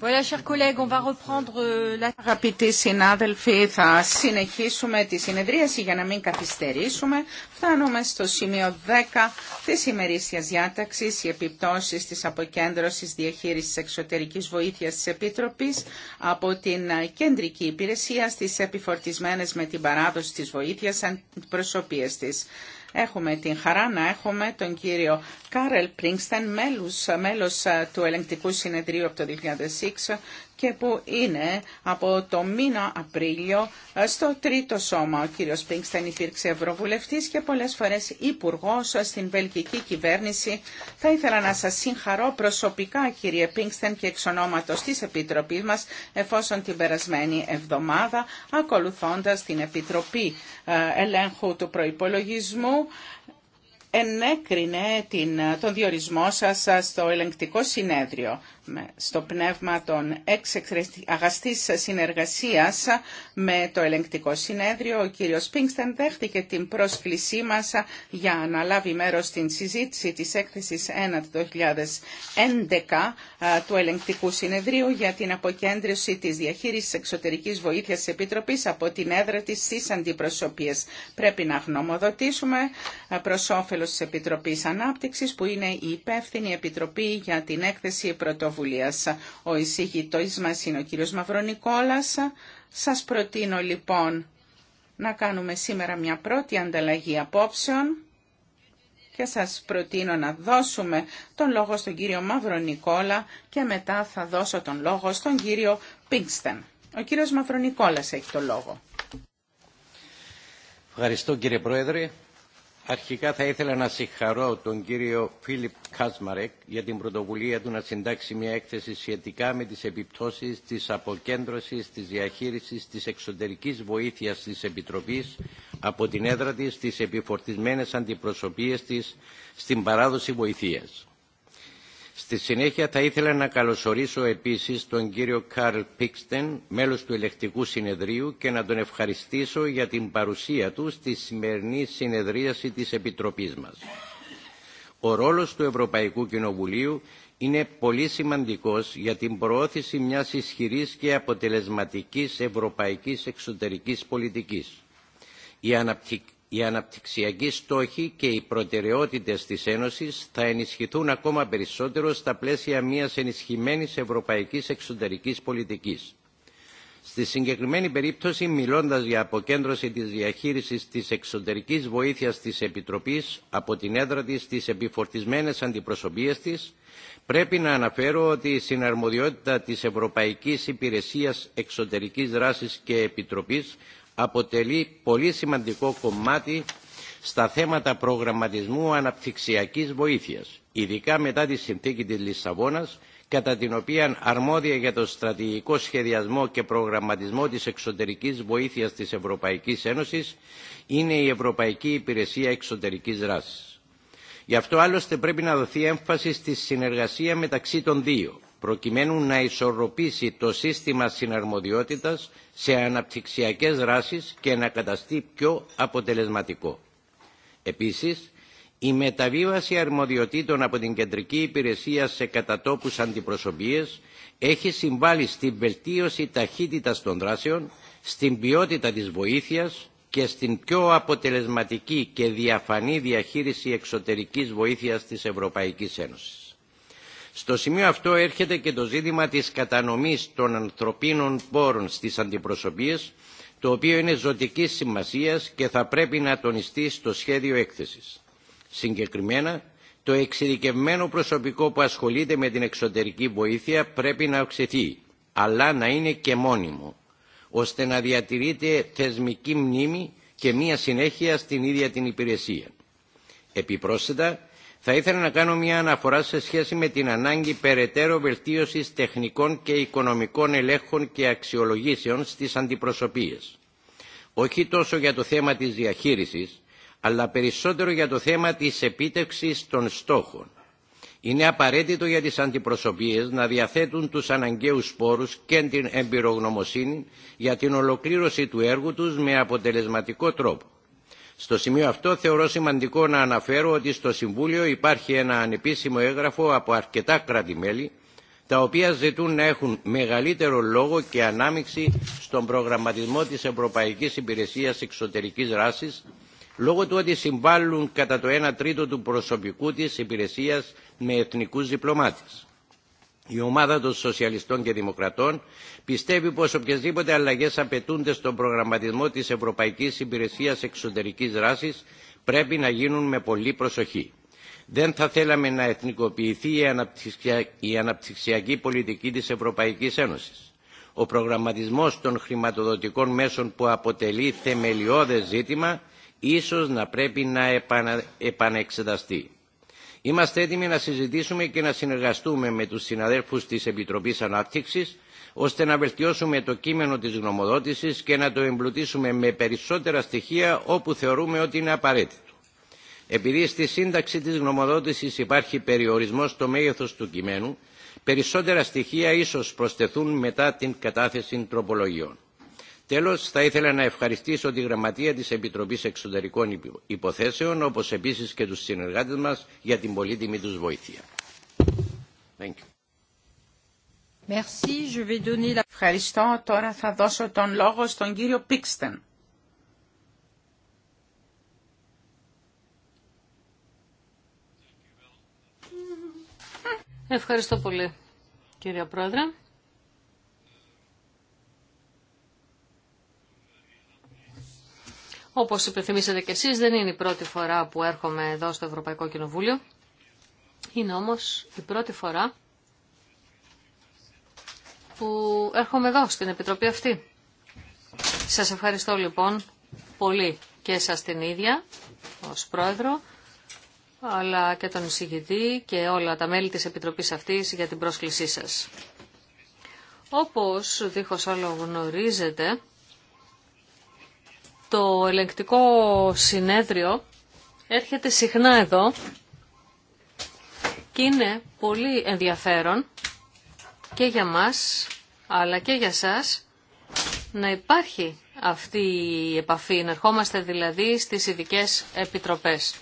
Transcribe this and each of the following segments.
Euh, Αγαπητοί συνάδελφοι, θα συνεχίσουμε τη συνεδρίαση για να μην καθυστερήσουμε. Φτάνουμε στο σημείο 10 της ημερήσιας διάταξης, οι επιπτώσεις της αποκέντρωσης διαχείρισης εξωτερικής βοήθειας της Επίτροπης από την ε, Κεντρική Υπηρεσία στις επιφορτισμένες με την παράδοση της βοήθειας αντιπροσωπείες της. Έχουμε την χαρά να έχουμε τον κύριο Κάρελ Πρίνγκστεν, μέλος, ε, του ελεγκτικού συνεδρίου από το 2006 και που είναι από το μήνα Απρίλιο ε, στο τρίτο σώμα. Ο κύριος Πρίνγκστεν υπήρξε ευρωβουλευτής και πολλές φορές υπουργό ε, στην βελγική κυβέρνηση. Θα ήθελα να σας συγχαρώ προσωπικά κύριε Πρίνγκστεν και εξ ονόματος της Επιτροπής μας εφόσον την περασμένη εβδομάδα ακολουθώντας την Επιτροπή Ελέγχου του Προϋπολογισμού ενέκρινε την, τον διορισμό σας στο ελεγκτικό συνέδριο στο πνεύμα των αγαστής συνεργασίας με το ελεγκτικό συνέδριο, ο κύριος Πίνξτεν δέχτηκε την πρόσκλησή μας για να λάβει μέρος στην συζήτηση της έκθεσης 1 του 2011 του ελεγκτικού συνεδρίου για την αποκέντρωση της διαχείρισης εξωτερικής βοήθειας τη Επιτροπής από την έδρα της στις αντιπροσωπείες. Πρέπει να γνωμοδοτήσουμε προς όφελος της Επιτροπής Ανάπτυξης που είναι η υπεύθυνη Επιτροπή για την έκθεση πρωτοβουλία Πρωτοβουλίας. Ο εισηγητός μας είναι ο κύριος Μαυρονικόλας. Σας προτείνω λοιπόν να κάνουμε σήμερα μια πρώτη ανταλλαγή απόψεων και σας προτείνω να δώσουμε τον λόγο στον κύριο Μαυρονικόλα και μετά θα δώσω τον λόγο στον κύριο Πίγκστεν. Ο κύριος Μαυρονικόλας έχει το λόγο. Ευχαριστώ κύριε Πρόεδρε. Αρχικά θα ήθελα να συγχαρώ τον κύριο Φίλιπ Κάσμαρεκ για την πρωτοβουλία του να συντάξει μια έκθεση σχετικά με τις επιπτώσεις της αποκέντρωσης της διαχείρισης της εξωτερικής βοήθειας της Επιτροπής από την έδρα της στις επιφορτισμένες αντιπροσωπείες της στην παράδοση βοηθείας. Στη συνέχεια θα ήθελα να καλωσορίσω επίσης τον κύριο Καρλ Πίξτεν, μέλος του Ελεκτικού Συνεδρίου και να τον ευχαριστήσω για την παρουσία του στη σημερινή συνεδρίαση της Επιτροπής μας. Ο ρόλος του Ευρωπαϊκού Κοινοβουλίου είναι πολύ σημαντικός για την προώθηση μιας ισχυρής και αποτελεσματικής ευρωπαϊκής εξωτερικής πολιτικής. Η οι αναπτυξιακοί στόχοι και οι προτεραιότητες της Ένωσης θα ενισχυθούν ακόμα περισσότερο στα πλαίσια μιας ενισχυμένης ευρωπαϊκής εξωτερικής πολιτικής. Στη συγκεκριμένη περίπτωση, μιλώντας για αποκέντρωση της διαχείρισης της εξωτερικής βοήθειας της Επιτροπής από την έδρα της στις επιφορτισμένες αντιπροσωπείες της, πρέπει να αναφέρω ότι η συναρμοδιότητα της Ευρωπαϊκής Υπηρεσίας Εξωτερικής Δράσης και Επιτροπής αποτελεί πολύ σημαντικό κομμάτι στα θέματα προγραμματισμού αναπτυξιακής βοήθειας, ειδικά μετά τη συνθήκη της Λισαβόνας, κατά την οποία αρμόδια για το στρατηγικό σχεδιασμό και προγραμματισμό της εξωτερικής βοήθειας της Ευρωπαϊκής Ένωσης είναι η Ευρωπαϊκή Υπηρεσία Εξωτερικής Δράσης. Γι' αυτό άλλωστε πρέπει να δοθεί έμφαση στη συνεργασία μεταξύ των δύο προκειμένου να ισορροπήσει το σύστημα συναρμοδιότητας σε αναπτυξιακές δράσεις και να καταστεί πιο αποτελεσματικό. Επίσης, η μεταβίβαση αρμοδιοτήτων από την Κεντρική Υπηρεσία σε κατατόπους αντιπροσωπείες έχει συμβάλει στην βελτίωση ταχύτητας των δράσεων, στην ποιότητα της βοήθειας και στην πιο αποτελεσματική και διαφανή διαχείριση εξωτερικής βοήθειας της Ευρωπαϊκής Ένωσης. Στο σημείο αυτό έρχεται και το ζήτημα της κατανομής των ανθρωπίνων πόρων στις αντιπροσωπείες, το οποίο είναι ζωτικής σημασίας και θα πρέπει να τονιστεί στο σχέδιο έκθεσης. Συγκεκριμένα, το εξειδικευμένο προσωπικό που ασχολείται με την εξωτερική βοήθεια πρέπει να αυξηθεί, αλλά να είναι και μόνιμο, ώστε να διατηρείται θεσμική μνήμη και μία συνέχεια στην ίδια την υπηρεσία. Επιπρόσθετα, θα ήθελα να κάνω μια αναφορά σε σχέση με την ανάγκη περαιτέρω βελτίωσης τεχνικών και οικονομικών ελέγχων και αξιολογήσεων στις αντιπροσωπείες. Όχι τόσο για το θέμα της διαχείρισης, αλλά περισσότερο για το θέμα της επίτευξης των στόχων. Είναι απαραίτητο για τις αντιπροσωπείες να διαθέτουν τους αναγκαίους πόρους και την εμπειρογνωμοσύνη για την ολοκλήρωση του έργου τους με αποτελεσματικό τρόπο. Στο σημείο αυτό θεωρώ σημαντικό να αναφέρω ότι στο Συμβούλιο υπάρχει ένα ανεπίσημο έγγραφο από αρκετά τα οποία ζητούν να έχουν μεγαλύτερο λόγο και ανάμειξη στον προγραμματισμό της Ευρωπαϊκής Υπηρεσίας Εξωτερικής Ράσης λόγω του ότι συμβάλλουν κατά το 1 τρίτο του προσωπικού της υπηρεσίας με εθνικούς διπλωμάτες. Η ομάδα των Σοσιαλιστών και Δημοκρατών πιστεύει πως οποιασδήποτε αλλαγές απαιτούνται στον προγραμματισμό της Ευρωπαϊκής Υπηρεσίας Εξωτερικής Δράσης πρέπει να γίνουν με πολλή προσοχή. Δεν θα θέλαμε να εθνικοποιηθεί η αναπτυξιακή πολιτική της Ευρωπαϊκής Ένωσης. Ο προγραμματισμός των χρηματοδοτικών μέσων που αποτελεί θεμελιώδες ζήτημα ίσως να πρέπει να επανα... επανεξεταστεί. Είμαστε έτοιμοι να συζητήσουμε και να συνεργαστούμε με τους συναδέλφους της Επιτροπής Ανάπτυξης, ώστε να βελτιώσουμε το κείμενο της γνωμοδότησης και να το εμπλουτίσουμε με περισσότερα στοιχεία όπου θεωρούμε ότι είναι απαραίτητο. Επειδή στη σύνταξη της γνωμοδότησης υπάρχει περιορισμός στο μέγεθος του κειμένου, περισσότερα στοιχεία ίσως προσθεθούν μετά την κατάθεση τροπολογιών. Τέλος, θα ήθελα να ευχαριστήσω τη Γραμματεία της Επιτροπής Εξωτερικών Υποθέσεων, όπως επίσης και τους συνεργάτες μας για την πολύτιμη τους βοήθεια. Thank you. Merci. Je vais donner la... Ευχαριστώ. Τώρα θα δώσω τον λόγο στον κύριο Πίξτεν. Ευχαριστώ πολύ, κύριε Πρόεδρε. Όπως υπενθυμίσατε και εσείς, δεν είναι η πρώτη φορά που έρχομαι εδώ στο Ευρωπαϊκό Κοινοβούλιο. Είναι όμως η πρώτη φορά που έρχομαι εδώ στην Επιτροπή αυτή. Σας ευχαριστώ λοιπόν πολύ και σας την ίδια ως πρόεδρο, αλλά και τον εισηγητή και όλα τα μέλη της Επιτροπής αυτής για την πρόσκλησή σας. Όπως δίχως όλο γνωρίζετε, το ελεγκτικό συνέδριο έρχεται συχνά εδώ και είναι πολύ ενδιαφέρον και για μας αλλά και για σας να υπάρχει αυτή η επαφή, να ερχόμαστε δηλαδή στις ειδικέ επιτροπές.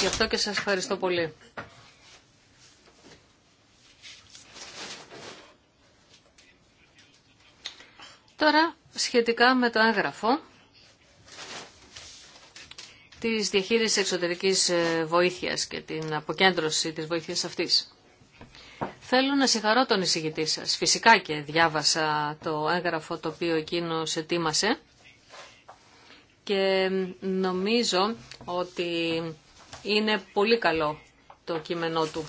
Γι' αυτό και σας ευχαριστώ πολύ. Τώρα, σχετικά με το έγγραφο, της διαχείριση εξωτερικής ε, βοήθειας και την αποκέντρωση της βοήθειας αυτής. Θέλω να συγχαρώ τον εισηγητή σας. Φυσικά και διάβασα το έγγραφο το οποίο εκείνο ετοίμασε και νομίζω ότι είναι πολύ καλό το κείμενό του.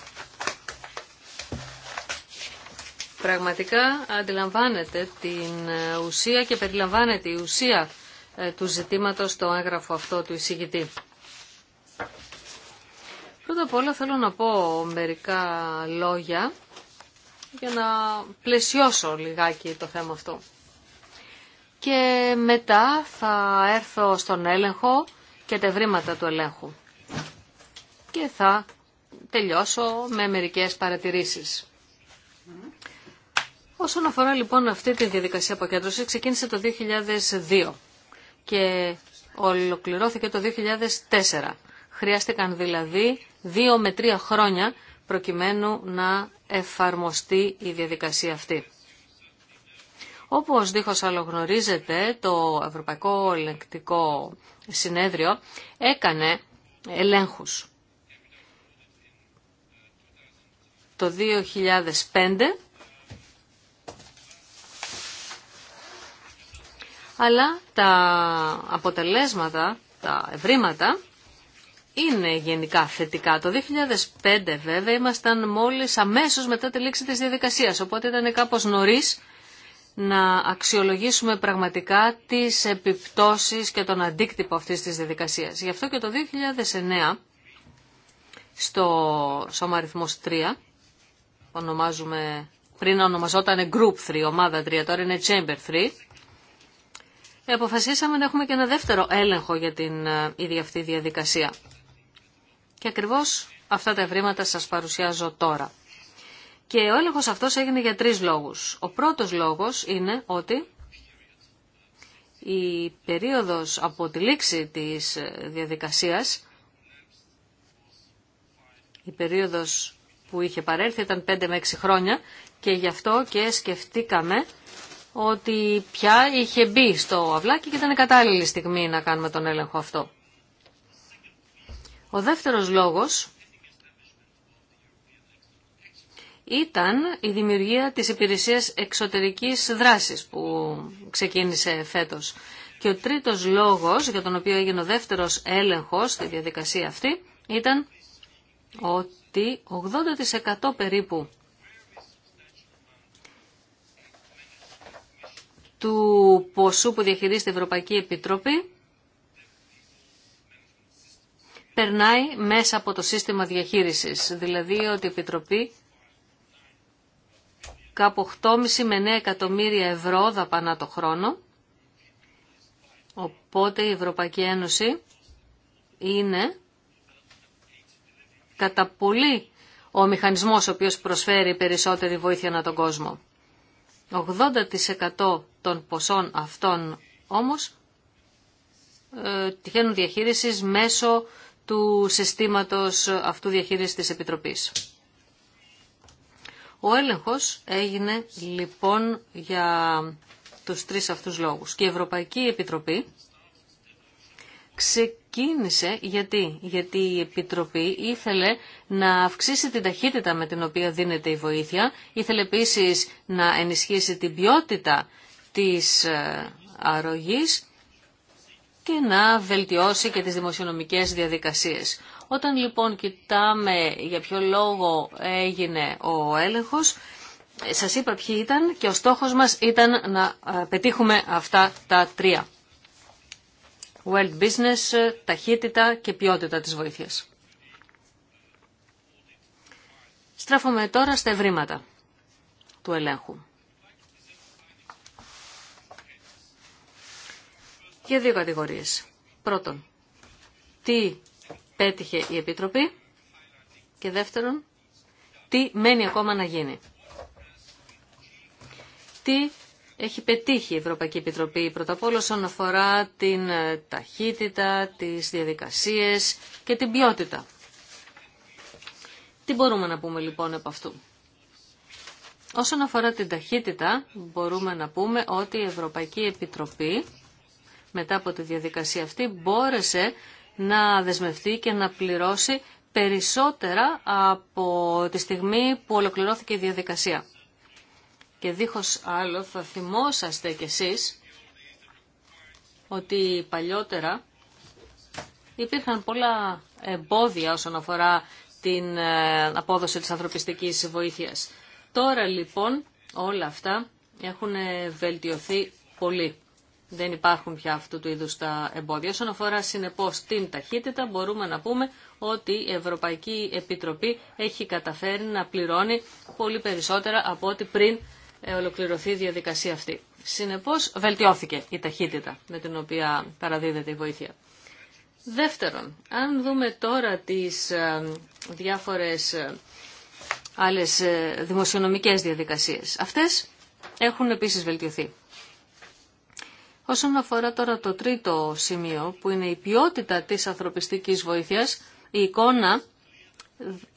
Πραγματικά αντιλαμβάνεται την ε, ουσία και περιλαμβάνεται η ουσία ε, του ζητήματος το έγγραφο αυτό του εισηγητή. Πρώτα απ' όλα θέλω να πω μερικά λόγια για να πλαισιώσω λιγάκι το θέμα αυτό. Και μετά θα έρθω στον έλεγχο και τα ευρήματα του ελέγχου. Και θα τελειώσω με μερικές παρατηρήσεις. Όσον αφορά λοιπόν αυτή τη διαδικασία αποκέντρωση, ξεκίνησε το 2002 και ολοκληρώθηκε το 2004. Χρειάστηκαν δηλαδή δύο με τρία χρόνια προκειμένου να εφαρμοστεί η διαδικασία αυτή. Όπως δίχως άλλο το Ευρωπαϊκό Ελεγκτικό Συνέδριο έκανε ελέγχους. Το 2005 αλλά τα αποτελέσματα, τα ευρήματα είναι γενικά θετικά. Το 2005 βέβαια ήμασταν μόλις αμέσως μετά τη λήξη της διαδικασίας, οπότε ήταν κάπως νωρίς να αξιολογήσουμε πραγματικά τις επιπτώσεις και τον αντίκτυπο αυτής της διαδικασίας. Γι' αυτό και το 2009 στο σώμα αριθμός 3, ονομάζουμε, πριν ονομαζόταν Group 3, ομάδα 3, τώρα είναι Chamber 3, αποφασίσαμε να έχουμε και ένα δεύτερο έλεγχο για την ε, ίδια αυτή διαδικασία. Και ακριβώς αυτά τα ευρήματα σας παρουσιάζω τώρα. Και ο έλεγχος αυτός έγινε για τρεις λόγους. Ο πρώτος λόγος είναι ότι η περίοδος από τη λήξη της ε, διαδικασίας, η περίοδος που είχε παρέλθει ήταν 5 με 6 χρόνια και γι' αυτό και σκεφτήκαμε ότι πια είχε μπει στο αυλάκι και ήταν κατάλληλη στιγμή να κάνουμε τον έλεγχο αυτό. Ο δεύτερος λόγος ήταν η δημιουργία της υπηρεσίας εξωτερικής δράσης που ξεκίνησε φέτος. Και ο τρίτος λόγος για τον οποίο έγινε ο δεύτερος έλεγχος στη διαδικασία αυτή ήταν ότι 80% περίπου του ποσού που διαχειρίζεται η Ευρωπαϊκή Επιτροπή περνάει μέσα από το σύστημα διαχείρισης. Δηλαδή ότι η Επιτροπή κάπου 8,5 με 9 εκατομμύρια ευρώ δαπανά το χρόνο. Οπότε η Ευρωπαϊκή Ένωση είναι κατά πολύ ο μηχανισμός ο οποίος προσφέρει περισσότερη βοήθεια ανά τον κόσμο. 80% των ποσών αυτών όμως ε, τυχαίνουν διαχείρισης μέσω του συστήματος αυτού διαχείρισης της Επιτροπής. Ο έλεγχος έγινε λοιπόν για τους τρεις αυτούς λόγους. Και η Ευρωπαϊκή Επιτροπή Κίνησε γιατί, γιατί η Επιτροπή ήθελε να αυξήσει την ταχύτητα με την οποία δίνεται η βοήθεια, ήθελε επίσης να ενισχύσει την ποιότητα της ε, αρρωγής και να βελτιώσει και τις δημοσιονομικές διαδικασίες. Όταν λοιπόν κοιτάμε για ποιο λόγο έγινε ο έλεγχος, ε, σας είπα ποιοι ήταν και ο στόχος μας ήταν να ε, πετύχουμε αυτά τα τρία. World Business, ταχύτητα και ποιότητα της βοήθειας. Στρέφομαι τώρα στα ευρήματα του ελέγχου. Για δύο κατηγορίες. Πρώτον, τι πέτυχε η Επιτροπή και δεύτερον, τι μένει ακόμα να γίνει. Τι έχει πετύχει η Ευρωπαϊκή Επιτροπή πρώτα απ' όσον αφορά την ε, ταχύτητα, τις διαδικασίες και την ποιότητα. Τι μπορούμε να πούμε λοιπόν από αυτού. Όσον αφορά την ταχύτητα, μπορούμε να πούμε ότι η Ευρωπαϊκή Επιτροπή μετά από τη διαδικασία αυτή μπόρεσε να δεσμευτεί και να πληρώσει περισσότερα από τη στιγμή που ολοκληρώθηκε η διαδικασία. Και δίχως άλλο θα θυμόσαστε κι εσείς ότι παλιότερα υπήρχαν πολλά εμπόδια όσον αφορά την ε, απόδοση της ανθρωπιστικής βοήθειας. Τώρα λοιπόν όλα αυτά έχουν βελτιωθεί πολύ. Δεν υπάρχουν πια αυτού του είδους τα εμπόδια. Όσον αφορά συνεπώς την ταχύτητα μπορούμε να πούμε ότι η Ευρωπαϊκή Επιτροπή έχει καταφέρει να πληρώνει πολύ περισσότερα από ό,τι πριν ε, ολοκληρωθεί η διαδικασία αυτή. Συνεπώς βελτιώθηκε η ταχύτητα με την οποία παραδίδεται η βοήθεια. Δεύτερον, αν δούμε τώρα τις ε, διάφορες ε, άλλες δημοσιονομικές διαδικασίες, αυτές έχουν επίσης βελτιωθεί. Όσον αφορά τώρα το τρίτο σημείο, που είναι η ποιότητα της ανθρωπιστικής βοήθειας, η εικόνα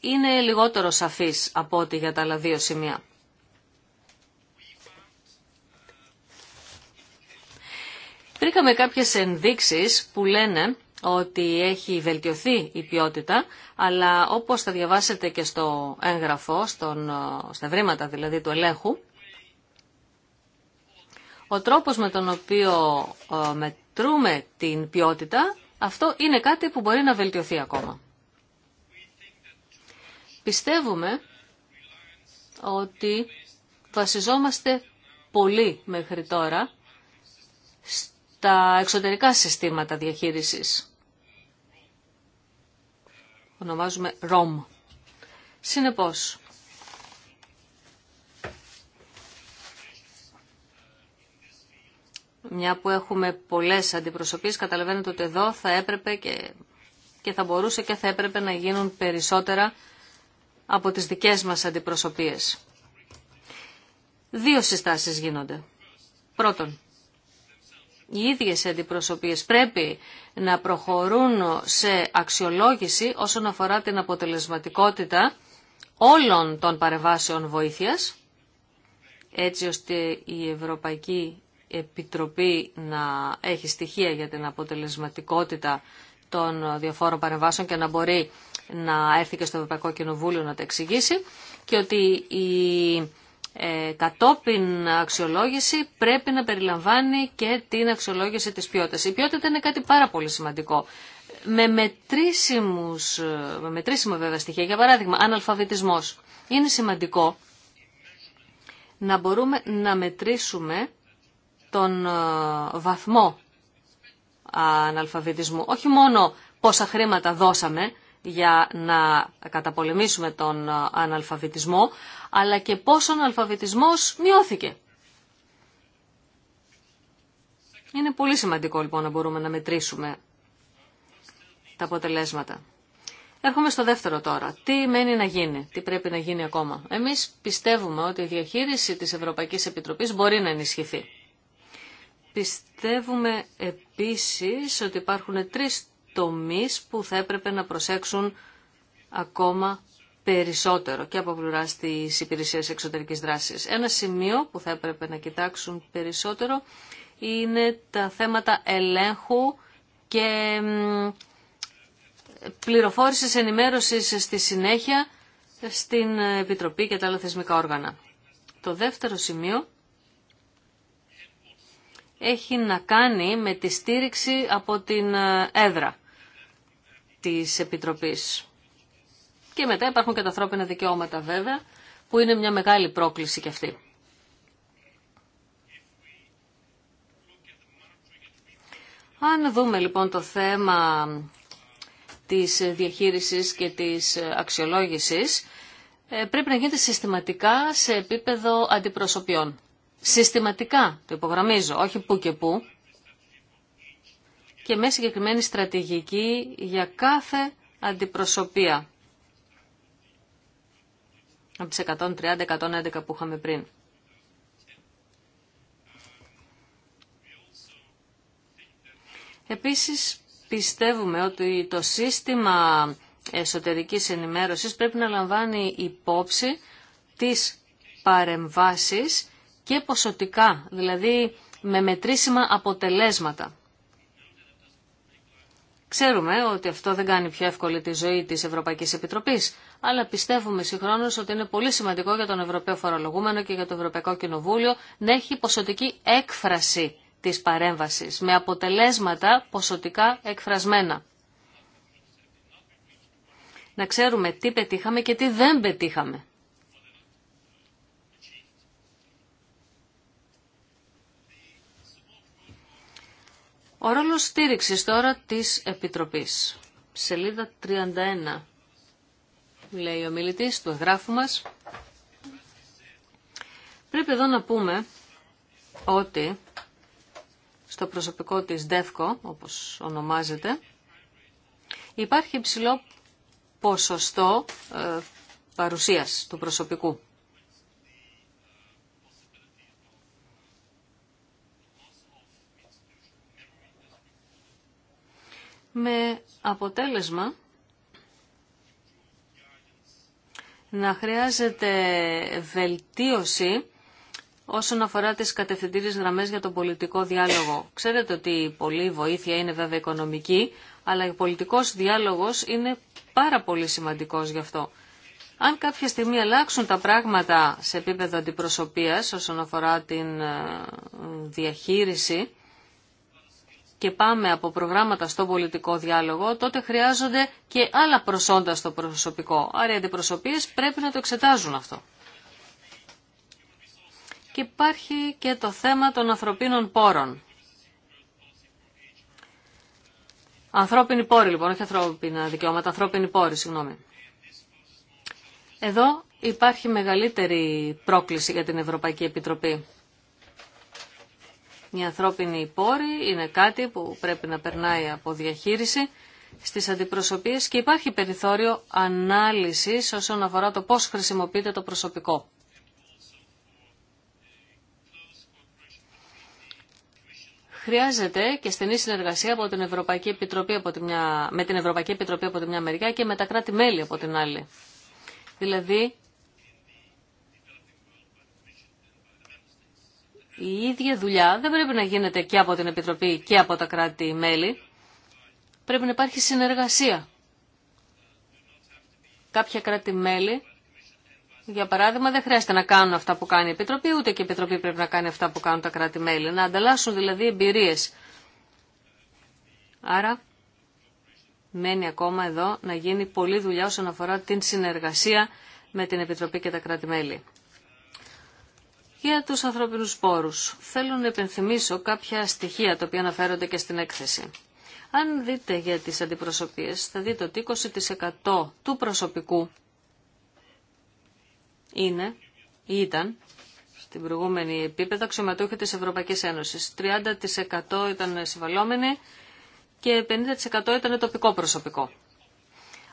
είναι λιγότερο σαφής από ό,τι για τα άλλα δύο σημεία. Βρήκαμε κάποιες ενδείξεις που λένε ότι έχει βελτιωθεί η ποιότητα, αλλά όπως θα διαβάσετε και στο έγγραφο, στον, ε, στα βρήματα δηλαδή του ελέγχου, ο τρόπος με τον οποίο ε, μετρούμε την ποιότητα, αυτό είναι κάτι που μπορεί να βελτιωθεί ακόμα. Πιστεύουμε ότι βασιζόμαστε πολύ μέχρι τώρα τα εξωτερικά συστήματα διαχείρισης. Ονομάζουμε ROM. Συνεπώς, μια που έχουμε πολλές αντιπροσωπείς, καταλαβαίνετε ότι εδώ θα έπρεπε και, και θα μπορούσε και θα έπρεπε να γίνουν περισσότερα από τις δικές μας αντιπροσωπείες. Δύο συστάσεις γίνονται. Πρώτον, οι ίδιες αντιπροσωπείες πρέπει να προχωρούν σε αξιολόγηση όσον αφορά την αποτελεσματικότητα όλων των παρεμβάσεων βοήθειας, έτσι ώστε η Ευρωπαϊκή Επιτροπή να έχει στοιχεία για την αποτελεσματικότητα των διαφόρων παρεμβάσεων και να μπορεί να έρθει και στο Ευρωπαϊκό Κοινοβούλιο να τα εξηγήσει και ότι η ε, κατόπιν αξιολόγηση πρέπει να περιλαμβάνει και την αξιολόγηση της ποιότητας. Η ποιότητα είναι κάτι πάρα πολύ σημαντικό. Με, μετρήσιμους, με μετρήσιμα βέβαια στοιχεία, για παράδειγμα αναλφαβητισμός. Είναι σημαντικό να μπορούμε να μετρήσουμε τον ε, βαθμό αναλφαβητισμού. Όχι μόνο πόσα χρήματα δώσαμε, για να καταπολεμήσουμε τον αναλφαβητισμό, αλλά και πώς ο αναλφαβητισμός μειώθηκε. Είναι πολύ σημαντικό λοιπόν να μπορούμε να μετρήσουμε τα αποτελέσματα. Έρχομαι στο δεύτερο τώρα. Τι μένει να γίνει, τι πρέπει να γίνει ακόμα. Εμείς πιστεύουμε ότι η διαχείριση της Ευρωπαϊκής Επιτροπής μπορεί να ενισχυθεί. Πιστεύουμε επίσης ότι υπάρχουν τρεις τομείς που θα έπρεπε να προσέξουν ακόμα περισσότερο και από πλευρά τη υπηρεσία εξωτερική δράση. Ένα σημείο που θα έπρεπε να κοιτάξουν περισσότερο είναι τα θέματα ελέγχου και πληροφόρησης ενημέρωσης στη συνέχεια στην Επιτροπή και τα άλλα θεσμικά όργανα. Το δεύτερο σημείο έχει να κάνει με τη στήριξη από την ε, έδρα της Επιτροπής. Και μετά υπάρχουν και τα ανθρώπινα δικαιώματα βέβαια, που είναι μια μεγάλη πρόκληση κι αυτή. Αν δούμε λοιπόν το θέμα της διαχείρισης και της αξιολόγησης, ε, πρέπει να γίνεται συστηματικά σε επίπεδο αντιπροσωπιών. Συστηματικά, το υπογραμμίζω, όχι που και που, και με συγκεκριμένη στρατηγική για κάθε αντιπροσωπεία από τις 130-111 που είχαμε πριν. Επίσης πιστεύουμε ότι το σύστημα εσωτερικής ενημέρωσης πρέπει να λαμβάνει υπόψη τις παρεμβάσεις και ποσοτικά, δηλαδή με μετρήσιμα αποτελέσματα. Ξέρουμε ότι αυτό δεν κάνει πιο εύκολη τη ζωή τη Ευρωπαϊκή Επιτροπής, αλλά πιστεύουμε συγχρόνω ότι είναι πολύ σημαντικό για τον Ευρωπαίο Φορολογούμενο και για το Ευρωπαϊκό Κοινοβούλιο να έχει ποσοτική έκφραση τη παρέμβαση με αποτελέσματα ποσοτικά εκφρασμένα. Να ξέρουμε τι πετύχαμε και τι δεν πετύχαμε. Ο ρόλος στήριξης τώρα της Επιτροπής. Σελίδα 31 λέει ο μιλητής του εγγράφου μας. Πρέπει εδώ να πούμε ότι στο προσωπικό της ΔΕΦΚΟ, όπως ονομάζεται, υπάρχει υψηλό ποσοστό ε, παρουσίας του προσωπικού. με αποτέλεσμα να χρειάζεται βελτίωση όσον αφορά τις κατευθυντήριες γραμμές για τον πολιτικό διάλογο. Ξέρετε ότι πολλή βοήθεια είναι βέβαια οικονομική, αλλά ο πολιτικός διάλογος είναι πάρα πολύ σημαντικός γι' αυτό. Αν κάποια στιγμή αλλάξουν τα πράγματα σε επίπεδο αντιπροσωπείας όσον αφορά την ε, διαχείριση και πάμε από προγράμματα στον πολιτικό διάλογο, τότε χρειάζονται και άλλα προσόντα στο προσωπικό. Άρα οι αντιπροσωπείες πρέπει να το εξετάζουν αυτό. Και υπάρχει και το θέμα των ανθρωπίνων πόρων. Ανθρώπινοι πόροι λοιπόν, όχι ανθρώπινα δικαιώματα, ανθρώπινοι πόροι, συγγνώμη. Εδώ υπάρχει μεγαλύτερη πρόκληση για την Ευρωπαϊκή Επιτροπή. Οι ανθρώπινη πόροι είναι κάτι που πρέπει να περνάει από διαχείριση στις αντιπροσωπείες και υπάρχει περιθώριο ανάλυσης όσον αφορά το πώς χρησιμοποιείται το προσωπικό. Χρειάζεται και στενή συνεργασία από την Ευρωπαϊκή Επιτροπή από τη με την Ευρωπαϊκή Επιτροπή από τη μια μεριά και με τα κράτη-μέλη από την άλλη. Δηλαδή, η ίδια δουλειά δεν πρέπει να γίνεται και από την Επιτροπή και από τα κράτη-μέλη. Πρέπει να υπάρχει συνεργασία. Κάποια κράτη-μέλη, για παράδειγμα, δεν χρειάζεται να κάνουν αυτά που κάνει η Επιτροπή, ούτε και η Επιτροπή πρέπει να κάνει αυτά που κάνουν τα κράτη-μέλη. Να ανταλλάσσουν δηλαδή εμπειρίες. Άρα, μένει ακόμα εδώ να γίνει πολλή δουλειά όσον αφορά την συνεργασία με την Επιτροπή και τα κράτη-μέλη. Για τους ανθρώπινους πόρους, θέλω να επενθυμίσω κάποια στοιχεία τα οποία αναφέρονται και στην έκθεση. Αν δείτε για τις αντιπροσωπείες, θα δείτε ότι 20% του προσωπικού είναι ήταν στην προηγούμενη επίπεδα αξιωματούχοι της Ευρωπαϊκής Ένωσης. 30% ήταν συμβαλόμενοι και 50% ήταν τοπικό προσωπικό.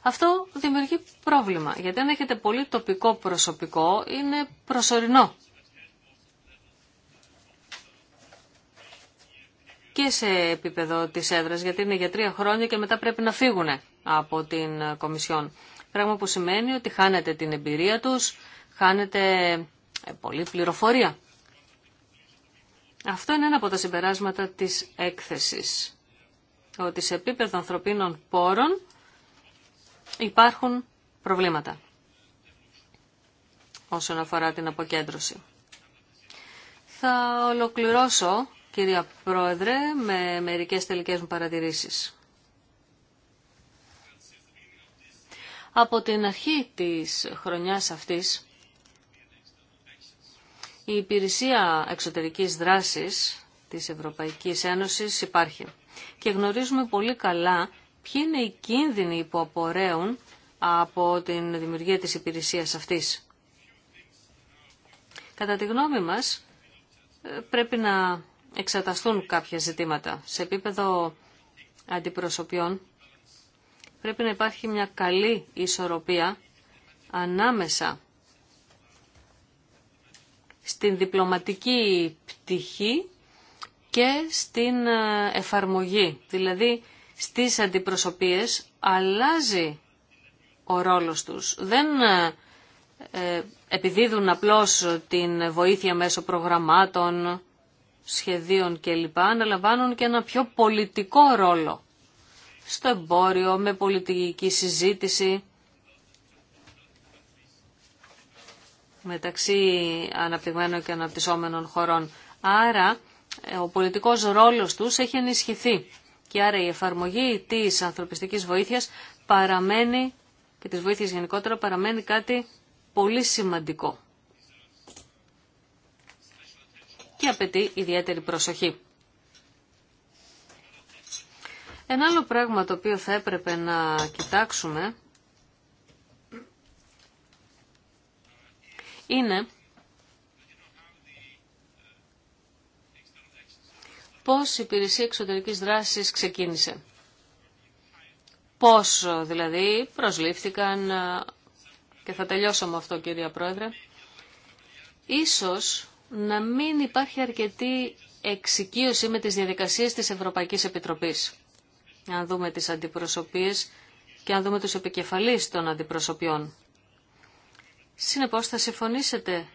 Αυτό δημιουργεί πρόβλημα, γιατί αν έχετε πολύ τοπικό προσωπικό, είναι προσωρινό και σε επίπεδο τη έδρας, γιατί είναι για τρία χρόνια και μετά πρέπει να φύγουν από την Κομισιόν. Πράγμα που σημαίνει ότι χάνεται την εμπειρία τους, χάνεται ε, πολλή πληροφορία. Αυτό είναι ένα από τα συμπεράσματα της έκθεσης, ότι σε επίπεδο ανθρωπίνων πόρων υπάρχουν προβλήματα όσον αφορά την αποκέντρωση. Θα ολοκληρώσω κυρία Πρόεδρε, με μερικές τελικές μου παρατηρήσεις. Από την αρχή της χρονιάς αυτής, η υπηρεσία εξωτερικής δράσης της Ευρωπαϊκής Ένωσης υπάρχει και γνωρίζουμε πολύ καλά ποιοι είναι οι κίνδυνοι που απορρέουν από την δημιουργία της υπηρεσίας αυτής. Κατά τη γνώμη μας, πρέπει να εξαταστούν κάποια ζητήματα. Σε επίπεδο αντιπροσωπιών πρέπει να υπάρχει μια καλή ισορροπία ανάμεσα στην διπλωματική πτυχή και στην ε, εφαρμογή. Δηλαδή στις αντιπροσωπίες αλλάζει ο ρόλος τους. Δεν ε, ε, επιδίδουν απλώς την βοήθεια μέσω προγραμμάτων σχεδίων κλπ. αναλαμβάνουν και ένα πιο πολιτικό ρόλο στο εμπόριο, με πολιτική συζήτηση μεταξύ αναπτυγμένων και αναπτυσσόμενων χωρών. Άρα ε, ο πολιτικός ρόλος τους έχει ενισχυθεί και άρα η εφαρμογή της ανθρωπιστικής βοήθειας παραμένει και της βοήθειας γενικότερα παραμένει κάτι πολύ σημαντικό. και απαιτεί ιδιαίτερη προσοχή. Ένα άλλο πράγμα το οποίο θα έπρεπε να κοιτάξουμε είναι πώς η υπηρεσία εξωτερικής δράσης ξεκίνησε. Πώς δηλαδή προσλήφθηκαν, ε, και θα τελειώσω με αυτό κυρία Πρόεδρε, ίσως να μην υπάρχει αρκετή εξοικείωση με τις διαδικασίες της Ευρωπαϊκής Επιτροπής. Αν δούμε τις αντιπροσωπείες και αν δούμε τους επικεφαλείς των αντιπροσωπιών. Συνεπώς θα συμφωνήσετε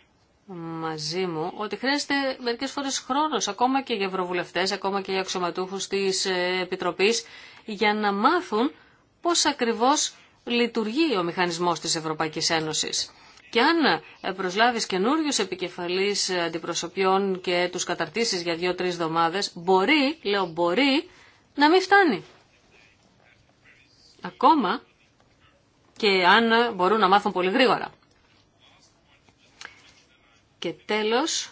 μαζί μου ότι χρειάζεται μερικές φορές χρόνος ακόμα και για ευρωβουλευτές, ακόμα και για αξιωματούχους της ε, Επιτροπής για να μάθουν πώς ακριβώς λειτουργεί ο μηχανισμός της Ευρωπαϊκής Ένωσης. Και αν προσλάβει καινούριου επικεφαλεί αντιπροσωπιών και του καταρτήσει για δύο-τρει εβδομάδε, μπορεί, λέω μπορεί, να μην φτάνει. Ακόμα και αν μπορούν να μάθουν πολύ γρήγορα. Και τέλος,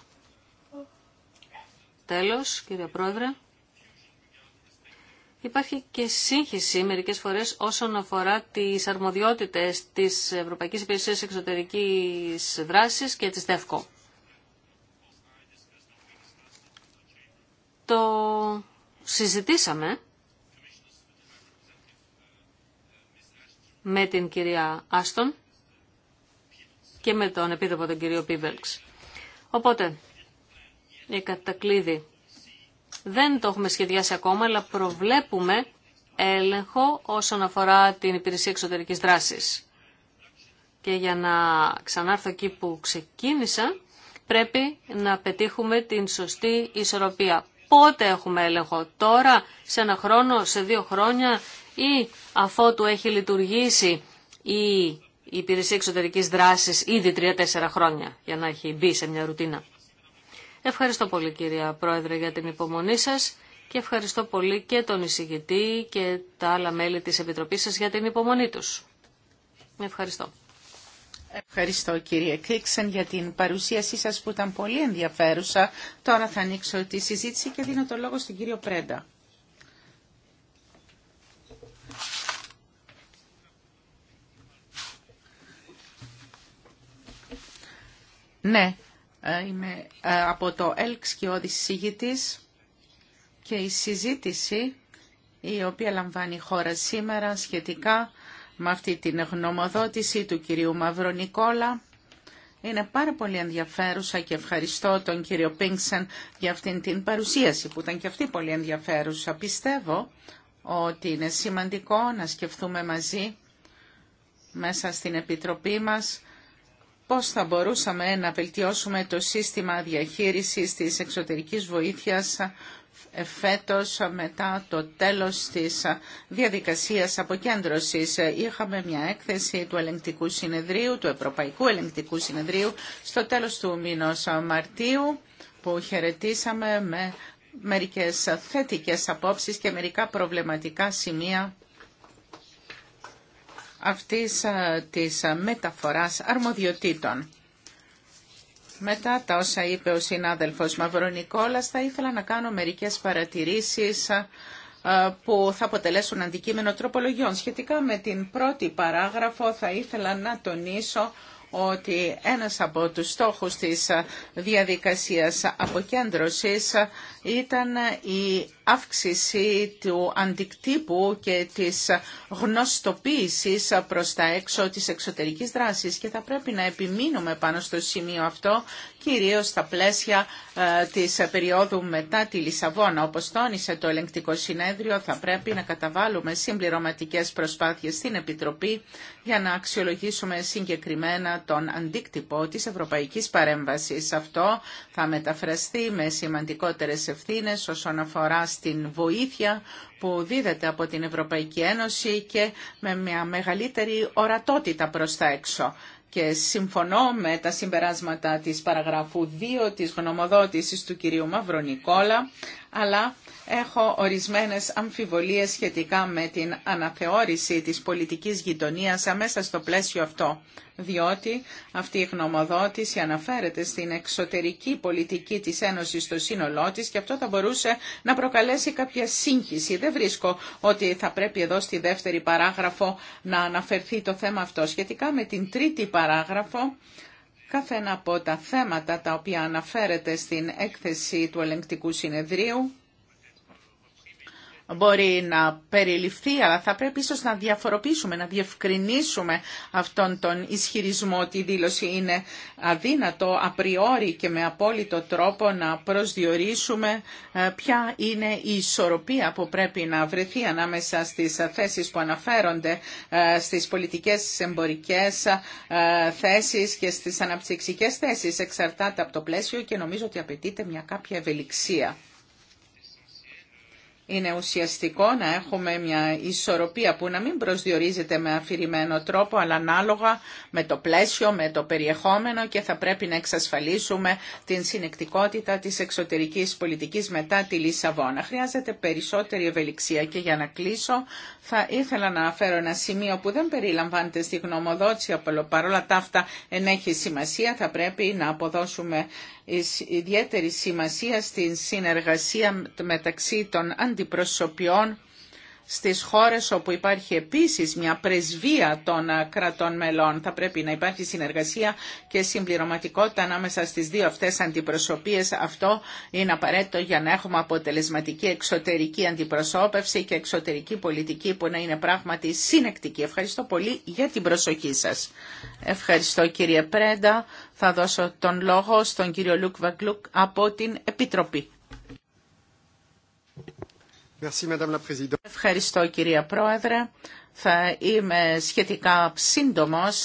τέλος κύριε Πρόεδρε, Υπάρχει και σύγχυση μερικές φορές όσον αφορά τις αρμοδιότητες της Ευρωπαϊκής Υπηρεσίας Εξωτερικής Δράσης και της ΔΕΦΚΟ. Το συζητήσαμε με την κυρία Άστον και με τον επίδοπο τον κύριο Πίβελξ. Οπότε, η κατακλείδη δεν το έχουμε σχεδιάσει ακόμα, αλλά προβλέπουμε έλεγχο όσον αφορά την υπηρεσία εξωτερικής δράσης. Και για να ξανάρθω εκεί που ξεκίνησα, πρέπει να πετύχουμε την σωστή ισορροπία. Πότε έχουμε έλεγχο, τώρα, σε ένα χρόνο, σε δύο χρόνια ή αφότου έχει λειτουργήσει η υπηρεσία εξωτερικής δράσης ήδη τρία-τέσσερα χρόνια για να έχει μπει σε μια ρουτίνα. Ευχαριστώ πολύ κυρία Πρόεδρε για την υπομονή σας και ευχαριστώ πολύ και τον εισηγητή και τα άλλα μέλη της Επιτροπής σας για την υπομονή τους. Ευχαριστώ. Ευχαριστώ κύριε Κρίξεν για την παρουσίασή σας που ήταν πολύ ενδιαφέρουσα. Τώρα θα ανοίξω τη συζήτηση και δίνω το λόγο στην κύριο Πρέντα. Ναι, ε, είμαι ε, από το ΕΛΚΣ και ο και η συζήτηση η οποία λαμβάνει η χώρα σήμερα σχετικά με αυτή την γνωμοδότηση του κυρίου Μαυρονικόλα είναι πάρα πολύ ενδιαφέρουσα και ευχαριστώ τον κύριο Πίνξεν για αυτήν την παρουσίαση που ήταν και αυτή πολύ ενδιαφέρουσα. Πιστεύω ότι είναι σημαντικό να σκεφτούμε μαζί μέσα στην Επιτροπή μας πώς θα μπορούσαμε να βελτιώσουμε το σύστημα διαχείρισης της εξωτερικής βοήθειας φέτος μετά το τέλος της διαδικασίας αποκέντρωσης. Είχαμε μια έκθεση του ελεγκτικού συνεδρίου, του Ευρωπαϊκού Ελεγκτικού Συνεδρίου στο τέλος του μήνος Μαρτίου που χαιρετήσαμε με μερικές θετικές απόψεις και μερικά προβληματικά σημεία αυτής ε, της ε, μεταφοράς αρμοδιοτήτων. Μετά τα όσα είπε ο συνάδελφος Μαυρονικόλας, θα ήθελα να κάνω μερικές παρατηρήσεις ε, που θα αποτελέσουν αντικείμενο τροπολογιών. Σχετικά με την πρώτη παράγραφο θα ήθελα να τονίσω ότι ένας από τους στόχους της ε, διαδικασίας αποκέντρωσης ε, ήταν ε, η αύξηση του αντικτύπου και της γνωστοποίησης προς τα έξω της εξωτερικής δράσης και θα πρέπει να επιμείνουμε πάνω στο σημείο αυτό κυρίως στα πλαίσια ε, της περίοδου μετά τη Λισαβόνα. Όπως τόνισε το ελεγκτικό συνέδριο, θα πρέπει να καταβάλουμε συμπληρωματικές προσπάθειες στην Επιτροπή για να αξιολογήσουμε συγκεκριμένα τον αντίκτυπο της Ευρωπαϊκής Παρέμβασης. Αυτό θα μεταφραστεί με σημαντικότερες ευθύνες όσον αφορά στην βοήθεια που δίδεται από την Ευρωπαϊκή Ένωση και με μια μεγαλύτερη ορατότητα προς τα έξω και συμφωνώ με τα συμπεράσματα της παραγράφου 2 της γνωμοδότησης του κυρίου Μαυρονικόλα, αλλά Έχω ορισμένες αμφιβολίες σχετικά με την αναθεώρηση της πολιτικής γειτονίας αμέσα στο πλαίσιο αυτό, διότι αυτή η γνωμοδότηση αναφέρεται στην εξωτερική πολιτική της Ένωσης στο σύνολό της και αυτό θα μπορούσε να προκαλέσει κάποια σύγχυση. Δεν βρίσκω ότι θα πρέπει εδώ στη δεύτερη παράγραφο να αναφερθεί το θέμα αυτό. Σχετικά με την τρίτη παράγραφο, κάθε ένα από τα θέματα τα οποία αναφέρεται στην έκθεση του ελεγκτικού συνεδρίου, μπορεί να περιληφθεί, αλλά θα πρέπει ίσως να διαφοροποιήσουμε, να διευκρινίσουμε αυτόν τον ισχυρισμό ότι η δήλωση είναι αδύνατο απριόρι και με απόλυτο τρόπο να προσδιορίσουμε ε, ποια είναι η ισορροπία που πρέπει να βρεθεί ανάμεσα στις θέσεις που αναφέρονται ε, στις πολιτικές, εμπορικές ε, θέσεις και στις αναψυξικές θέσεις. Εξαρτάται από το πλαίσιο και νομίζω ότι απαιτείται μια κάποια ευελιξία. Είναι ουσιαστικό να έχουμε μια ισορροπία που να μην προσδιορίζεται με αφηρημένο τρόπο, αλλά ανάλογα με το πλαίσιο, με το περιεχόμενο και θα πρέπει να εξασφαλίσουμε την συνεκτικότητα της εξωτερικής πολιτικής μετά τη Λισαβόνα. Χρειάζεται περισσότερη ευελιξία και για να κλείσω θα ήθελα να αναφέρω ένα σημείο που δεν περιλαμβάνεται στη γνωμοδότηση, παρόλα τα αυτά ενέχει σημασία, θα πρέπει να αποδώσουμε ιδιαίτερη σημασία στην συνεργασία μεταξύ των αντιπροσωπιών στις χώρες όπου υπάρχει επίσης μια πρεσβεία των ε, κρατών μελών. Θα πρέπει να υπάρχει συνεργασία και συμπληρωματικότητα ανάμεσα στις δύο αυτές αντιπροσωπίες. Αυτό είναι απαραίτητο για να έχουμε αποτελεσματική εξωτερική αντιπροσώπευση και εξωτερική πολιτική που να είναι πράγματι συνεκτική. Ευχαριστώ πολύ για την προσοχή σας. Ευχαριστώ κύριε Πρέντα. Θα δώσω τον λόγο στον κύριο Λουκ Βαγκλουκ από την Επιτροπή. Ευχαριστώ κυρία Πρόεδρε. Θα είμαι σχετικά σύντομος.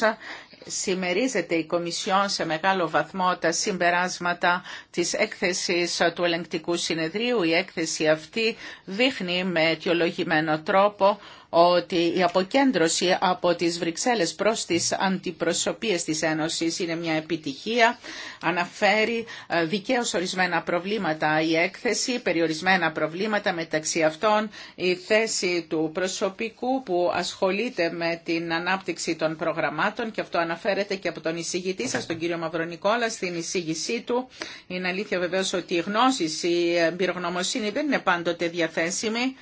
Σημερίζεται η Κομισιόν σε μεγάλο βαθμό τα συμπεράσματα της έκθεσης του ελεγκτικού συνεδρίου. Η έκθεση αυτή δείχνει με αιτιολογημένο τρόπο ότι η αποκέντρωση από τις Βρυξέλλες προς τις αντιπροσωπείες της Ένωσης είναι μια επιτυχία. Αναφέρει ε, δικαίως ορισμένα προβλήματα η έκθεση, περιορισμένα προβλήματα μεταξύ αυτών η θέση του προσωπικού που ασχολείται με την ανάπτυξη των προγραμμάτων και αυτό αναφέρεται και από τον εισηγητή σας, τον κύριο Μαυρονικόλα, στην εισήγησή του. Είναι αλήθεια βεβαίως ότι η γνώση, η εμπειρογνωμοσύνη δεν είναι πάντοτε διαθέσιμη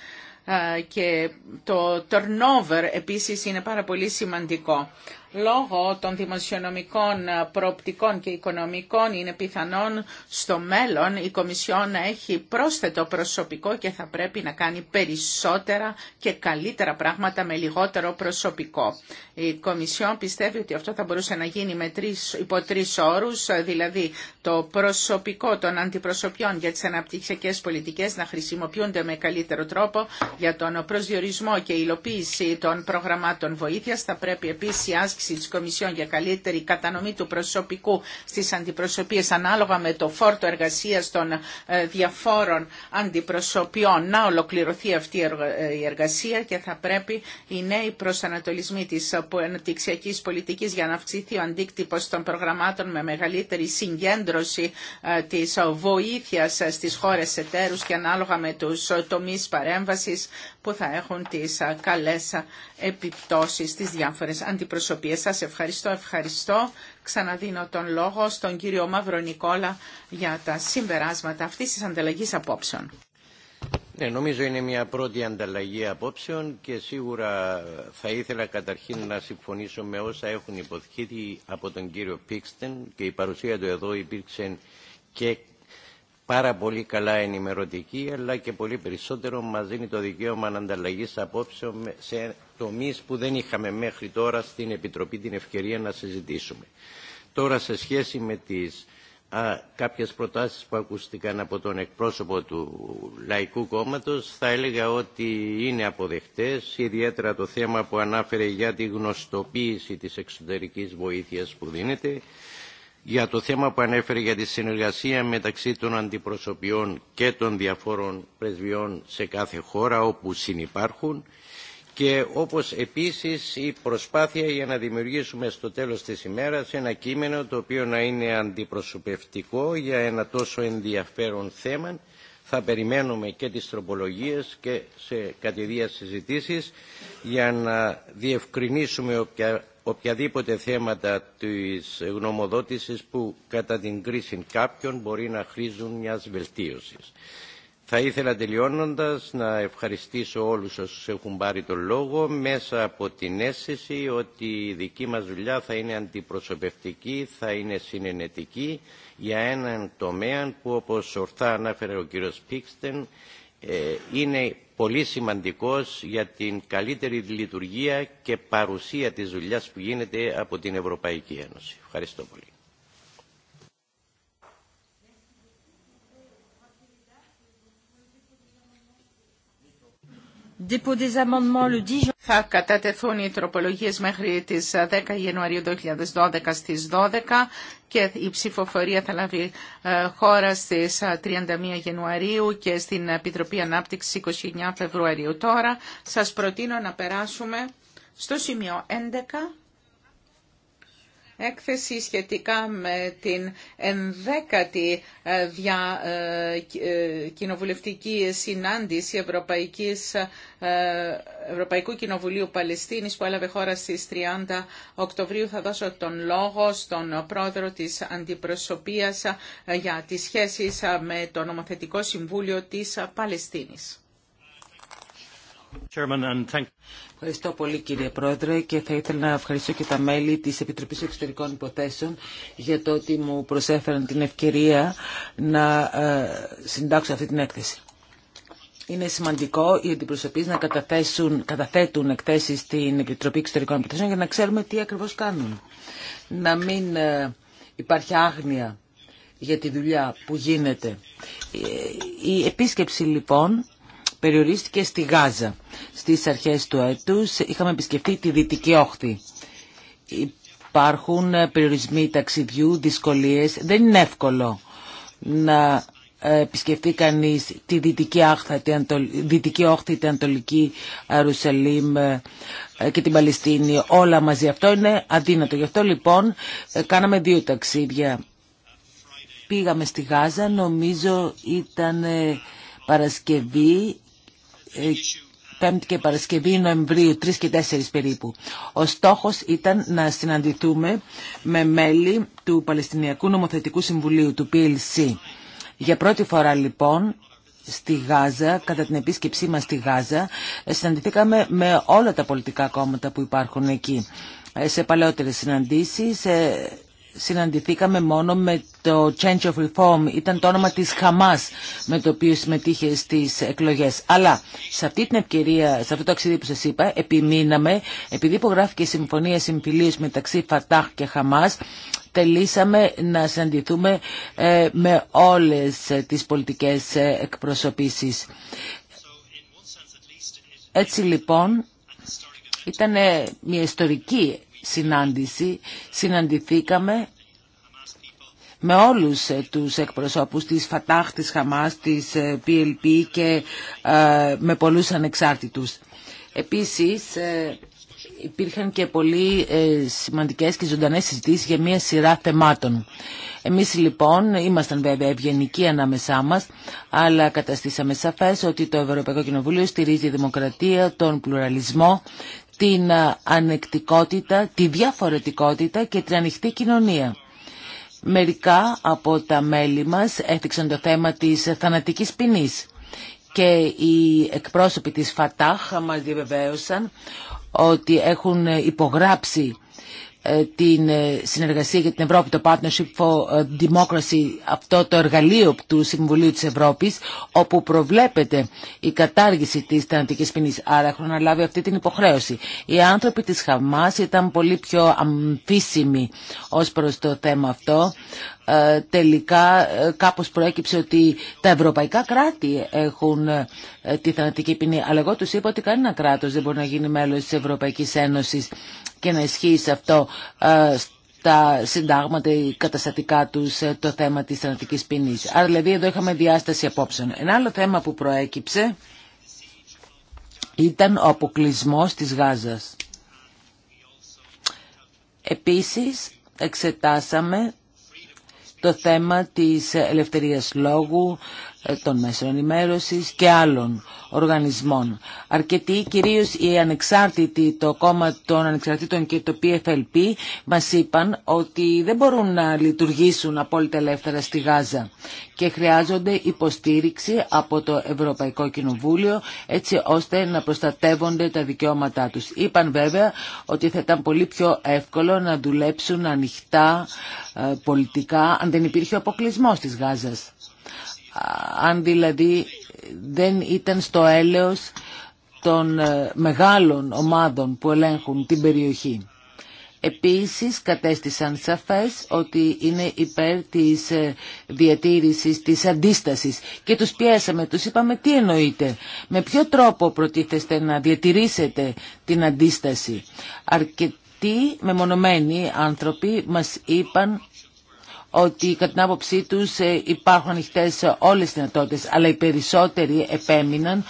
και το turnover επίσης είναι πάρα πολύ σημαντικό λόγω των δημοσιονομικών ε, προοπτικών και οικονομικών είναι πιθανόν στο μέλλον η Κομισιόν να έχει πρόσθετο προσωπικό και θα πρέπει να κάνει περισσότερα και καλύτερα πράγματα με λιγότερο προσωπικό. Η Κομισιόν πιστεύει ότι αυτό θα μπορούσε να γίνει με τρεις, υπό τρεις όρους, ε, δηλαδή το προσωπικό των αντιπροσωπιών για τις αναπτυξιακές πολιτικές να χρησιμοποιούνται με καλύτερο τρόπο για τον προσδιορισμό και υλοποίηση των προγραμμάτων βοήθειας. Θα πρέπει επίσης η άσκηση Τη της Κομισιόν για καλύτερη κατανομή του προσωπικού στις αντιπροσωπίες ανάλογα με το φόρτο εργασίας των ε, διαφόρων αντιπροσωπιών να ολοκληρωθεί αυτή ε, η εργασία και θα πρέπει οι νέοι προσανατολισμοί της αναπτυξιακής πολιτικής για να αυξηθεί ο αντίκτυπος των προγραμμάτων με μεγαλύτερη συγκέντρωση ε, της βοήθειας στις χώρες εταίρους και ανάλογα με τους τομείς παρέμβασης που θα έχουν τις καλές επιπτώσει στις διάφορε αντιπροσωπείε. Σας ευχαριστώ, ευχαριστώ. Ξαναδίνω τον λόγο στον κύριο Μαύρο Νικόλα για τα συμπεράσματα αυτής της ανταλλαγής απόψεων. Ναι, νομίζω είναι μια πρώτη ανταλλαγή απόψεων και σίγουρα θα ήθελα καταρχήν να συμφωνήσω με όσα έχουν υποθήκη από τον κύριο Πίξτεν και η παρουσία του εδώ υπήρξε και πάρα πολύ καλά ενημερωτική, αλλά και πολύ περισσότερο μας δίνει το δικαίωμα ανταλλαγής απόψεων σε τομείς που δεν είχαμε μέχρι τώρα στην Επιτροπή την ευκαιρία να συζητήσουμε. Τώρα σε σχέση με τις κάποιες προτάσεις που ακούστηκαν από τον εκπρόσωπο του Λαϊκού Κόμματος θα έλεγα ότι είναι αποδεκτές, ιδιαίτερα το θέμα που ανάφερε για τη γνωστοποίηση της εξωτερικής βοήθειας που δίνεται για το θέμα που ανέφερε για τη συνεργασία μεταξύ των αντιπροσωπιών και των διαφόρων πρεσβειών σε κάθε χώρα όπου συνυπάρχουν και όπως επίσης η προσπάθεια για να δημιουργήσουμε στο τέλος της ημέρας ένα κείμενο το οποίο να είναι αντιπροσωπευτικό για ένα τόσο ενδιαφέρον θέμα. Θα περιμένουμε και τις τροπολογίες και σε κατηδία συζητήσεις για να διευκρινίσουμε οποιαδήποτε θέματα της γνωμοδότησης που κατά την κρίση κάποιων μπορεί να χρήζουν μιας βελτίωσης. Θα ήθελα τελειώνοντας να ευχαριστήσω όλους όσους έχουν πάρει τον λόγο μέσα από την αίσθηση ότι η δική μας δουλειά θα είναι αντιπροσωπευτική, θα είναι συνενετική για έναν τομέα που όπως ορθά ανάφερε ο κύριος Πίξτεν ε, είναι πολύ σημαντικός για την καλύτερη λειτουργία και παρουσία της δουλειάς που γίνεται από την Ευρωπαϊκή Ένωση. Ευχαριστώ πολύ. Θα κατατεθούν οι τροπολογίε μέχρι τι 10 ε, Ιανουαρίου 2012 στι 12 και η ψηφοφορία θα λάβει ε, χώρα στις 31 ε, Ιανουαρίου και στην Επιτροπή ανάπτυξη 29 Φεβρουαρίου. Τώρα σας προτείνω να περάσουμε στο σημείο 11 έκθεση σχετικά με την ενδέκατη ε, δια, ε, ε, κοινοβουλευτική συνάντηση Ευρωπαϊκής, Ευρωπαϊκού Κοινοβουλίου Παλαιστίνης που έλαβε χώρα στις 30 Οκτωβρίου. Θα δώσω τον λόγο στον πρόεδρο της Αντιπροσωπείας για τις σχέσεις με το Νομοθετικό Συμβούλιο της Παλαιστίνης. Ευχαριστώ πολύ κύριε Πρόεδρε και θα ήθελα να ευχαριστώ και τα μέλη της Επιτροπής Εξωτερικών Υποθέσεων για το ότι μου προσέφεραν την ευκαιρία να ε, συντάξω αυτή την έκθεση. Είναι σημαντικό οι αντιπροσωπείς να καταθέτουν εκθέσεις στην Επιτροπή Εξωτερικών Υποθέσεων για να ξέρουμε τι ακριβώς κάνουν. Να μην ε, υπάρχει άγνοια για τη δουλειά που γίνεται. Ε, η επίσκεψη λοιπόν περιορίστηκε στη Γάζα. Στις αρχές του έτους είχαμε επισκεφτεί τη Δυτική Όχθη. Υπάρχουν περιορισμοί ταξιδιού, δυσκολίες. Δεν είναι εύκολο να ε, επισκεφτεί κανείς τη Δυτική, τη Δυτική Όχθη, την Ανατολική Ιερουσαλήμ ε, και την Παλαιστίνη όλα μαζί. Αυτό είναι αδύνατο. Γι' αυτό λοιπόν ε, κάναμε δύο ταξίδια. Πήγαμε στη Γάζα, νομίζω ήταν Παρασκευή ε, Πέμπτη και Παρασκευή Νοεμβρίου, 3 και 4 περίπου. Ο στόχος ήταν να συναντηθούμε με μέλη του Παλαιστινιακού Νομοθετικού Συμβουλίου, του PLC. Για πρώτη φορά λοιπόν στη Γάζα, κατά την επίσκεψή μας στη Γάζα, ε, συναντηθήκαμε με όλα τα πολιτικά κόμματα που υπάρχουν εκεί. Ε, σε παλαιότερες συναντήσεις συναντηθήκαμε μόνο με το Change of Reform, ήταν το όνομα της Χαμάς με το οποίο συμμετείχε στις εκλογές. Αλλά σε αυτή την ευκαιρία, σε αυτό το αξίδι που σας είπα, επιμείναμε, επειδή υπογράφηκε συμφωνία συμφιλίους μεταξύ Φατάχ και Χαμάς, τελήσαμε να συναντηθούμε ε, με όλες τις πολιτικές ε, εκπροσωπήσεις. Έτσι λοιπόν ήταν μια ιστορική συνάντηση συναντηθήκαμε με όλους ε, τους εκπροσώπους της Φατάχ, της Χαμάς, της PLP ε, και ε, με πολλούς ανεξάρτητους. Επίσης υπήρχαν και πολύ σημαντικές και ζωντανές συζητήσεις για μια σειρά θεμάτων. Εμείς λοιπόν ήμασταν βέβαια ευγενικοί ανάμεσά μας, αλλά καταστήσαμε σαφές ότι το Ευρωπαϊκό Κοινοβούλιο στηρίζει η δημοκρατία, τον πλουραλισμό την ε, ανεκτικότητα, τη διαφορετικότητα και την ανοιχτή κοινωνία. Μερικά από τα μέλη μας έφτιαξαν το θέμα της θανατικής ποινής και οι εκπρόσωποι της ΦΑΤΑΧ μας διαβεβαίωσαν ότι έχουν υπογράψει την ε, συνεργασία για την Ευρώπη, το Partnership for ε, Democracy, αυτό το εργαλείο του Συμβουλίου της Ευρώπης, όπου προβλέπεται η κατάργηση της θανατικής ποινής. Άρα έχουν αναλάβει αυτή την υποχρέωση. Οι άνθρωποι της Χαμάς ήταν πολύ πιο αμφίσιμοι ως προς το θέμα αυτό. Ε, τελικά ε, κάπως προέκυψε ότι τα ευρωπαϊκά κράτη έχουν ε, τη θανατική ποινή. Αλλά εγώ τους είπα ότι κανένα κράτος δεν μπορεί να γίνει μέλος της Ευρωπαϊκής Ένωσης και να ισχύει σε αυτό τα συντάγματα ή καταστατικά του το θέμα της θανατικής ποινής. Άρα δηλαδή εδώ είχαμε διάσταση απόψεων. Ένα άλλο θέμα που προέκυψε ήταν ο αποκλεισμό της Γάζας. Επίσης εξετάσαμε το θέμα της ελευθερίας λόγου, ε, των μέσων ενημέρωσης και άλλων οργανισμών. Αρκετοί, κυρίως οι ανεξάρτητοι, το κόμμα των ανεξαρτήτων και το PFLP, μας είπαν ότι δεν μπορούν να λειτουργήσουν απόλυτα ελεύθερα στη Γάζα και χρειάζονται υποστήριξη από το Ευρωπαϊκό Κοινοβούλιο έτσι ώστε να προστατεύονται τα δικαιώματά τους. Είπαν βέβαια ότι θα ήταν πολύ πιο εύκολο να δουλέψουν ανοιχτά ε, πολιτικά αν δεν υπήρχε ο αποκλεισμό της Γάζας αν δηλαδή δεν ήταν στο έλεος των ε, μεγάλων ομάδων που ελέγχουν την περιοχή. Επίσης κατέστησαν σαφές ότι είναι υπέρ της ε, διατήρησης της αντίστασης και τους πιέσαμε, τους είπαμε τι εννοείτε, με ποιο τρόπο προτίθεστε να διατηρήσετε την αντίσταση. Αρκετοί μεμονωμένοι άνθρωποι μας είπαν ότι κατά την άποψή τους ε, υπάρχουν ανοιχτές όλες τις δυνατότητες, αλλά οι περισσότεροι επέμειναν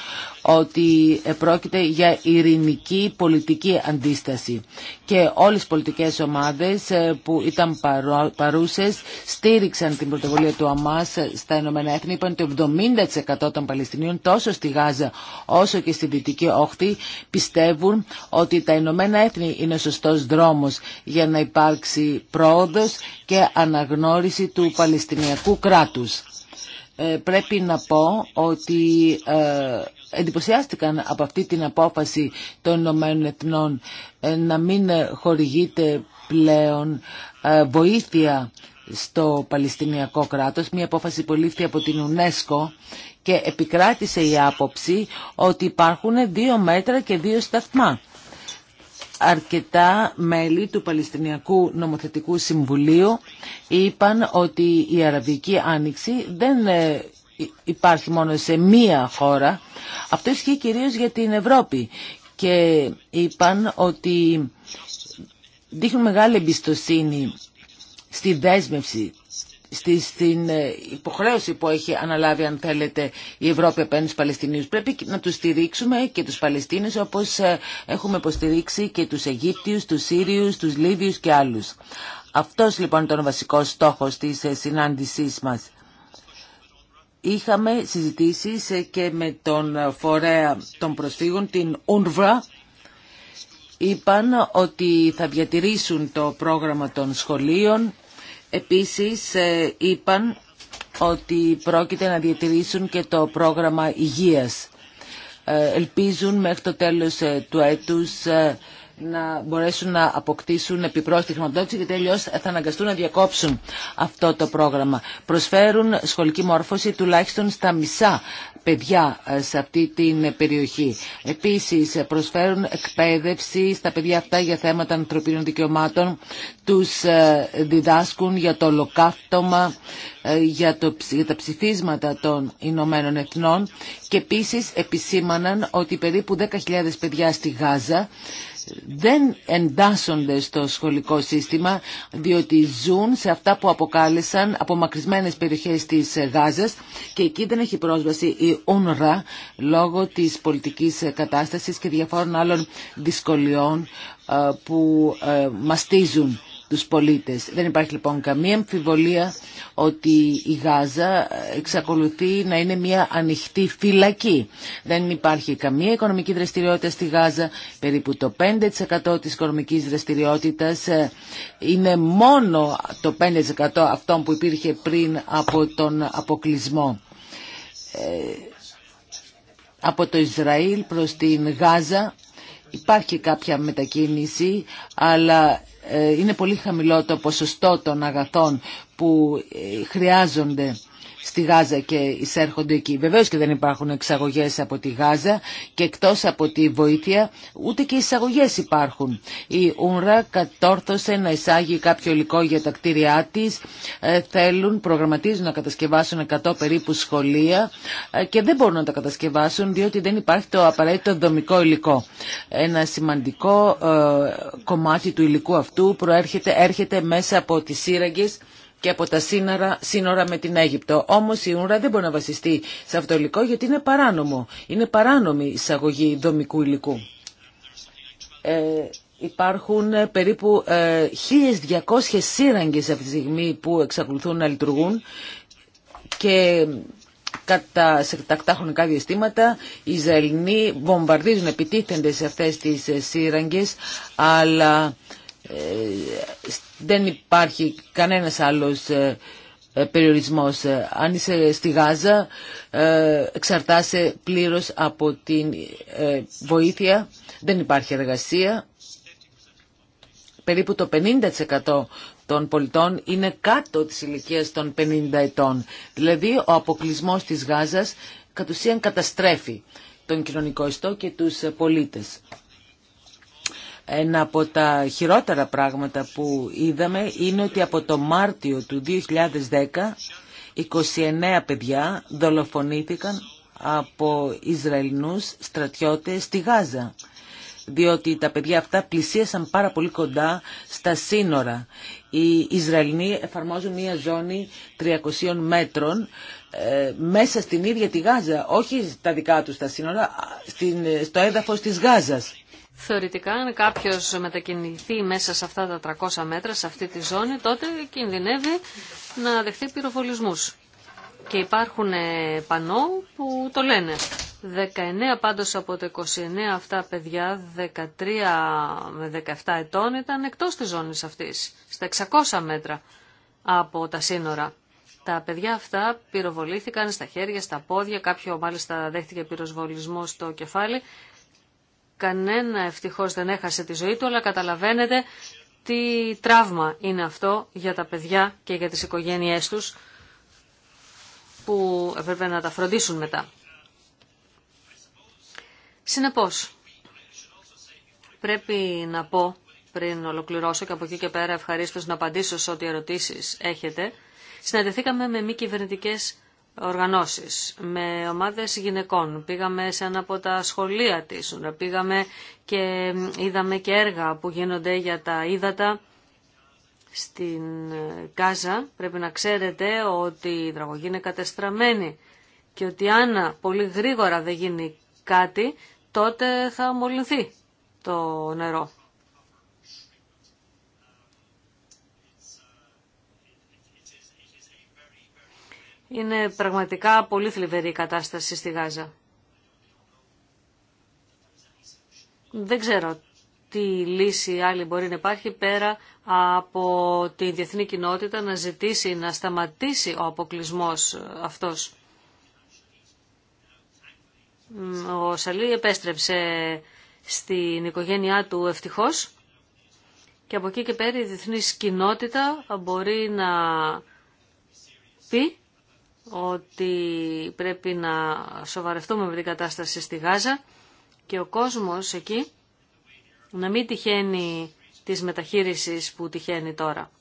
ότι πρόκειται για ειρηνική πολιτική αντίσταση. Και όλες οι πολιτικές ομάδες ε, που ήταν παρούσες στήριξαν την πρωτοβουλία του ΑΜΑΣ στα Ηνωμένα Έθνη. Είπαν ότι 70% των Παλαιστινίων τόσο στη Γάζα όσο και στη Δυτική Όχθη πιστεύουν ότι τα Ηνωμένα Έθνη είναι ο σωστός δρόμος για να υπάρξει πρόοδος και αναγνώριση του Παλαιστινιακού κράτους. Ε, πρέπει να πω ότι ε, εντυπωσιάστηκαν από αυτή την απόφαση των Ηνωμένων Εθνών ε, να μην ε, χορηγείται πλέον ε, βοήθεια στο Παλαιστινιακό κράτος, μια απόφαση που λήφθη από την UNESCO και επικράτησε η άποψη ότι υπάρχουν δύο μέτρα και δύο σταθμά. Αρκετά μέλη του Παλαιστινιακού Νομοθετικού Συμβουλίου είπαν ότι η Αραβική Άνοιξη δεν υπάρχει μόνο σε μία χώρα. Αυτό ισχύει κυρίως για την Ευρώπη και είπαν ότι δείχνουν μεγάλη εμπιστοσύνη στη δέσμευση στη, στην ε, υποχρέωση που έχει αναλάβει αν θέλετε η Ευρώπη απέναντι στους Παλαιστινίους. Πρέπει να τους στηρίξουμε και τους Παλαιστίνιους όπως ε, έχουμε υποστηρίξει και τους Αιγύπτιους, τους Σύριους, τους Λίβιους και άλλους. Αυτός λοιπόν ήταν ο βασικός στόχος της ε, συνάντησής μας. Είχαμε συζητήσεις ε, και με τον φορέα των προσφύγων, την UNRWA. Είπαν ότι θα διατηρήσουν το πρόγραμμα των σχολείων. Επίσης ε, είπαν ότι πρόκειται να διατηρήσουν και το πρόγραμμα υγείας. Ε, ελπίζουν μέχρι το τέλος του έτους να μπορέσουν να αποκτήσουν επιπρόσθετη χρηματοδότηση γιατί αλλιώ θα αναγκαστούν να διακόψουν αυτό το πρόγραμμα. Προσφέρουν σχολική μόρφωση τουλάχιστον στα μισά παιδιά ε, σε αυτή την περιοχή. Επίσης ε, προσφέρουν εκπαίδευση στα παιδιά αυτά για θέματα ανθρωπίνων δικαιωμάτων. Τους ε, διδάσκουν για το ολοκαύτωμα, για, τα ψηφίσματα των Ηνωμένων Εθνών και επίσης επισήμαναν ότι περίπου 10.000 παιδιά στη Γάζα δεν εντάσσονται στο σχολικό σύστημα διότι ζουν σε αυτά που αποκάλεσαν απομακρυσμένες περιοχές της Γάζας και εκεί δεν έχει πρόσβαση η ΟΝΡΑ λόγω της πολιτικής κατάστασης και διαφόρων άλλων δυσκολιών ε, που ε, μαστίζουν τους πολίτες. Δεν υπάρχει λοιπόν καμία αμφιβολία ότι η Γάζα εξακολουθεί να είναι μια ανοιχτή φυλακή. Δεν υπάρχει καμία οικονομική δραστηριότητα στη Γάζα. Περίπου το 5% της οικονομικής δραστηριότητας ε, είναι μόνο το 5% αυτών που υπήρχε πριν από τον αποκλεισμό. Ε, από το Ισραήλ προς την Γάζα Υπάρχει κάποια μετακίνηση, αλλά ε, είναι πολύ χαμηλό το ποσοστό των αγαθών που ε, χρειάζονται στη Γάζα και εισέρχονται εκεί. Βεβαίως και δεν υπάρχουν εξαγωγές από τη Γάζα και εκτός από τη βοήθεια ούτε και εισαγωγές υπάρχουν. Η Ούνρα κατόρθωσε να εισάγει κάποιο υλικό για τα κτίρια της, ε, θέλουν, προγραμματίζουν να κατασκευάσουν 100 περίπου σχολεία ε, και δεν μπορούν να τα κατασκευάσουν διότι δεν υπάρχει το απαραίτητο δομικό υλικό. Ένα σημαντικό ε, κομμάτι του υλικού αυτού προέρχεται, έρχεται μέσα από τις σύραγγες και από τα σύνορα, σύνορα με την Αίγυπτο. Όμως η ούρα δεν μπορεί να βασιστεί σε αυτό το υλικό γιατί είναι παράνομο. Είναι παράνομη εισαγωγή δομικού υλικού. Ε, υπάρχουν ε, περίπου 1.200 ε, σύραγγες αυτή τη στιγμή που εξακολουθούν να λειτουργούν και κατά, σε τακτά χρονικά διαστήματα οι Ισραηλοί βομβαρδίζουν, επιτίθενται σε αυτές τις ε, σύραγγες αλλά ε, δεν υπάρχει κανένας άλλος ε, ε, περιορισμός. Αν είσαι στη Γάζα, εξαρτάσαι πλήρως από την βοήθεια. Δεν υπάρχει εργασία. Περίπου το 50% των πολιτών είναι κάτω της ηλικίας των 50 ετών. Δηλαδή, ο αποκλεισμός της Γάζας κατ' ουσίαν καταστρέφει τον κοινωνικό ιστό και τους πολίτες. Ένα από τα χειρότερα πράγματα που είδαμε είναι ότι από το Μάρτιο του 2010 29 παιδιά δολοφονήθηκαν από Ισραηλινούς στρατιώτες στη Γάζα διότι τα παιδιά αυτά πλησίασαν πάρα πολύ κοντά στα σύνορα. Οι Ισραηλοί εφαρμόζουν μια ζώνη 300 μέτρων ε, μέσα στην ίδια τη Γάζα, όχι στα δικά τους τα σύνορα, στην, στο έδαφος της Γάζας. Θεωρητικά, αν κάποιο μετακινηθεί μέσα σε αυτά τα 300 μέτρα, σε αυτή τη ζώνη, τότε κινδυνεύει να δεχθεί πυροβολισμούς. Και υπάρχουν ε, πανό που το λένε. 19 πάντως από τα 29 αυτά παιδιά, 13 με 17 ετών, ήταν εκτός της ζώνης αυτής, στα 600 μέτρα από τα σύνορα. Τα παιδιά αυτά πυροβολήθηκαν στα χέρια, στα πόδια, κάποιο μάλιστα δέχτηκε πυροσβολισμό στο κεφάλι. Κανένα ευτυχώς δεν έχασε τη ζωή του, αλλά καταλαβαίνετε τι τραύμα είναι αυτό για τα παιδιά και για τις οικογένειές τους που έπρεπε να τα φροντίσουν μετά. Συνεπώς, πρέπει να πω πριν ολοκληρώσω και από εκεί και πέρα ευχαρίστω να απαντήσω σε ό,τι ερωτήσεις έχετε. Συναντηθήκαμε με μη κυβερνητικέ οργανώσεις, με ομάδες γυναικών. Πήγαμε σε ένα από τα σχολεία της, πήγαμε και είδαμε και έργα που γίνονται για τα ύδατα στην Κάζα. Πρέπει να ξέρετε ότι η υδραγωγή είναι κατεστραμμένη και ότι αν πολύ γρήγορα δεν γίνει κάτι, τότε θα μολυνθεί το νερό. Είναι πραγματικά πολύ θλιβερή η κατάσταση στη Γάζα. Δεν ξέρω τι λύση άλλη μπορεί να υπάρχει πέρα από τη διεθνή κοινότητα να ζητήσει να σταματήσει ο αποκλεισμός αυτός. Ο Σαλή επέστρεψε στην οικογένειά του ευτυχώς και από εκεί και πέρα η διεθνής κοινότητα μπορεί να πει ότι πρέπει να σοβαρευτούμε με την κατάσταση στη Γάζα και ο κόσμος εκεί να μην τυχαίνει της μεταχείρισης που τυχαίνει τώρα.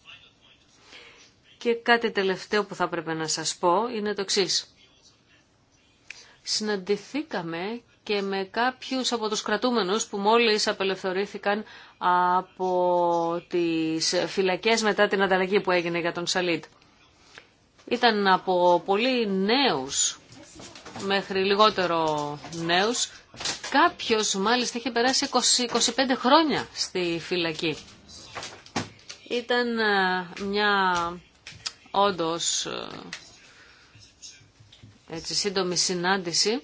Και κάτι τελευταίο που θα πρέπει να σας πω είναι το εξή. Συναντηθήκαμε και με κάποιους από τους κρατούμενους που μόλις απελευθερήθηκαν από τις φυλακές μετά την ανταλλαγή που έγινε για τον Σαλίτ ήταν από πολύ νέους μέχρι λιγότερο νέους. Κάποιος μάλιστα είχε περάσει 20-25 χρόνια στη φυλακή. Ήταν ε, μια όντως ε, έτσι, σύντομη συνάντηση.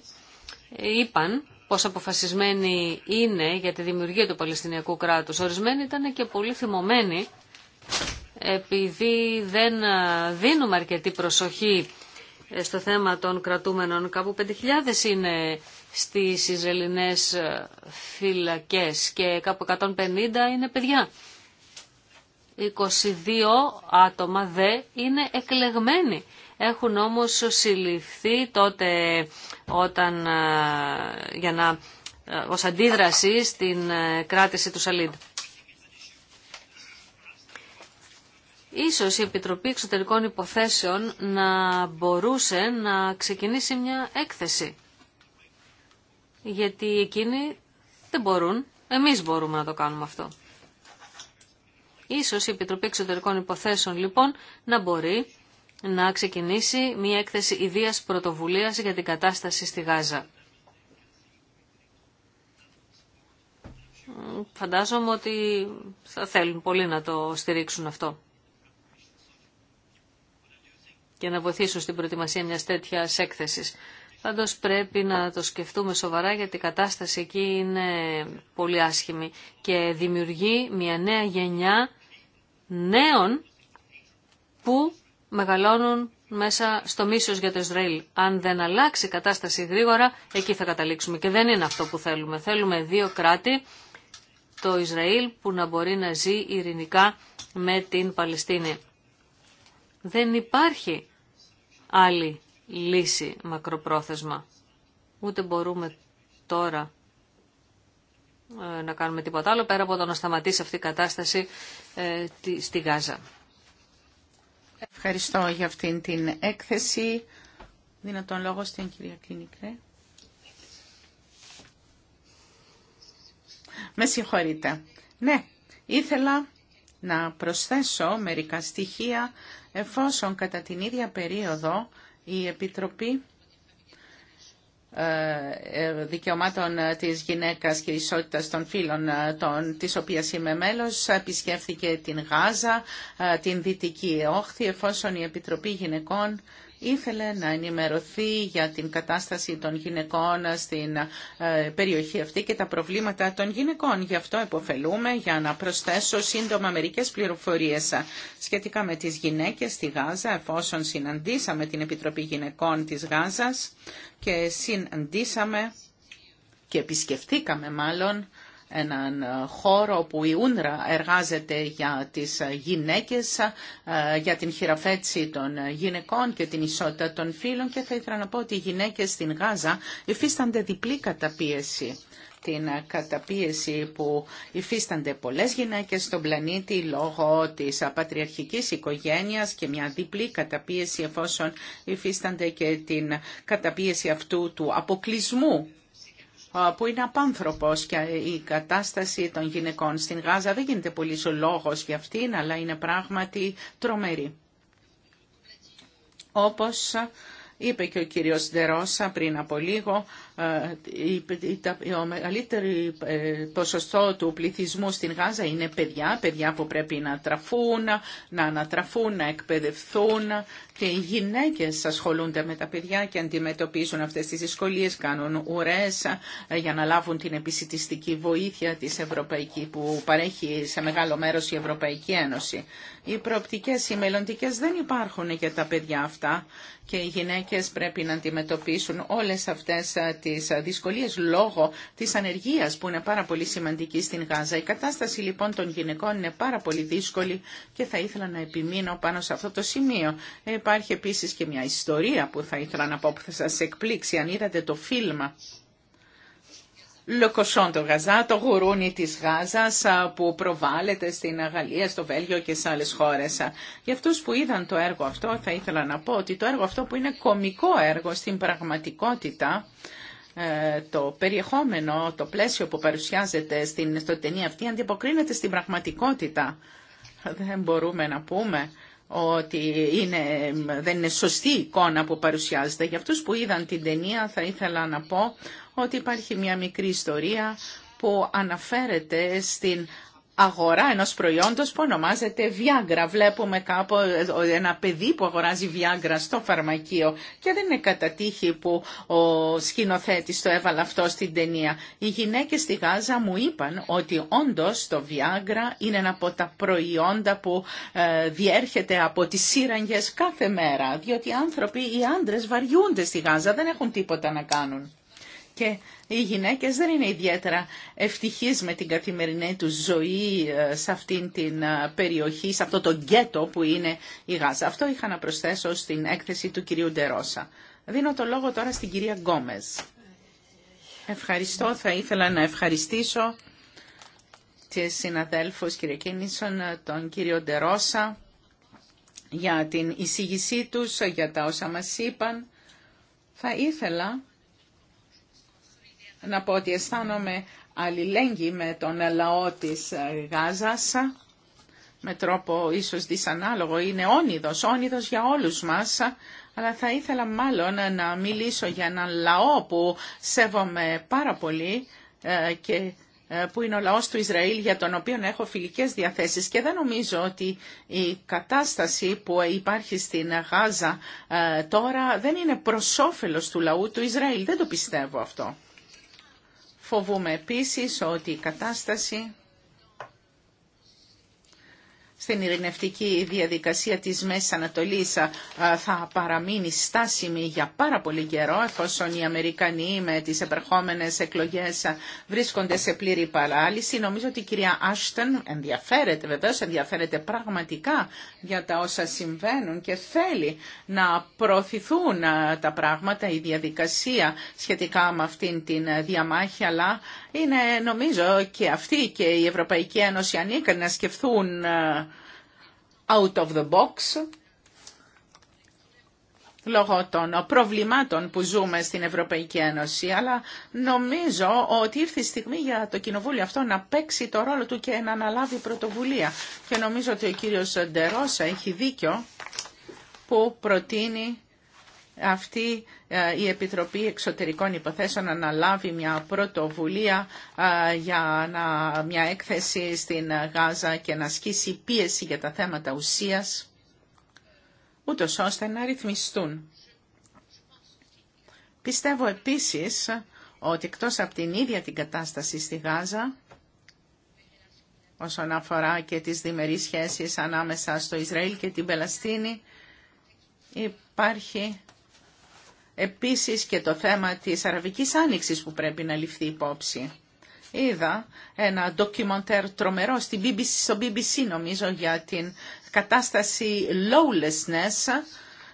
Είπαν πώς αποφασισμένοι είναι για τη δημιουργία του Παλαιστινιακού κράτους. Ορισμένοι ήταν και πολύ θυμωμένοι επειδή δεν ε, δίνουμε αρκετή προσοχή ε, στο θέμα των κρατούμενων, κάπου 5.000 είναι στις Ισραηλινές ε, φυλακές και κάπου 150 είναι παιδιά. 22 άτομα δε είναι εκλεγμένοι. Έχουν όμως συλληφθεί τότε όταν για να, ως αντίδραση στην κράτηση του Σαλίντ. Ίσως η Επιτροπή Εξωτερικών Υποθέσεων να μπορούσε να ξεκινήσει μια έκθεση. Γιατί εκείνοι δεν μπορούν. Εμείς μπορούμε να το κάνουμε αυτό. Ίσως η Επιτροπή Εξωτερικών Υποθέσεων λοιπόν να μπορεί να ξεκινήσει μια έκθεση ιδίας πρωτοβουλίας για την κατάσταση στη Γάζα. Φαντάζομαι ότι θα θέλουν πολύ να το στηρίξουν αυτό και να βοηθήσουν στην προετοιμασία μιας τέτοιας έκθεσης. Πάντως πρέπει να το σκεφτούμε σοβαρά γιατί η κατάσταση εκεί είναι πολύ άσχημη και δημιουργεί μια νέα γενιά νέων που μεγαλώνουν μέσα στο μίσος για το Ισραήλ. Αν δεν αλλάξει η κατάσταση γρήγορα, εκεί θα καταλήξουμε. Και δεν είναι αυτό που θέλουμε. Θέλουμε δύο κράτη, το Ισραήλ που να μπορεί να ζει ειρηνικά με την Παλαιστίνη. Δεν υπάρχει άλλη λύση μακροπρόθεσμα. Ούτε μπορούμε τώρα ε, να κάνουμε τίποτα άλλο πέρα από το να σταματήσει αυτή η κατάσταση ε, στη Γάζα. Ευχαριστώ για αυτήν την έκθεση. Δίνω τον λόγο στην κυρία Κλίνικρε. Με συγχωρείτε. Ναι, ήθελα να προσθέσω μερικά στοιχεία εφόσον κατά την ίδια περίοδο η Επιτροπή ε, ε, δικαιωμάτων της γυναίκας και ισότητας των φίλων ε, των, της οποίας είμαι μέλος επισκέφθηκε την Γάζα, την Δυτική Όχθη εφόσον η Επιτροπή Γυναικών ήθελε να ενημερωθεί για την κατάσταση των γυναικών στην ε, περιοχή αυτή και τα προβλήματα των γυναικών. Γι' αυτό υποφελούμε για να προσθέσω σύντομα μερικές πληροφορίες σχετικά με τις γυναίκες στη Γάζα, εφόσον συναντήσαμε την Επιτροπή Γυναικών της Γάζας και συναντήσαμε και επισκεφτήκαμε μάλλον έναν ε, χώρο που η Ούνρα εργάζεται για τις ε, γυναίκες, ε, για την χειραφέτηση των γυναικών και την ισότητα των φίλων και θα ήθελα να πω ότι οι γυναίκες στην Γάζα υφίστανται διπλή καταπίεση την καταπίεση που υφίστανται πολλές γυναίκες στον πλανήτη λόγω της πατριαρχικής οικογένειας και μια διπλή καταπίεση εφόσον υφίστανται και την καταπίεση αυτού του αποκλεισμού που είναι απάνθρωπος και η κατάσταση των γυναικών στην Γάζα δεν γίνεται πολύ λόγος για αυτήν, αλλά είναι πράγματι τρομερή. Όπως είπε και ο κύριος Ντερόσα πριν από λίγο, ε, ο μεγαλύτερο ε, ποσοστό του πληθυσμού στην Γάζα είναι παιδιά, παιδιά που πρέπει να τραφούν, να ανατραφούν, να εκπαιδευθούν και οι γυναίκες ασχολούνται με τα παιδιά και αντιμετωπίζουν αυτές τις δυσκολίες, κάνουν ουρές ε, για να λάβουν την επισητιστική βοήθεια της ευρωπαϊκής που παρέχει σε μεγάλο μέρος η Ευρωπαϊκή Ένωση. Οι προοπτικές, οι μελλοντικέ δεν υπάρχουν για τα παιδιά αυτά και οι γυναίκες πρέπει να αντιμετωπίσουν όλες αυτές τις ε, δυσκολίες λόγω της ανεργίας που είναι πάρα πολύ σημαντική στην Γάζα. Η κατάσταση λοιπόν των γυναικών είναι πάρα πολύ δύσκολη και θα ήθελα να επιμείνω πάνω σε αυτό το σημείο. Υπάρχει επίσης και μια ιστορία που θα ήθελα να πω που θα σας εκπλήξει αν είδατε το φίλμα. Λοκοσόν το Γαζά, το γουρούνι της Γάζας ε, που προβάλλεται στην Γαλλία, στο Βέλγιο και σε άλλες χώρες. Για αυτούς που είδαν το έργο αυτό θα ήθελα να πω ότι το έργο αυτό που είναι κομικό έργο στην πραγματικότητα ε, το περιεχόμενο, το πλαίσιο που παρουσιάζεται στην, στο αυτή αντιποκρίνεται στην πραγματικότητα. Δεν μπορούμε να πούμε ότι είναι, δεν είναι σωστή εικόνα που παρουσιάζεται. Για αυτούς που είδαν την ταινία θα ήθελα να πω ότι υπάρχει μια μικρή ιστορία που αναφέρεται στην αγορά ενός προϊόντος που ονομάζεται Viagra. Βλέπουμε κάπου ένα παιδί που αγοράζει Viagra στο φαρμακείο και δεν είναι κατά τύχη που ο σκηνοθέτης το έβαλε αυτό στην ταινία. Οι γυναίκες στη Γάζα μου είπαν ότι όντως το Viagra είναι ένα από τα προϊόντα που ε, διέρχεται από τις σύραγγες κάθε μέρα, διότι οι άνθρωποι, οι άντρες βαριούνται στη Γάζα, δεν έχουν τίποτα να κάνουν και οι γυναίκες δεν είναι ιδιαίτερα ευτυχείς με την καθημερινή του ζωή ε, σε αυτήν την ε, περιοχή, σε αυτό το γκέτο που είναι η Γάζα. Αυτό είχα να προσθέσω στην έκθεση του κυρίου Ντερόσα. Δίνω το λόγο τώρα στην κυρία Γκόμες. Ευχαριστώ, θα ήθελα να ευχαριστήσω τις συναδέλφους κύριε Κίνησον, τον κύριο Ντερόσα για την εισήγησή τους, για τα όσα μας είπαν. Θα ήθελα να πω ότι αισθάνομαι αλληλέγγυη με τον λαό της ε, Γάζας με τρόπο ίσως δυσανάλογο. Είναι όνειδος, όνειδος για όλους μας, αλλά θα ήθελα μάλλον να μιλήσω για έναν λαό που σέβομαι πάρα πολύ ε, και ε, που είναι ο λαός του Ισραήλ για τον οποίο έχω φιλικές διαθέσεις και δεν νομίζω ότι η κατάσταση που υπάρχει στην Γάζα τώρα δεν είναι προς όφελος του λαού του Ισραήλ. Δεν το πιστεύω αυτό. Φοβούμε επίσης ότι η κατάσταση στην ειρηνευτική διαδικασία της Μέσης Ανατολής θα παραμείνει στάσιμη για πάρα πολύ καιρό εφόσον οι Αμερικανοί με τις επερχόμενες εκλογές βρίσκονται σε πλήρη παράλυση. Νομίζω ότι η κυρία Άστον ενδιαφέρεται βεβαίως, ενδιαφέρεται πραγματικά για τα όσα συμβαίνουν και θέλει να προωθηθούν τα πράγματα, η διαδικασία σχετικά με αυτήν την διαμάχη, αλλά είναι νομίζω και αυτή και η Ευρωπαϊκή Ένωση ανήκαν να σκεφτούν out of the box λόγω των προβλημάτων που ζούμε στην Ευρωπαϊκή Ένωση, αλλά νομίζω ότι ήρθε η στιγμή για το Κοινοβούλιο αυτό να παίξει το ρόλο του και να αναλάβει πρωτοβουλία. Και νομίζω ότι ο κύριος Ντερόσα έχει δίκιο που προτείνει αυτή ε, η Επιτροπή Εξωτερικών Υποθέσεων αναλάβει μια πρωτοβουλία ε, για μια έκθεση στην Γάζα και να ασκήσει πίεση για τα θέματα ουσίας, ούτως ώστε να ρυθμιστούν. Πιστεύω επίσης ότι εκτός από την ίδια την κατάσταση στη Γάζα, όσον αφορά και τις διμερείς σχέσεις ανάμεσα στο Ισραήλ και την Πελαστίνη, υπάρχει επίσης και το θέμα της Αραβικής Άνοιξης που πρέπει να ληφθεί υπόψη. Είδα ένα ντοκιμοντέρ τρομερό στην BBC, στο BBC νομίζω για την κατάσταση lawlessness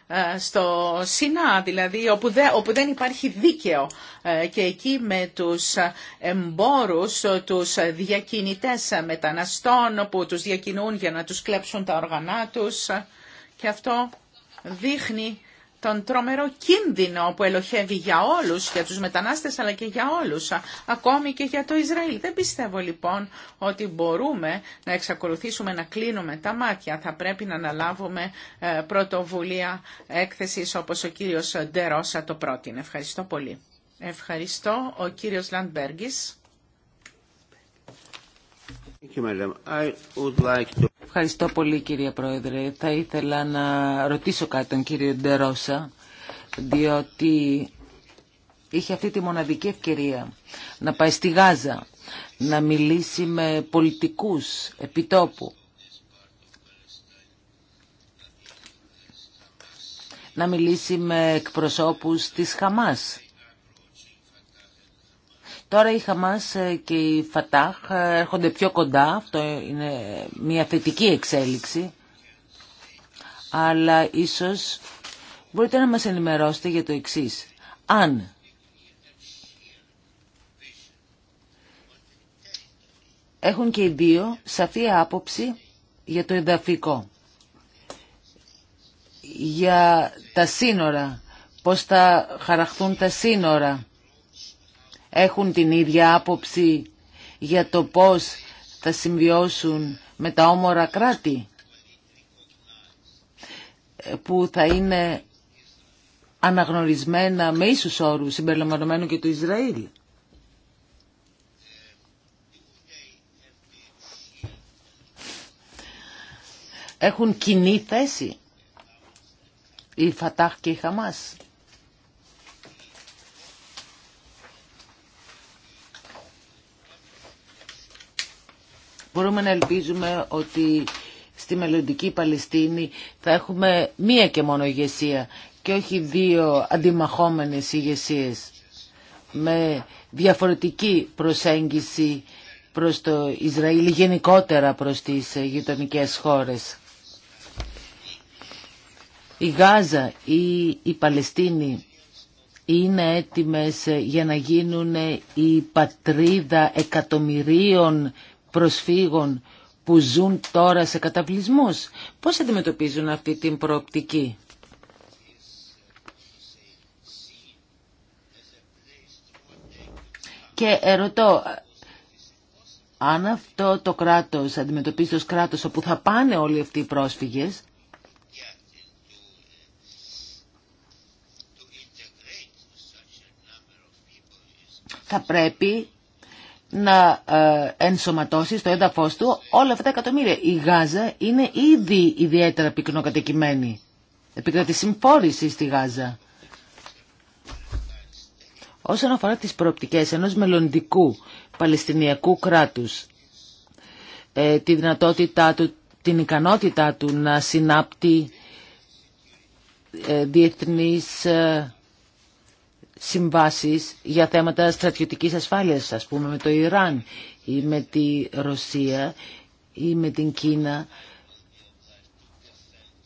ε, στο Σινά, δηλαδή όπου, όπου δεν υπάρχει δίκαιο ε, και εκεί με τους εμπόρους, τους διακινητές μεταναστών που τους διακινούν για να τους κλέψουν τα οργανά τους και αυτό δείχνει τον τρομερό κίνδυνο που ελοχεύει για όλους, για τους μετανάστες αλλά και για όλους, ακόμη και για το Ισραήλ. Δεν πιστεύω λοιπόν ότι μπορούμε να εξακολουθήσουμε να κλείνουμε τα μάτια. Θα πρέπει να αναλάβουμε ε, πρωτοβουλία έκθεσης όπως ο κύριος Ντερόσα το πρότεινε. Ευχαριστώ πολύ. Ευχαριστώ ο κύριος Λαντμπέργκης. Ευχαριστώ πολύ κύριε Πρόεδρε. Θα ήθελα να ρωτήσω κάτι τον κύριο Ντερόσα, διότι είχε αυτή τη μοναδική ευκαιρία να πάει στη Γάζα, να μιλήσει με πολιτικούς επιτόπου, να μιλήσει με εκπροσώπους της Χαμάς. Τώρα η Χαμάς ε, και η Φατάχ ε, έρχονται πιο κοντά, αυτό είναι μια θετική εξέλιξη, αλλά ίσως μπορείτε να μας ενημερώσετε για το εξής. Αν έχουν και οι δύο σαφή άποψη για το εδαφικό, για τα σύνορα, πώς θα χαραχθούν τα σύνορα, έχουν την ίδια άποψη για το πώς θα συμβιώσουν με τα όμορα κράτη που θα είναι αναγνωρισμένα με ίσους όρους συμπεριλαμβανομένου και του Ισραήλ. Έχουν κοινή θέση η Φατάχ και η Χαμάς. Μπορούμε να ελπίζουμε ότι στη μελλοντική Παλαιστίνη θα έχουμε μία και μόνο ηγεσία και όχι δύο αντιμαχόμενες ηγεσίε με διαφορετική προσέγγιση προς το Ισραήλ γενικότερα προς τις γειτονικέ χώρες. Η Γάζα ή η Παλαιστίνη είναι έτοιμες για να γίνουν η πατρίδα εκατομμυρίων προσφύγων που ζουν τώρα σε καταπλησμούς. Πώς αντιμετωπίζουν αυτή την προοπτική. Και ερωτώ, αν αυτό το κράτος αντιμετωπίζει ως κράτος όπου θα πάνε όλοι αυτοί οι πρόσφυγες, θα πρέπει να ε, ενσωματώσει στο έδαφος του όλα αυτά τα εκατομμύρια. Η Γάζα είναι ήδη ιδιαίτερα πυκνοκατοικημένη. Επικρατεί συμφόρηση στη Γάζα. Όσον αφορά τις προοπτικές ενός μελλοντικού Παλαιστινιακού κράτους, ε, τη δυνατότητά του, την ικανότητά του να συνάπτει ε, διεθνείς συμβάσεις για θέματα στρατιωτικής ασφάλειας, ας πούμε, με το Ιράν ή με τη Ρωσία ή με την Κίνα.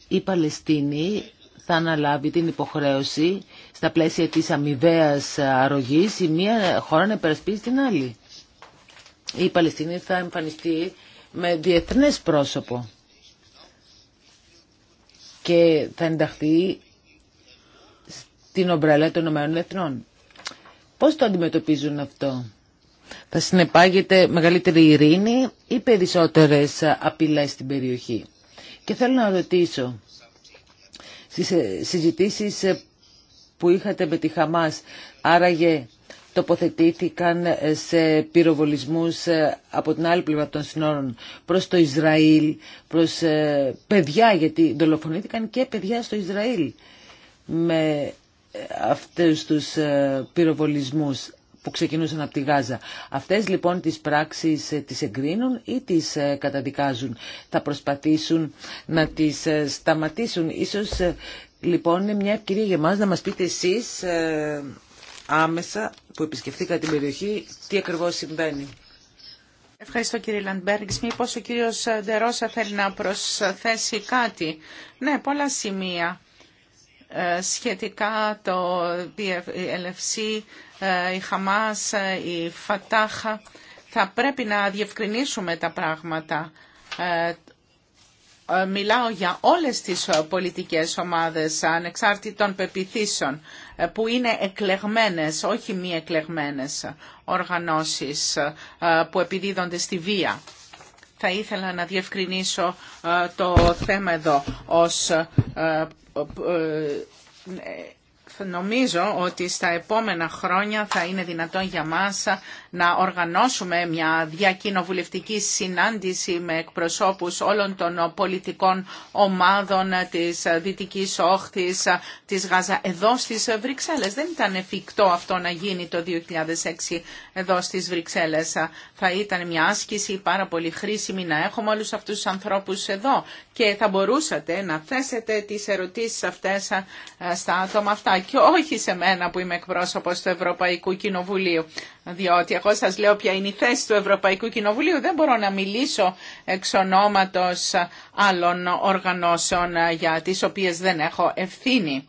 Η Παλαιστίνη θα αναλάβει την υποχρέωση στα πλαίσια της αμοιβαίας αρρωγής η μία χώρα να υπερασπίζει την άλλη. Η Παλαιστίνη θα εμφανιστεί με διεθνές πρόσωπο και θα ενταχθεί την ομπρέλα των ΟΕΕ. Πώς το αντιμετωπίζουν αυτό. Θα συνεπάγεται μεγαλύτερη ειρήνη ή περισσότερες απειλές στην περιοχή. Και θέλω να ρωτήσω, στις ε, συζητήσεις ε, που είχατε με τη Χαμάς, άραγε τοποθετήθηκαν ε, σε πυροβολισμούς από την άλλη πλευρά των συνόρων προς το Ισραήλ, προς παιδιά, γιατί δολοφονήθηκαν και παιδιά στο Ισραήλ με αυτούς τους ε, πυροβολισμούς που ξεκινούσαν από τη Γάζα. Αυτές λοιπόν τις πράξεις ε, τις εγκρίνουν ή τις ε, καταδικάζουν. Θα προσπαθήσουν να τις σταματήσουν. Ίσως λοιπόν είναι μια ευκαιρία για μας να μας πείτε εσείς άμεσα που επισκεφθήκατε την περιοχή τι ακριβώς συμβαίνει. Ευχαριστώ κύριε Λαντμπέργκς. Μήπως ο κύριος Ντερόσα θέλει να προσθέσει κάτι. Ναι, πολλά σημεία σχετικά το LFC, ε, η Χαμάς, ε, η Φατάχα. Θα πρέπει να διευκρινίσουμε τα πράγματα. Ε, μιλάω για όλες τις πολιτικές ομάδες ανεξάρτητων πεπιθήσεων που είναι εκλεγμένες, όχι μη εκλεγμένες οργανώσεις που επιδίδονται στη βία. Θα ήθελα να διευκρινίσω ε, το θέμα εδώ ως ε, ε, Νομίζω ότι στα επόμενα χρόνια θα είναι δυνατόν για μας να οργανώσουμε μια διακοινοβουλευτική συνάντηση με εκπροσώπους όλων των πολιτικών ομάδων της Δυτικής Όχθης, της Γάζα, εδώ στις Βρυξέλλες. Δεν ήταν εφικτό αυτό να γίνει το 2006 εδώ στις Βρυξέλλες. Θα ήταν μια άσκηση πάρα πολύ χρήσιμη να έχουμε όλους αυτούς τους ανθρώπους εδώ και θα μπορούσατε να θέσετε τις ερωτήσεις αυτές ε, στα άτομα αυτά και όχι σε μένα που είμαι εκπρόσωπος του Ευρωπαϊκού Κοινοβουλίου. Διότι εγώ σας λέω ποια είναι η θέση του Ευρωπαϊκού Κοινοβουλίου. Δεν μπορώ να μιλήσω εξ ονόματος άλλων οργανώσεων για τις οποίες δεν έχω ευθύνη.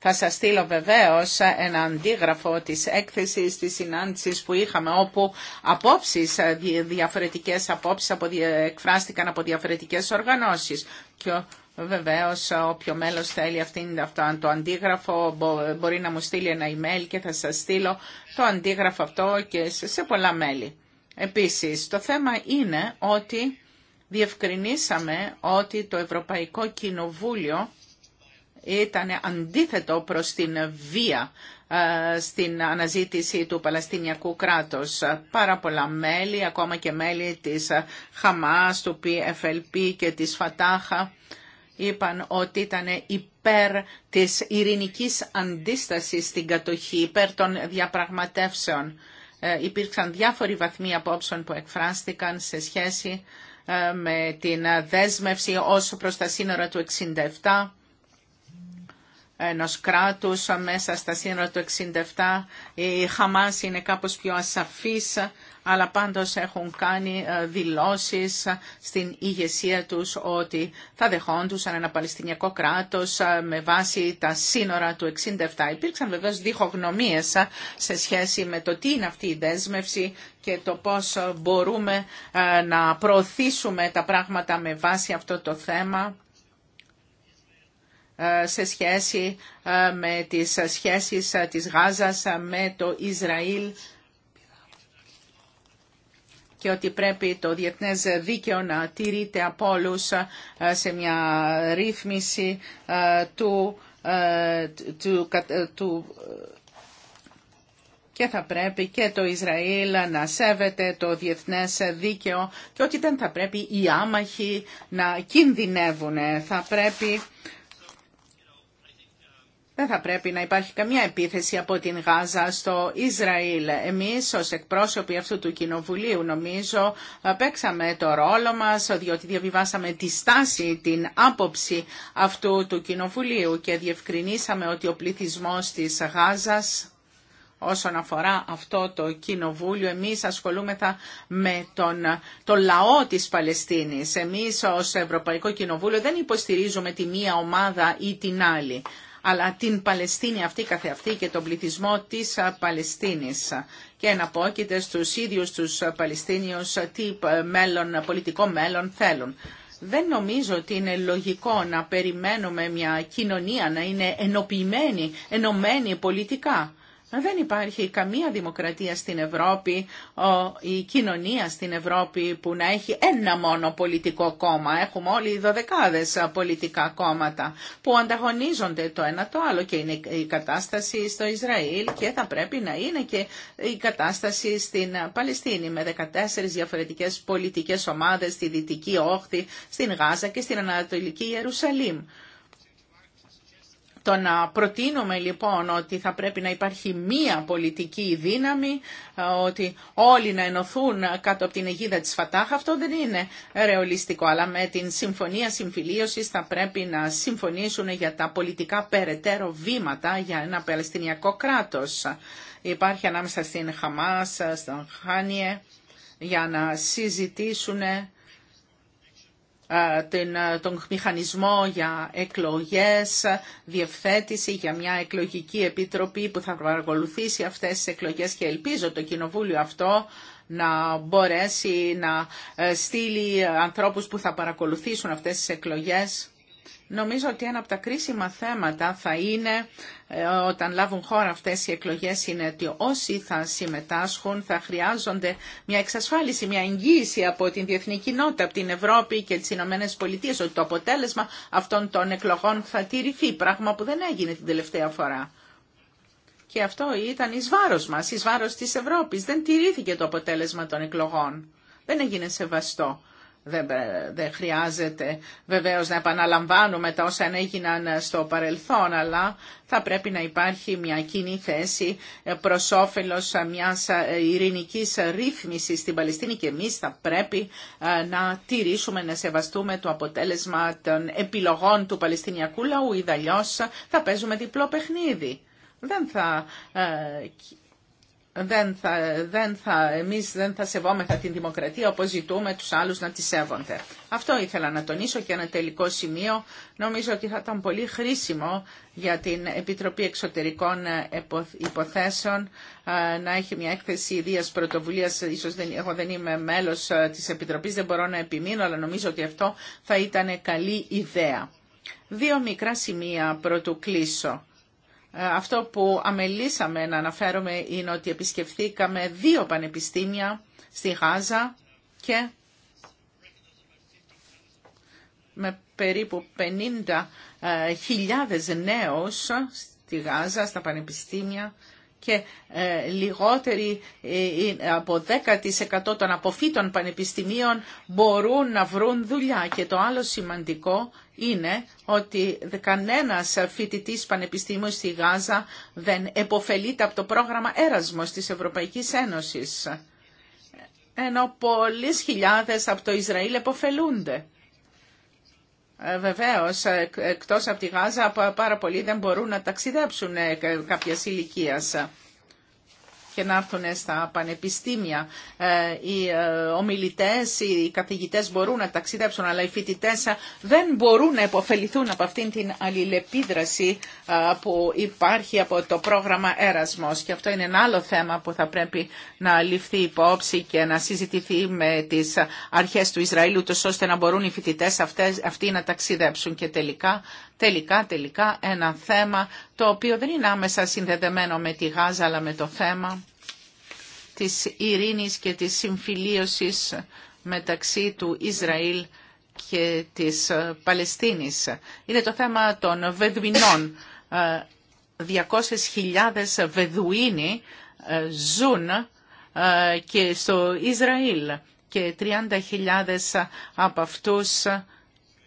Θα σας στείλω βεβαίως ένα αντίγραφο της έκθεσης, της συνάντησης που είχαμε, όπου απόψεις, διαφορετικές απόψεις εκφράστηκαν από διαφορετικές οργανώσεις. Και Βεβαίω, όποιο μέλο θέλει αυτή αυτό, το αντίγραφο μπορεί να μου στείλει ένα email και θα σα στείλω το αντίγραφο αυτό και σε πολλά μέλη. Επίση, το θέμα είναι ότι διευκρινίσαμε ότι το Ευρωπαϊκό Κοινοβούλιο ήταν αντίθετο προς την βία ε, στην αναζήτηση του Παλαιστινιακού κράτους. Πάρα πολλά μέλη, ακόμα και μέλη της Χαμάς, του PFLP και της Φατάχα, είπαν ότι ήταν υπέρ της ειρηνικής αντίστασης στην κατοχή, υπέρ των διαπραγματεύσεων. Ε, υπήρξαν διάφοροι βαθμοί απόψεων που εκφράστηκαν σε σχέση ε, με την δέσμευση όσο προς τα σύνορα του 67 ενός κράτους μέσα στα σύνορα του 67. Η Χαμάς είναι κάπως πιο ασαφής αλλά πάντως έχουν κάνει ε, δηλώσεις στην ηγεσία τους ότι θα δεχόντουσαν ένα Παλαιστινιακό κράτος ε, με βάση τα σύνορα του 67. Υπήρξαν βεβαίως διχογνωμίες ε, σε σχέση με το τι είναι αυτή η δέσμευση και το πώς μπορούμε να προωθήσουμε τα πράγματα με βάση αυτό το θέμα σε σχέση με τις σχέσεις της Γάζας με το Ισραήλ και ότι πρέπει το διεθνές δίκαιο να τηρείται από όλου ε, σε μια ρύθμιση ε, του, ε, του, και θα πρέπει και το Ισραήλ να σέβεται το διεθνές δίκαιο και ότι δεν θα πρέπει οι άμαχοι να κινδυνεύουν. Θα πρέπει δεν θα πρέπει να υπάρχει καμία επίθεση από την Γάζα στο Ισραήλ. Εμείς ως εκπρόσωποι αυτού του Κοινοβουλίου νομίζω παίξαμε το ρόλο μας διότι διαβιβάσαμε τη στάση, την άποψη αυτού του Κοινοβουλίου και διευκρινίσαμε ότι ο πληθυσμός της Γάζας όσον αφορά αυτό το κοινοβούλιο. Εμείς ασχολούμεθα με τον, τον λαό της Παλαιστίνης. Εμείς ως Ευρωπαϊκό Κοινοβούλιο δεν υποστηρίζουμε τη μία ομάδα ή την άλλη αλλά την Παλαιστίνη αυτή καθεαυτή και τον πληθυσμό της Παλαιστίνης. Και να πω και στους ίδιους τους Παλαιστίνιους τι μέλλον, πολιτικό μέλλον θέλουν. Δεν νομίζω ότι είναι λογικό να περιμένουμε μια κοινωνία να είναι ενοποιημένη, ενωμένη πολιτικά. Δεν υπάρχει καμία δημοκρατία στην Ευρώπη, η κοινωνία στην Ευρώπη που να έχει ένα μόνο πολιτικό κόμμα. Έχουμε όλοι δωδεκάδες πολιτικά κόμματα που ανταγωνίζονται το ένα το άλλο και είναι η κατάσταση στο Ισραήλ και θα πρέπει να είναι και η κατάσταση στην Παλαιστίνη με 14 διαφορετικές πολιτικές ομάδες στη Δυτική Όχθη, στην Γάζα και στην Ανατολική Ιερουσαλήμ. Το να προτείνουμε λοιπόν ότι θα πρέπει να υπάρχει μία πολιτική δύναμη, ε, ότι όλοι να ενωθούν κάτω από την αιγίδα της Φατάχ, αυτό δεν είναι ρεολιστικό. Αλλά με την συμφωνία συμφιλίωσης θα πρέπει να συμφωνήσουν για τα πολιτικά περαιτέρω βήματα για ένα Παλαιστινιακό κράτος. Υπάρχει ανάμεσα στην Χαμάς, στον Χάνιε, για να συζητήσουν ε, ε, τον μηχανισμό για εκλογές, διευθέτηση για μια εκλογική επιτροπή που θα παρακολουθήσει αυτές τις εκλογές και ελπίζω το κοινοβούλιο αυτό να μπορέσει να ε, στείλει ανθρώπους που θα παρακολουθήσουν αυτές τις εκλογές Νομίζω ότι ένα από τα κρίσιμα θέματα θα είναι ε, όταν λάβουν χώρα αυτές οι εκλογές είναι ότι όσοι θα συμμετάσχουν θα χρειάζονται μια εξασφάλιση, μια εγγύηση από την διεθνή κοινότητα, από την Ευρώπη και τις Ηνωμένε Πολιτείε ότι το αποτέλεσμα αυτών των εκλογών θα τηρηθεί, πράγμα που δεν έγινε την τελευταία φορά. Και αυτό ήταν εις βάρος μας, εις βάρος της Ευρώπης. Δεν τηρήθηκε το αποτέλεσμα των εκλογών. Δεν έγινε σεβαστό. Δεν, δεν χρειάζεται βεβαίως να επαναλαμβάνουμε τα όσα έγιναν στο παρελθόν, αλλά θα πρέπει να υπάρχει μια κοινή θέση προς όφελος μιας ειρηνικής ρύθμισης στην Παλαιστίνη και εμείς θα πρέπει ε, να τηρήσουμε, να σεβαστούμε το αποτέλεσμα των επιλογών του Παλαιστινιακού λαού, ή θα παίζουμε διπλό παιχνίδι. Δεν θα ε, δεν θα, δεν θα, εμείς δεν θα σεβόμεθα την δημοκρατία όπως ζητούμε τους άλλους να τη σέβονται. Αυτό ήθελα να τονίσω και ένα τελικό σημείο. Νομίζω ότι θα ήταν πολύ χρήσιμο για την Επιτροπή Εξωτερικών Υποθέσεων ε, να έχει μια έκθεση ιδίας πρωτοβουλίας. Ίσως δεν, εγώ δεν είμαι μέλος ε, της Επιτροπής, δεν μπορώ να επιμείνω, αλλά νομίζω ότι αυτό θα ήταν καλή ιδέα. Δύο μικρά σημεία πρωτού κλείσω. Ε, αυτό που αμελήσαμε να αναφέρομαι είναι ότι επισκεφθήκαμε δύο πανεπιστήμια στη Γάζα και με περίπου 50.000 ε, νέους στη Γάζα, στα πανεπιστήμια και ε, λιγότεροι ε, ε, από 10% των αποφύτων πανεπιστημίων μπορούν να βρουν δουλειά. Και το άλλο σημαντικό είναι ότι κανένας φοιτητή πανεπιστήμιου στη Γάζα δεν επωφελείται από το πρόγραμμα Έρασμος της Ευρωπαϊκής Ένωσης. Ενώ πολλές χιλιάδες από το Ισραήλ επωφελούνται. Ε, Βεβαίω, ε, εκτός από τη Γάζα, πάρα πολλοί δεν μπορούν να ταξιδέψουν ε, κάποια ηλικία και να έρθουν στα πανεπιστήμια. Ε, οι ε, ομιλητέ, οι καθηγητέ μπορούν να ταξιδέψουν, αλλά οι φοιτητέ δεν μπορούν να υποφεληθούν από αυτήν την αλληλεπίδραση ε, που υπάρχει από το πρόγραμμα Έρασμό. Και αυτό είναι ένα άλλο θέμα που θα πρέπει να ληφθεί υπόψη και να συζητηθεί με τι αρχέ του Ισραήλ, ούτω ώστε να μπορούν οι φοιτητέ αυτοί να ταξιδέψουν. Και τελικά τελικά, τελικά ένα θέμα το οποίο δεν είναι άμεσα συνδεδεμένο με τη Γάζα αλλά με το θέμα της ειρήνης και της συμφιλίωσης μεταξύ του Ισραήλ και της ε, Παλαιστίνης. Είναι το θέμα των Βεδουινών. 200.000 ε, Βεδουίνοι ε, ζουν και στο Ισραήλ και 30.000 από αυτούς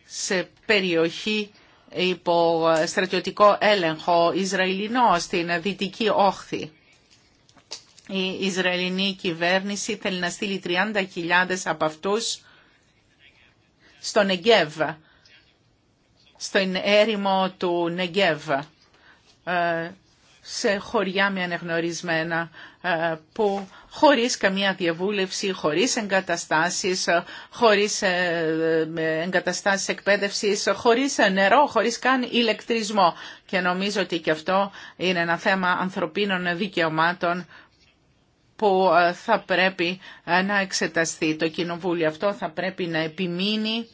σε περιοχή υπό στρατιωτικό έλεγχο Ισραηλινό στην Δυτική Όχθη. Η Ισραηλινή κυβέρνηση θέλει να στείλει 30.000 από αυτούς στο Νεγκεύ, στον έρημο του Νεγκεύ σε χωριά με ανεγνωρισμένα ε, που χωρίς καμία διαβούλευση, χωρίς εγκαταστάσεις, ε, χωρίς ε, εγκαταστάσεις εκπαίδευσης, χωρίς νερό, χωρίς καν ηλεκτρισμό. Και νομίζω ότι και αυτό είναι ένα θέμα ανθρωπίνων δικαιωμάτων που θα πρέπει να εξεταστεί. Το κοινοβούλιο αυτό θα πρέπει να επιμείνει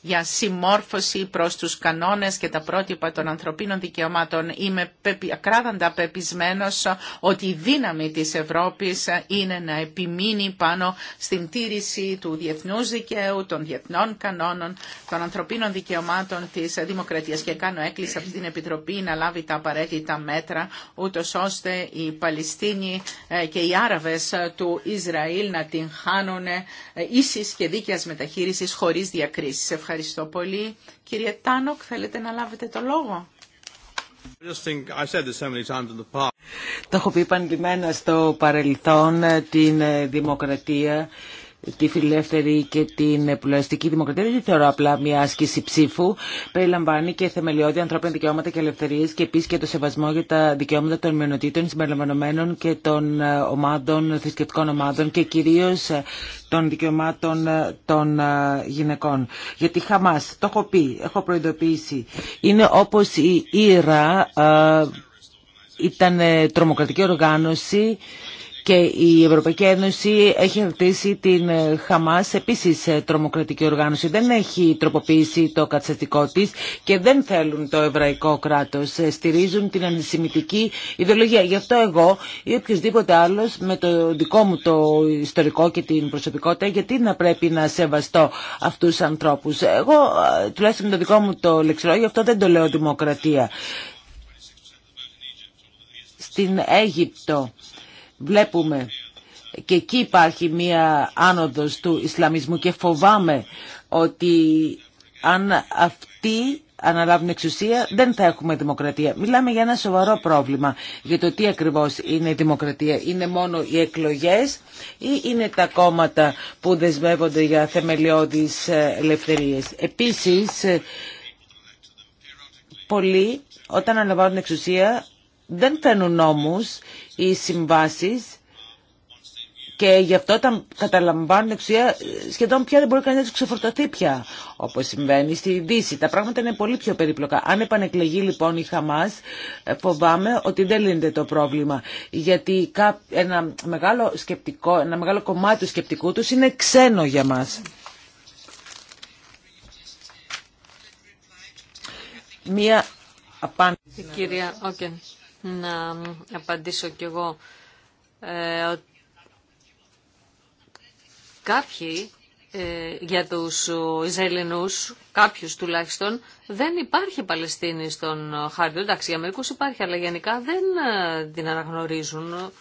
για συμμόρφωση προς τους κανόνες και τα πρότυπα των ανθρωπίνων δικαιωμάτων. Είμαι ακράδαντα πεπισμένος ότι η δύναμη της Ευρώπης είναι να επιμείνει πάνω στην τήρηση του διεθνούς δικαίου, των διεθνών κανόνων, των ανθρωπίνων δικαιωμάτων της δημοκρατίας και κάνω έκκληση από την Επιτροπή να λάβει τα απαραίτητα μέτρα ούτω ώστε οι Παλαιστίνοι ε, και οι Άραβες του Ισραήλ να την χάνουν ε, ίσης και δίκαιας μεταχείρισης χωρίς διακρίσεις. Ευχαριστώ πολύ. Κύριε Τάνοκ, θέλετε να λάβετε το λόγο. Το έχω πει επανειλημμένα στο παρελθόν ε, την ε, δημοκρατία τη φιλελεύθερη και την πλουραστική δημοκρατία δεν τη θεωρώ απλά μια άσκηση ψήφου. Περιλαμβάνει και θεμελιώδη ανθρώπινα δικαιώματα και ελευθερίε και επίση και το σεβασμό για τα δικαιώματα των μειονοτήτων συμπεριλαμβανομένων και των ε, ομάδων, θρησκευτικών ομάδων και κυρίω ε, των δικαιωμάτων ε, των γυναικών. Γιατί Χαμά, το έχω πει, έχω προειδοποιήσει, είναι όπω η Ήρα, ήταν τρομοκρατική οργάνωση και η Ευρωπαϊκή Ένωση έχει ρωτήσει την ε, Χαμάς επίσης ε, τρομοκρατική οργάνωση. Δεν έχει τροποποιήσει το καταστατικό της και δεν θέλουν το εβραϊκό κράτος. Ε, στηρίζουν την αντισημιτική ιδεολογία. Γι' αυτό εγώ ή οποιοδήποτε άλλος με το δικό μου το ιστορικό και την προσωπικότητα γιατί να πρέπει να σεβαστώ αυτούς τους ανθρώπους. Εγώ τουλάχιστον με το δικό μου το λεξιλόγιο αυτό δεν το λέω δημοκρατία. Στην Αίγυπτο βλέπουμε και εκεί υπάρχει μία άνοδος του Ισλαμισμού και φοβάμαι ότι αν αυτοί αναλάβουν εξουσία δεν θα έχουμε δημοκρατία. Μιλάμε για ένα σοβαρό πρόβλημα για το τι ακριβώς είναι η δημοκρατία. Είναι μόνο οι εκλογές ή είναι τα κόμματα που δεσμεύονται για θεμελιώδεις ε, ελευθερίες. Επίσης, ε, πολλοί όταν αναλαμβάνουν εξουσία δεν φαίνουν νόμους οι συμβάσεις και γι' αυτό όταν καταλαμβάνουν εξουσία σχεδόν πια δεν μπορεί κανένας να ξεφορτωθεί πια όπως συμβαίνει στη Δύση. Τα πράγματα είναι πολύ πιο περίπλοκα. Αν επανεκλεγεί λοιπόν η Χαμάς ε, φοβάμαι ότι δεν λύνεται το πρόβλημα γιατί ένα μεγάλο, σκεπτικό, ένα μεγάλο κομμάτι του σκεπτικού τους είναι ξένο για μας. Μία απάντηση. Κυρία Okay να απαντήσω κι εγώ. Ε, κάποιοι ε, για τους Ισραηλινούς, κάποιους τουλάχιστον, δεν υπάρχει Παλαιστίνη στον χάρτη. Εντάξει, για μερικούς υπάρχει, αλλά γενικά δεν ε, την αναγνωρίζουν.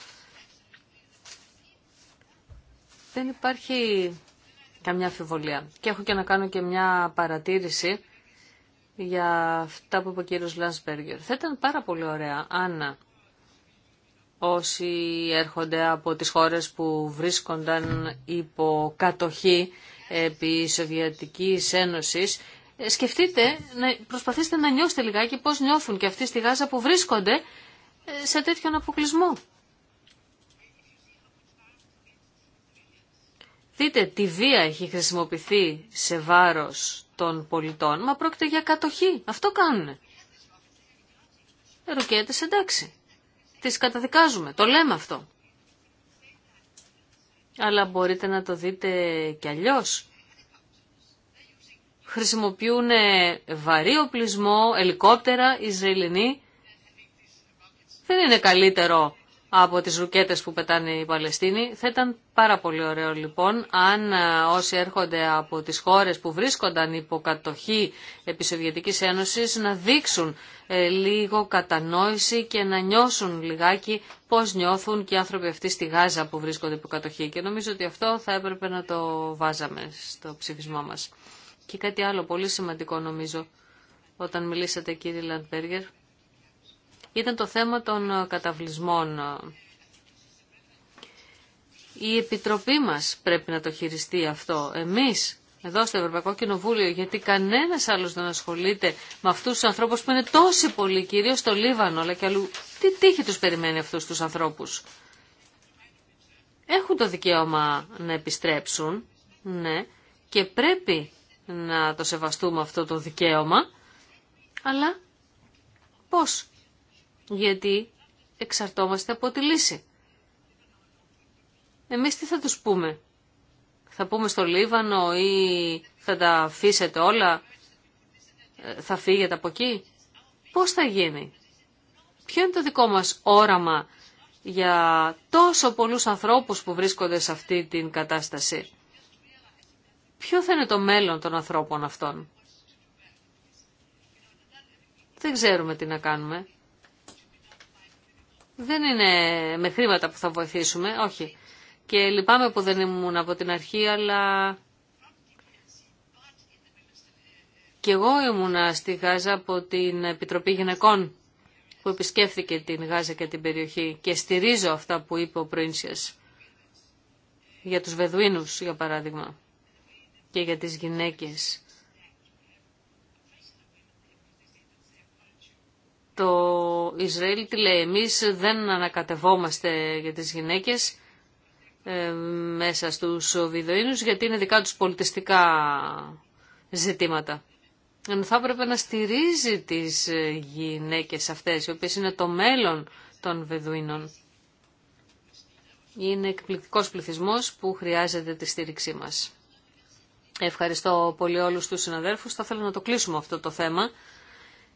Δεν υπάρχει καμιά αφιβολία. Και έχω και να κάνω και μια παρατήρηση για αυτά που είπε ο κύριος Λανσπέργκερ. Θα ήταν πάρα πολύ ωραία άνα όσοι έρχονται από τις χώρες που βρίσκονταν υπό κατοχή επί Σοβιετικής Ένωσης ε, σκεφτείτε, να προσπαθήστε να νιώσετε λιγάκι πώς νιώθουν και αυτοί στη Γάζα που βρίσκονται ε, σε τέτοιον αποκλεισμό. Δείτε τι βία έχει χρησιμοποιηθεί σε βάρος των πολιτών, μα πρόκειται για κατοχή. Αυτό κάνουν. Ρουκέτες εντάξει. Τις καταδικάζουμε. Το λέμε αυτό. Αλλά μπορείτε να το δείτε κι αλλιώς. Χρησιμοποιούν βαρύ οπλισμό, ελικόπτερα, Ισραηλινοί. Δεν είναι καλύτερο από τις ρουκέτες που πετάνε οι Παλαιστίνοι. Θα ήταν πάρα πολύ ωραίο λοιπόν αν ε, όσοι έρχονται από τις χώρες που βρίσκονταν υποκατοχή επί Σοβιετικής Ένωσης να δείξουν ε, λίγο κατανόηση και να νιώσουν λιγάκι πώς νιώθουν και οι άνθρωποι αυτοί στη Γάζα που βρίσκονται υποκατοχή. Και νομίζω ότι αυτό θα έπρεπε να το βάζαμε στο ψηφισμό μας. Και κάτι άλλο πολύ σημαντικό νομίζω όταν μιλήσατε κύριε Λαντμπέργκερ ήταν το θέμα των ε, καταβλισμών. Η Επιτροπή μας πρέπει να το χειριστεί αυτό. Εμείς εδώ στο Ευρωπαϊκό Κοινοβούλιο, γιατί κανένας άλλος δεν ασχολείται με αυτούς τους ανθρώπους που είναι τόσοι πολλοί, κυρίως στο Λίβανο, αλλά και αλλού. Τι τύχη τους περιμένει αυτούς τους ανθρώπους. Έχουν το δικαίωμα να επιστρέψουν, ναι, και πρέπει να το σεβαστούμε αυτό το δικαίωμα, αλλά πώς γιατί εξαρτόμαστε από τη λύση. Εμείς τι θα τους πούμε. Θα πούμε στο Λίβανο ή θα τα αφήσετε όλα, ε, θα φύγετε από εκεί. Πώς θα γίνει. Ποιο είναι το δικό μας όραμα για τόσο πολλούς ανθρώπους που βρίσκονται σε αυτή την κατάσταση. Ποιο θα είναι το μέλλον των ανθρώπων αυτών. Δεν ξέρουμε τι να κάνουμε δεν είναι με χρήματα που θα βοηθήσουμε, όχι. Και λυπάμαι που δεν ήμουν από την αρχή, αλλά και εγώ ήμουνα στη Γάζα από την Επιτροπή Γυναικών που επισκέφθηκε την Γάζα και την περιοχή και στηρίζω αυτά που είπε ο Πρίνσιας για τους Βεδουίνους, για παράδειγμα, και για τις γυναίκες το Ισραήλ τι λέει, εμείς δεν ανακατευόμαστε για τις γυναίκες ε, μέσα στους βιδοίνους γιατί είναι δικά τους πολιτιστικά ζητήματα. Ενώ θα έπρεπε να στηρίζει τις ε, γυναίκες αυτές, οι οποίες είναι το μέλλον των Βεδουίνων. Είναι εκπληκτικός πληθυσμός που χρειάζεται τη στήριξή μας. Ευχαριστώ πολύ όλους τους συναδέλφους. Θα θέλω να το κλείσουμε αυτό το θέμα,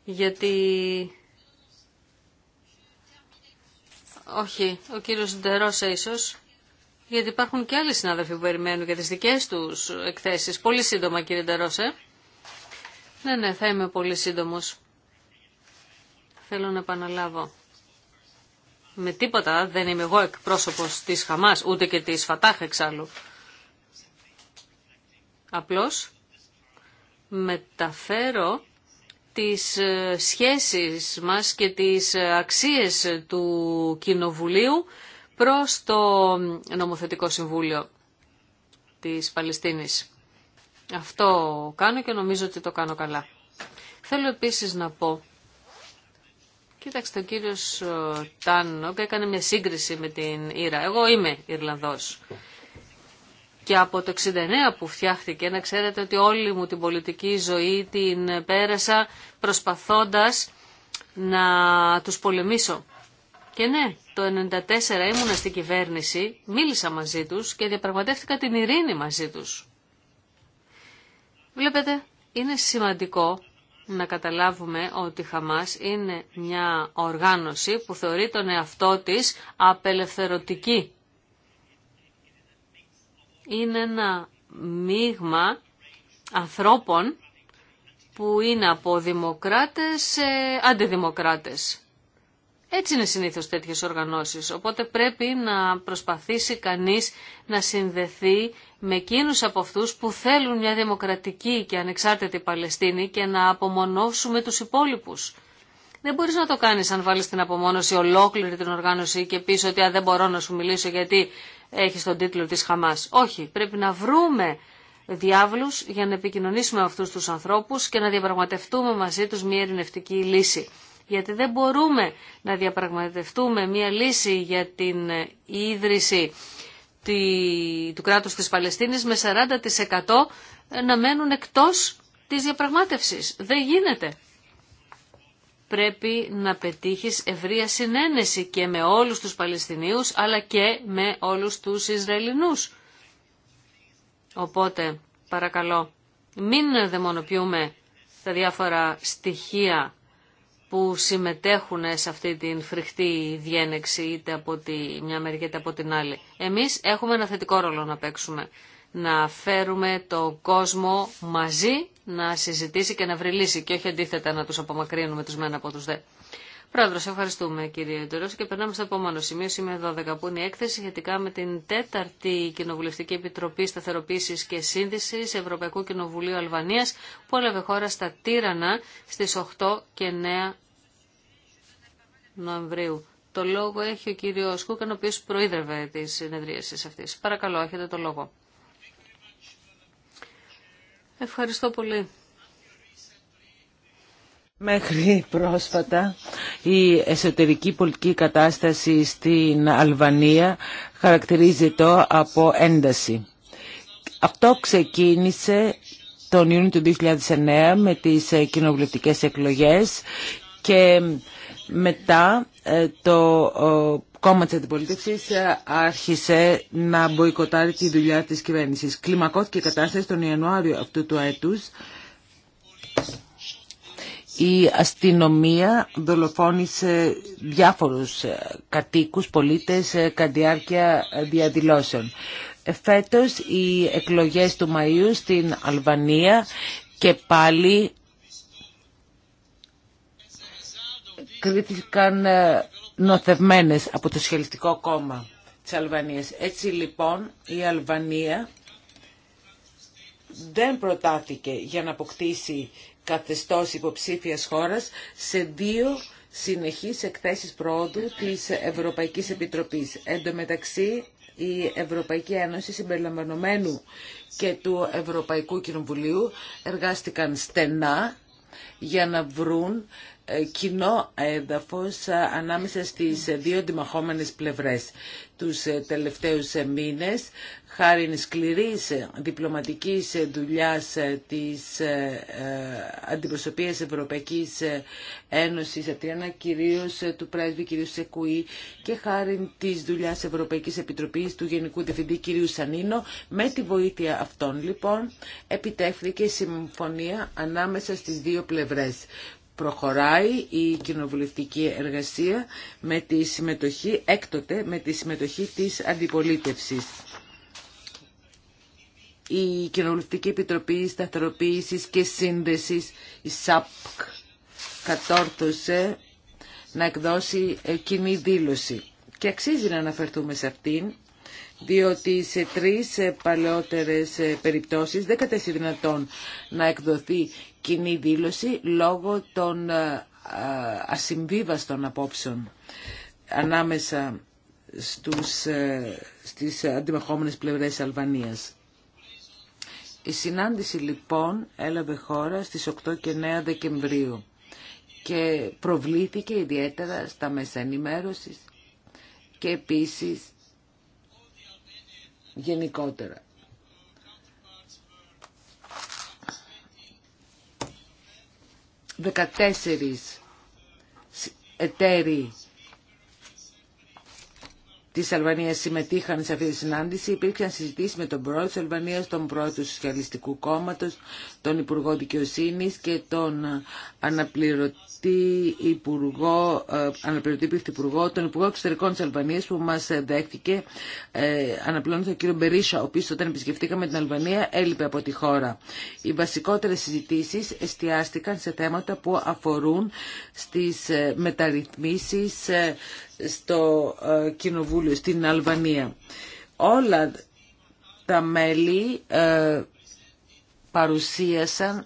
γιατί Όχι, ο κύριο Ντερόσα ίσω. γιατί υπάρχουν και άλλοι συνάδελφοι που περιμένουν για τις δικέ τους εκθέσεις. Πολύ σύντομα κύριε Ντερόσε. Ναι, ναι, θα είμαι πολύ σύντομο. Θέλω να επαναλάβω. Με τίποτα δεν είμαι εγώ εκπρόσωπο της Χαμάς, ούτε και τη Φατάχ εξάλλου. Απλώς μεταφέρω τις ε, σχέσεις μας και τις ε, αξίες του Κοινοβουλίου προς το Νομοθετικό Συμβούλιο της Παλαιστίνης. Αυτό κάνω και νομίζω ότι το κάνω καλά. Θέλω επίσης να πω, κοίταξτε ο κύριος ε, και έκανε μια σύγκριση με την Ήρα. Εγώ είμαι Ιρλανδός και από το 69 που φτιάχτηκε, να ξέρετε ότι όλη μου την πολιτική ζωή την πέρασα προσπαθώντας να τους πολεμήσω. Και ναι, το 94 ήμουνα στην κυβέρνηση, μίλησα μαζί τους και διαπραγματεύτηκα την ειρήνη μαζί τους. Βλέπετε, είναι σημαντικό να καταλάβουμε ότι η Χαμάς είναι μια οργάνωση που θεωρεί τον εαυτό της απελευθερωτική είναι ένα μείγμα ανθρώπων που είναι από δημοκράτες σε αντιδημοκράτες. Έτσι είναι συνήθως τέτοιες οργανώσεις, οπότε πρέπει να προσπαθήσει κανείς να συνδεθεί με εκείνου από αυτούς που θέλουν μια δημοκρατική και ανεξάρτητη Παλαιστίνη και να απομονώσουμε τους υπόλοιπους. Δεν μπορείς να το κάνεις αν βάλεις την απομόνωση ολόκληρη την οργάνωση και πεις ότι δεν μπορώ να σου μιλήσω γιατί έχει στον τίτλο της Χαμάς. Όχι, πρέπει να βρούμε διάβλους για να επικοινωνήσουμε με αυτούς τους ανθρώπους και να διαπραγματευτούμε μαζί τους μια ειρηνευτική λύση. Γιατί δεν μπορούμε να διαπραγματευτούμε μια λύση για την ίδρυση του κράτους της Παλαιστίνης με 40% να μένουν εκτός της διαπραγμάτευσης. Δεν γίνεται πρέπει να πετύχεις ευρεία συνένεση και με όλους τους Παλαιστινίους αλλά και με όλους τους Ισραηλινούς. Οπότε, παρακαλώ, μην δαιμονοποιούμε τα διάφορα στοιχεία που συμμετέχουν σε αυτή την φρικτή διένεξη είτε από τη μια μεριά είτε από την άλλη. Εμείς έχουμε ένα θετικό ρόλο να παίξουμε να φέρουμε το κόσμο μαζί να συζητήσει και να βρει λύση και όχι αντίθετα να τους απομακρύνουμε τους μένα από τους δε. Πρόεδρο, ευχαριστούμε κύριε Ιντερό και περνάμε στο επόμενο σημείο, σήμερα 12, που είναι η έκθεση σχετικά με την τέταρτη Κοινοβουλευτική Επιτροπή Σταθεροποίηση και Σύνδεση Ευρωπαϊκού Κοινοβουλίου Αλβανία, που έλαβε χώρα στα Τύρανα στι 8 και 9 Νοεμβρίου. Το λόγο έχει ο κύριο Κούκαν, ο οποίο προείδρευε τη αυτή. Παρακαλώ, έχετε το λόγο. Ευχαριστώ πολύ. Μέχρι πρόσφατα η εσωτερική πολιτική κατάσταση στην Αλβανία χαρακτηρίζεται από ένταση. Αυτό ξεκίνησε τον Ιούνιο του 2009 με τις κοινοβουλευτικές εκλογές και μετά ε, το κόμμα της αντιπολίτευσης ε, άρχισε να μποϊκοτάρει τη δουλειά της κυβέρνησης. Κλιμακώθηκε η κατάσταση τον Ιανουάριο αυτού του έτους. Η αστυνομία δολοφόνησε διάφορους ε, κατοίκους, πολίτες, κατά διάρκεια διαδηλώσεων. Φέτος οι εκλογές του Μαΐου στην Αλβανία και πάλι κρίθηκαν ε, νοθευμένες από το σχελιστικό κόμμα της Αλβανίας. Έτσι λοιπόν η Αλβανία δεν προτάθηκε για να αποκτήσει καθεστώς υποψήφιας χώρας σε δύο συνεχείς εκθέσεις προόδου της Ευρωπαϊκής Επιτροπής. Εν τω μεταξύ, η Ευρωπαϊκή Ένωση συμπεριλαμβανομένου και του Ευρωπαϊκού Κοινοβουλίου εργάστηκαν στενά για να βρουν ε, κοινό έδαφος ε, ανάμεσα στις ε, δύο αντιμαχόμενες πλευρές. Τους τελευταίους μήνες, χάρη σκληρής διπλωματικής δουλειάς της Αντιπροσωπείας Ευρωπαϊκής Ένωσης Ατριανά, κυρίως του πρέσβη κ. Σεκουή και χάρη της δουλειάς Ευρωπαϊκής Επιτροπής του Γενικού Διευθυντή κυρίου Σανίνο, με τη βοήθεια αυτών λοιπόν επιτέχθηκε συμφωνία ανάμεσα στις δύο πλευρές προχωράει η κοινοβουλευτική εργασία με τη συμμετοχή, έκτοτε με τη συμμετοχή της αντιπολίτευσης. Η Κοινοβουλευτική Επιτροπή Σταθεροποίησης και Σύνδεσης, η ΣΑΠΚ, κατόρθωσε να εκδώσει ε, κοινή δήλωση. Και αξίζει να αναφερθούμε σε αυτήν, διότι σε τρεις ε, παλαιότερες ε, περιπτώσεις δεν κατέστη δυνατόν να εκδοθεί κοινή δήλωση λόγω των ε, ε, ασυμβίβαστων απόψεων ανάμεσα στους, ε, στις αντιμεχόμενες πλευρές Αλβανίας. Η συνάντηση λοιπόν έλαβε χώρα στις 8 και 9 Δεκεμβρίου και προβλήθηκε ιδιαίτερα στα μέσα ενημέρωσης και επίσης γενικότερα. 14 εταίροι της Αλβανίας συμμετείχαν σε αυτή τη συνάντηση. Υπήρξαν συζητήσεις με τον πρόεδρο της Αλβανίας, τον πρόεδρο του Σοσιαλιστικού Κόμματος, τον Υπουργό Δικαιοσύνη και τον ε, αναπληρωτή Υπουργό, ε, αναπληρωτή Πρωθυπουργό, τον Υπουργό Εξωτερικών της Αλβανίας που μας δέχτηκε, ε, τον κύριο Μπερίσα, ο οποίος όταν επισκεφτήκαμε την Αλβανία έλειπε από τη χώρα. Οι βασικότερες συζητήσεις εστιάστηκαν σε θέματα που αφορούν στις ε, μεταρρυθμίσεις στο ε, κοινοβούλιο στην Αλβανία. Όλα τα μέλη ε, παρουσίασαν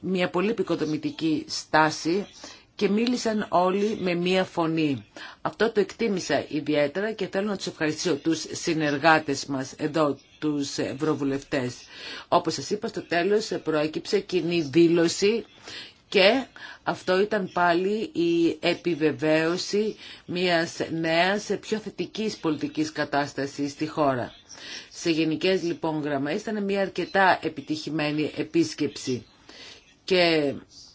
μια πολύ επικοδομητική στάση και μίλησαν όλοι με μία φωνή. Αυτό το εκτίμησα ιδιαίτερα και θέλω να τους ευχαριστήσω τους συνεργάτες μας εδώ, τους ευρωβουλευτές. Όπως σας είπα, στο τέλος προέκυψε κοινή δήλωση και αυτό ήταν πάλι η επιβεβαίωση μιας νέας πιο θετικής πολιτικής κατάστασης στη χώρα. Σε γενικές λοιπόν γραμμές ήταν μια αρκετά επιτυχημένη επίσκεψη. Και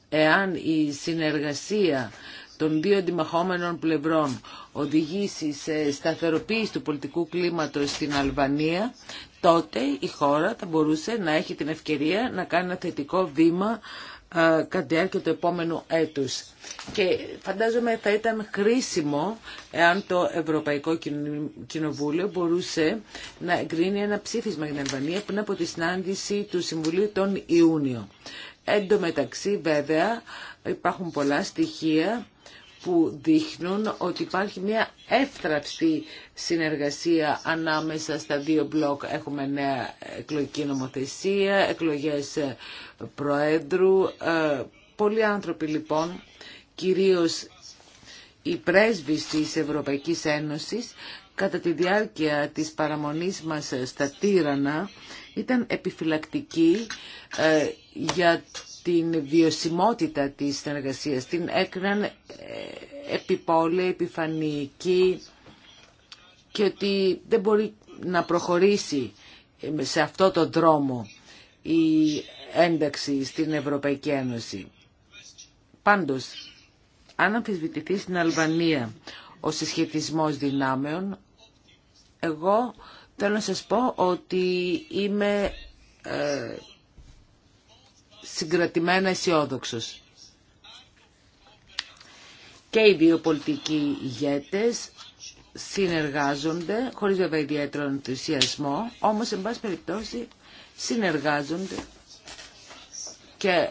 εάν η συνεργασία των δύο αντιμαχόμενων πλευρών οδηγήσει σε σταθεροποίηση του πολιτικού κλίματος στην Αλβανία, τότε η χώρα θα μπορούσε να έχει την ευκαιρία να κάνει ένα θετικό βήμα ε, κατά τη διάρκεια του επόμενου έτους. Και φαντάζομαι θα ήταν χρήσιμο εάν το Ευρωπαϊκό Κοινοβούλιο μπορούσε να εγκρίνει ένα ψήφισμα για την Αλβανία πριν από τη συνάντηση του Συμβουλίου τον Ιούνιο. Εν τω μεταξύ βέβαια υπάρχουν πολλά στοιχεία που δείχνουν ότι υπάρχει μια εύθραυστη συνεργασία ανάμεσα στα δύο μπλοκ. Έχουμε νέα εκλογική νομοθεσία, εκλογές προέδρου. Ε, πολλοί άνθρωποι λοιπόν, κυρίως οι πρέσβεις της Ευρωπαϊκής Ένωσης, κατά τη διάρκεια της παραμονής μας στα Τύρανα, ήταν επιφυλακτικοί ε, για την βιωσιμότητα της συνεργασίας. Την έκριναν ε, επιπόλαιη, επιφανική και ότι δεν μπορεί να προχωρήσει ε, σε αυτό τον δρόμο η ένταξη στην Ευρωπαϊκή Ένωση. Πάντως, αν αμφισβητηθεί στην Αλβανία ο συσχετισμός δυνάμεων, εγώ θέλω να σας πω ότι είμαι ε, συγκρατημένα αισιόδοξο. Και οι δύο πολιτικοί ηγέτες συνεργάζονται, χωρίς βέβαια ιδιαίτερο ενθουσιασμό, όμως, εν πάση περιπτώσει, συνεργάζονται και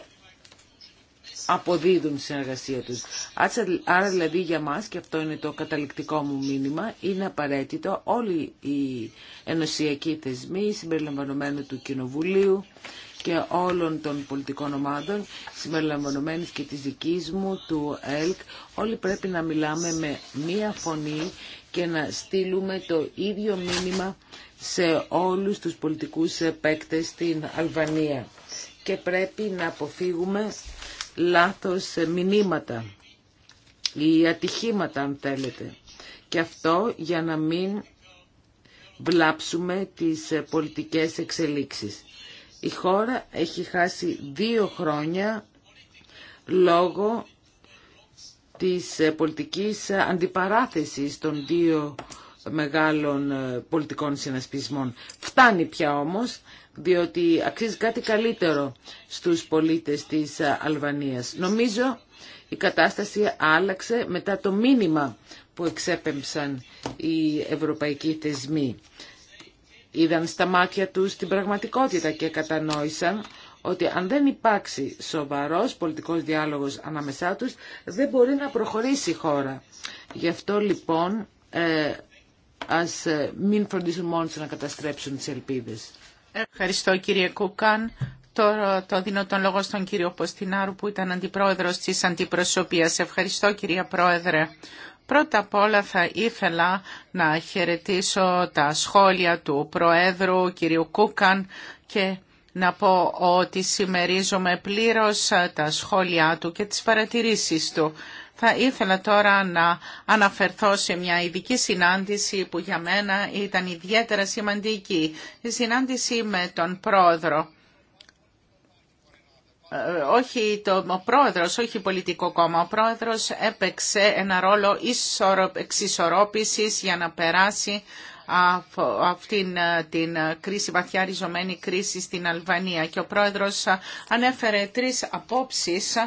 αποδίδουν συνεργασία τους. Άρα δηλαδή για μας, και αυτό είναι το καταληκτικό μου μήνυμα, είναι απαραίτητο όλοι οι ενωσιακοί θεσμοί συμπεριλαμβανομένου του Κοινοβουλίου και όλων των πολιτικών ομάδων, συμπεριλαμβανομένης και της δικής μου, του ΕΛΚ, όλοι πρέπει να μιλάμε με μία φωνή και να στείλουμε το ίδιο μήνυμα σε όλους τους πολιτικούς παίκτες στην Αλβανία. Και πρέπει να αποφύγουμε λάθος μηνύματα ή ατυχήματα αν θέλετε. Και αυτό για να μην βλάψουμε τις πολιτικές εξελίξεις. Η χώρα έχει χάσει δύο χρόνια λόγω της ε, πολιτικής αντιπαράθεσης των δύο μεγάλων ε, πολιτικών συνασπισμών. Φτάνει πια όμως, διότι αξίζει κάτι καλύτερο στους πολίτες της ε, Αλβανίας. Νομίζω η κατάσταση άλλαξε μετά το μήνυμα που εξέπεμψαν οι ευρωπαϊκοί θεσμοί είδαν στα μάτια τους την πραγματικότητα και κατανόησαν ότι αν δεν υπάρξει σοβαρός πολιτικός διάλογος ανάμεσά τους, δεν μπορεί να προχωρήσει η χώρα. Γι' αυτό λοιπόν ε, ας ε, μην φροντίσουν μόνο να καταστρέψουν τις ελπίδες. Ευχαριστώ κύριε Κούκαν. Τώρα το δίνω τον λόγο στον κύριο Ποστινάρου που ήταν αντιπρόεδρος της αντιπροσωπείας. Ευχαριστώ κυρία Πρόεδρε. Πρώτα απ' όλα θα ήθελα να χαιρετήσω τα σχόλια του Προέδρου κ. Κούκαν και να πω ότι συμμερίζομαι πλήρως τα σχόλιά του και τις παρατηρήσεις του. Θα ήθελα τώρα να αναφερθώ σε μια ειδική συνάντηση που για μένα ήταν ιδιαίτερα σημαντική. Η συνάντηση με τον πρόεδρο όχι το, ο πρόεδρος, όχι πολιτικό κόμμα, ο πρόεδρος έπαιξε ένα ρόλο εξισορρόπησης για να περάσει αυτήν ε, την ε, κρίση, βαθιά ριζωμένη κρίση στην Αλβανία. Και ο πρόεδρος ε, ανέφερε τρεις απόψεις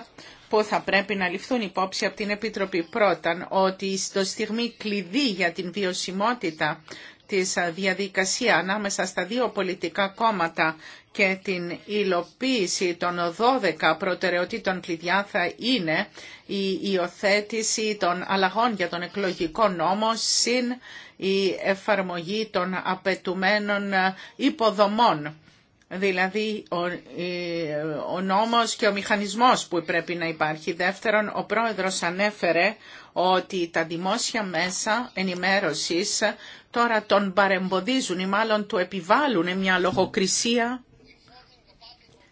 που θα πρέπει να ληφθούν υπόψη από την Επιτροπή. Πρώτα, ότι στο στιγμή κλειδί για την βιωσιμότητα της διαδικασία ανάμεσα στα δύο πολιτικά κόμματα και την υλοποίηση των 12 προτεραιοτήτων κλειδιά θα είναι η υιοθέτηση των αλλαγών για τον εκλογικό νόμο συν η εφαρμογή των απαιτουμένων υποδομών. Δηλαδή ο, ο νόμος και ο μηχανισμός που πρέπει να υπάρχει. Δεύτερον, ο πρόεδρος ανέφερε ότι τα δημόσια μέσα ενημέρωσης τώρα τον παρεμποδίζουν ή μάλλον του επιβάλλουν μια λογοκρισία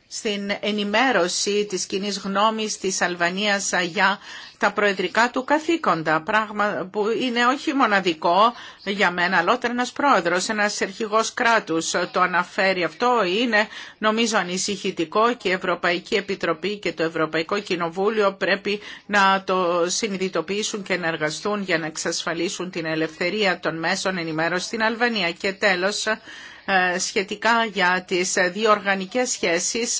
στην ενημέρωση της κοινή γνώμης της Αλβανίας για τα προεδρικά του καθήκοντα, πράγμα που είναι όχι μοναδικό για μένα, αλλά όταν ένας πρόεδρος, ένας αρχηγός κράτους το αναφέρει αυτό, είναι νομίζω ανησυχητικό και η Ευρωπαϊκή Επιτροπή και το Ευρωπαϊκό Κοινοβούλιο πρέπει να το συνειδητοποιήσουν και να εργαστούν για να εξασφαλίσουν την ελευθερία των μέσων ενημέρωσης στην Αλβανία. Και τέλος, ε, σχετικά για τις διοργανικές σχέσεις,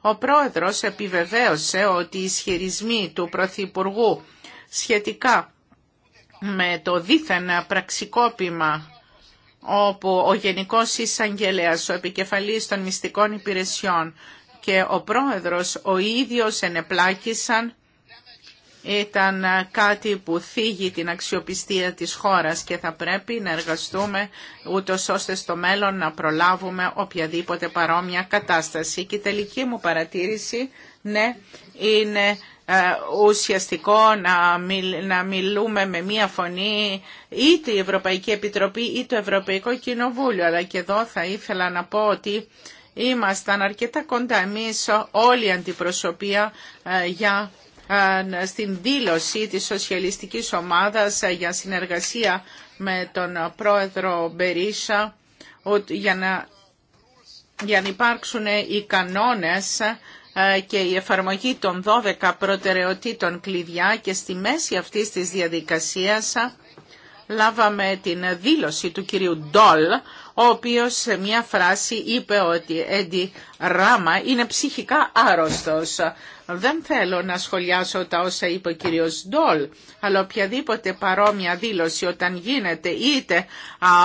ο πρόεδρος επιβεβαίωσε ότι οι ισχυρισμοί του Πρωθυπουργού σχετικά με το δίθεν πραξικόπημα όπου ο Γενικός Εισαγγελέας, ο επικεφαλής των μυστικών υπηρεσιών και ο πρόεδρος ο ίδιος ενεπλάκησαν ήταν ε, κάτι που θίγει την αξιοπιστία της χώρας και θα πρέπει να εργαστούμε ούτω ώστε στο μέλλον να προλάβουμε οποιαδήποτε παρόμοια κατάσταση. Και η τελική μου παρατήρηση, ναι, είναι ε, ουσιαστικό να, να μιλούμε με μία φωνή ή την Ευρωπαϊκή Επιτροπή ή το Ευρωπαϊκό Κοινοβούλιο. Αλλά και εδώ θα ήθελα να πω ότι ήμασταν αρκετά κοντά εμείς όλη αντιπροσωπεία ε, για στην δήλωση της Σοσιαλιστικής Ομάδας για συνεργασία με τον πρόεδρο Μπερίσα για να, για να υπάρξουν οι κανόνες ε, και η εφαρμογή των 12 προτεραιοτήτων κλειδιά και στη μέση αυτής της διαδικασίας λάβαμε την δήλωση του κυρίου Ντόλ ο οποίος σε μια φράση είπε ότι Έντι Ράμα είναι ψυχικά άρρωστος. Δεν θέλω να σχολιάσω τα όσα είπε ο κύριος Ντόλ, αλλά οποιαδήποτε παρόμοια δήλωση όταν γίνεται είτε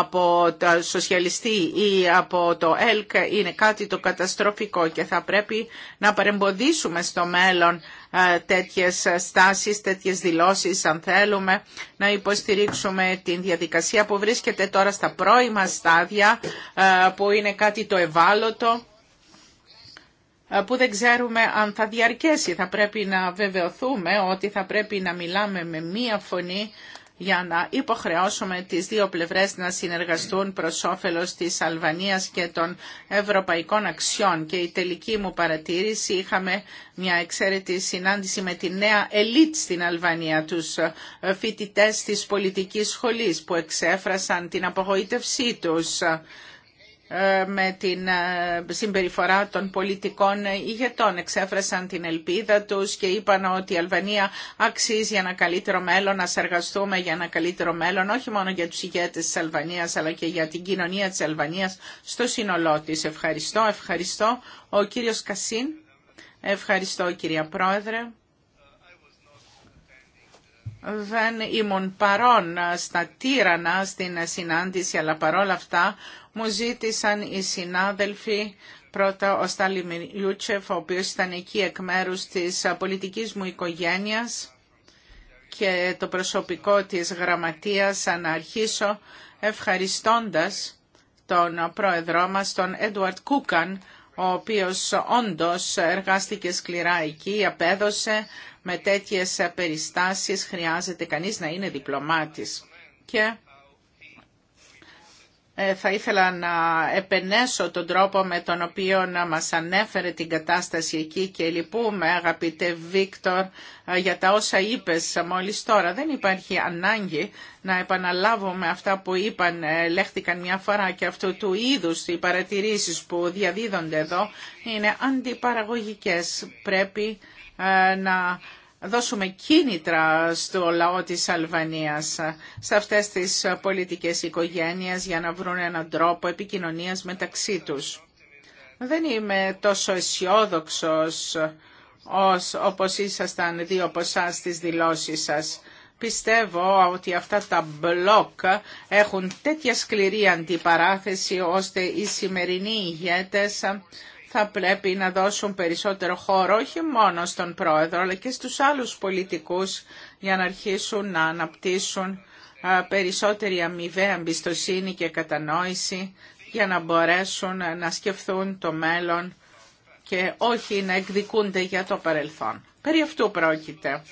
από το σοσιαλιστή ή από το ΕΛΚ είναι κάτι το καταστροφικό και θα πρέπει να παρεμποδίσουμε στο μέλλον ε, τέτοιες στάσεις, τέτοιες δηλώσεις αν θέλουμε να υποστηρίξουμε την διαδικασία που βρίσκεται τώρα στα πρώιμα στάδια ε, που είναι κάτι το ευάλωτο ε, που δεν ξέρουμε αν θα διαρκέσει. Θα πρέπει να βεβαιωθούμε ότι θα πρέπει να μιλάμε με μία φωνή για να υποχρεώσουμε τις δύο πλευρές να συνεργαστούν προς όφελος της Αλβανίας και των ευρωπαϊκών αξιών. Και η τελική μου παρατήρηση είχαμε μια εξαίρετη συνάντηση με τη νέα ελίτ στην Αλβανία, τους φοιτητές της πολιτικής σχολής που εξέφρασαν την απογοήτευσή τους με την ε, συμπεριφορά των πολιτικών ηγετών. Εξέφρασαν την ελπίδα τους και είπαν ότι η Αλβανία αξίζει ένα καλύτερο μέλλον, να εργαστούμε για ένα καλύτερο μέλλον, όχι μόνο για τους ηγέτες της Αλβανίας, αλλά και για την κοινωνία της Αλβανίας στο σύνολό της. Ευχαριστώ, ευχαριστώ. Ο κύριος Κασίν, ευχαριστώ κυρία Πρόεδρε. Δεν ήμουν παρόν στα τύρανα στην συνάντηση, αλλά παρόλα αυτά μου ζήτησαν οι συνάδελφοι πρώτα ο Στάλι ο οποίος ήταν εκεί εκ μέρους της πολιτικής μου οικογένειας και το προσωπικό της γραμματείας να αρχίσω ευχαριστώντας τον πρόεδρό μας, τον Έντουαρτ Κούκαν, ο οποίος όντως εργάστηκε σκληρά εκεί, απέδωσε με τέτοιες περιστάσεις, χρειάζεται κανείς να είναι διπλωμάτης. Και ε, θα ήθελα να επενέσω τον τρόπο με τον οποίο να μας ανέφερε την κατάσταση εκεί και λυπούμε αγαπητέ Βίκτορ ε, για τα όσα είπες μόλις τώρα. Δεν υπάρχει ανάγκη να επαναλάβουμε αυτά που είπαν, ε, λέχτηκαν μια φορά και αυτού του είδους οι παρατηρήσεις που διαδίδονται εδώ είναι αντιπαραγωγικές. Πρέπει να δώσουμε κίνητρα στο λαό της Αλβανίας, σε αυτές τις πολιτικές οικογένειες για να βρουν έναν τρόπο επικοινωνίας μεταξύ τους. Δεν είμαι τόσο αισιόδοξο ως, όπως ήσασταν δύο από εσά στις δηλώσεις σας. Πιστεύω ότι αυτά τα μπλοκ έχουν τέτοια σκληρή αντιπαράθεση ώστε οι σημερινοί ηγέτες θα πρέπει να δώσουν περισσότερο χώρο όχι μόνο στον πρόεδρο αλλά και στους άλλους πολιτικούς για να αρχίσουν να αναπτύσσουν περισσότερη αμοιβαία εμπιστοσύνη και κατανόηση για να μπορέσουν ε, να σκεφτούν το μέλλον και όχι να εκδικούνται για το παρελθόν. Περί αυτού πρόκειται.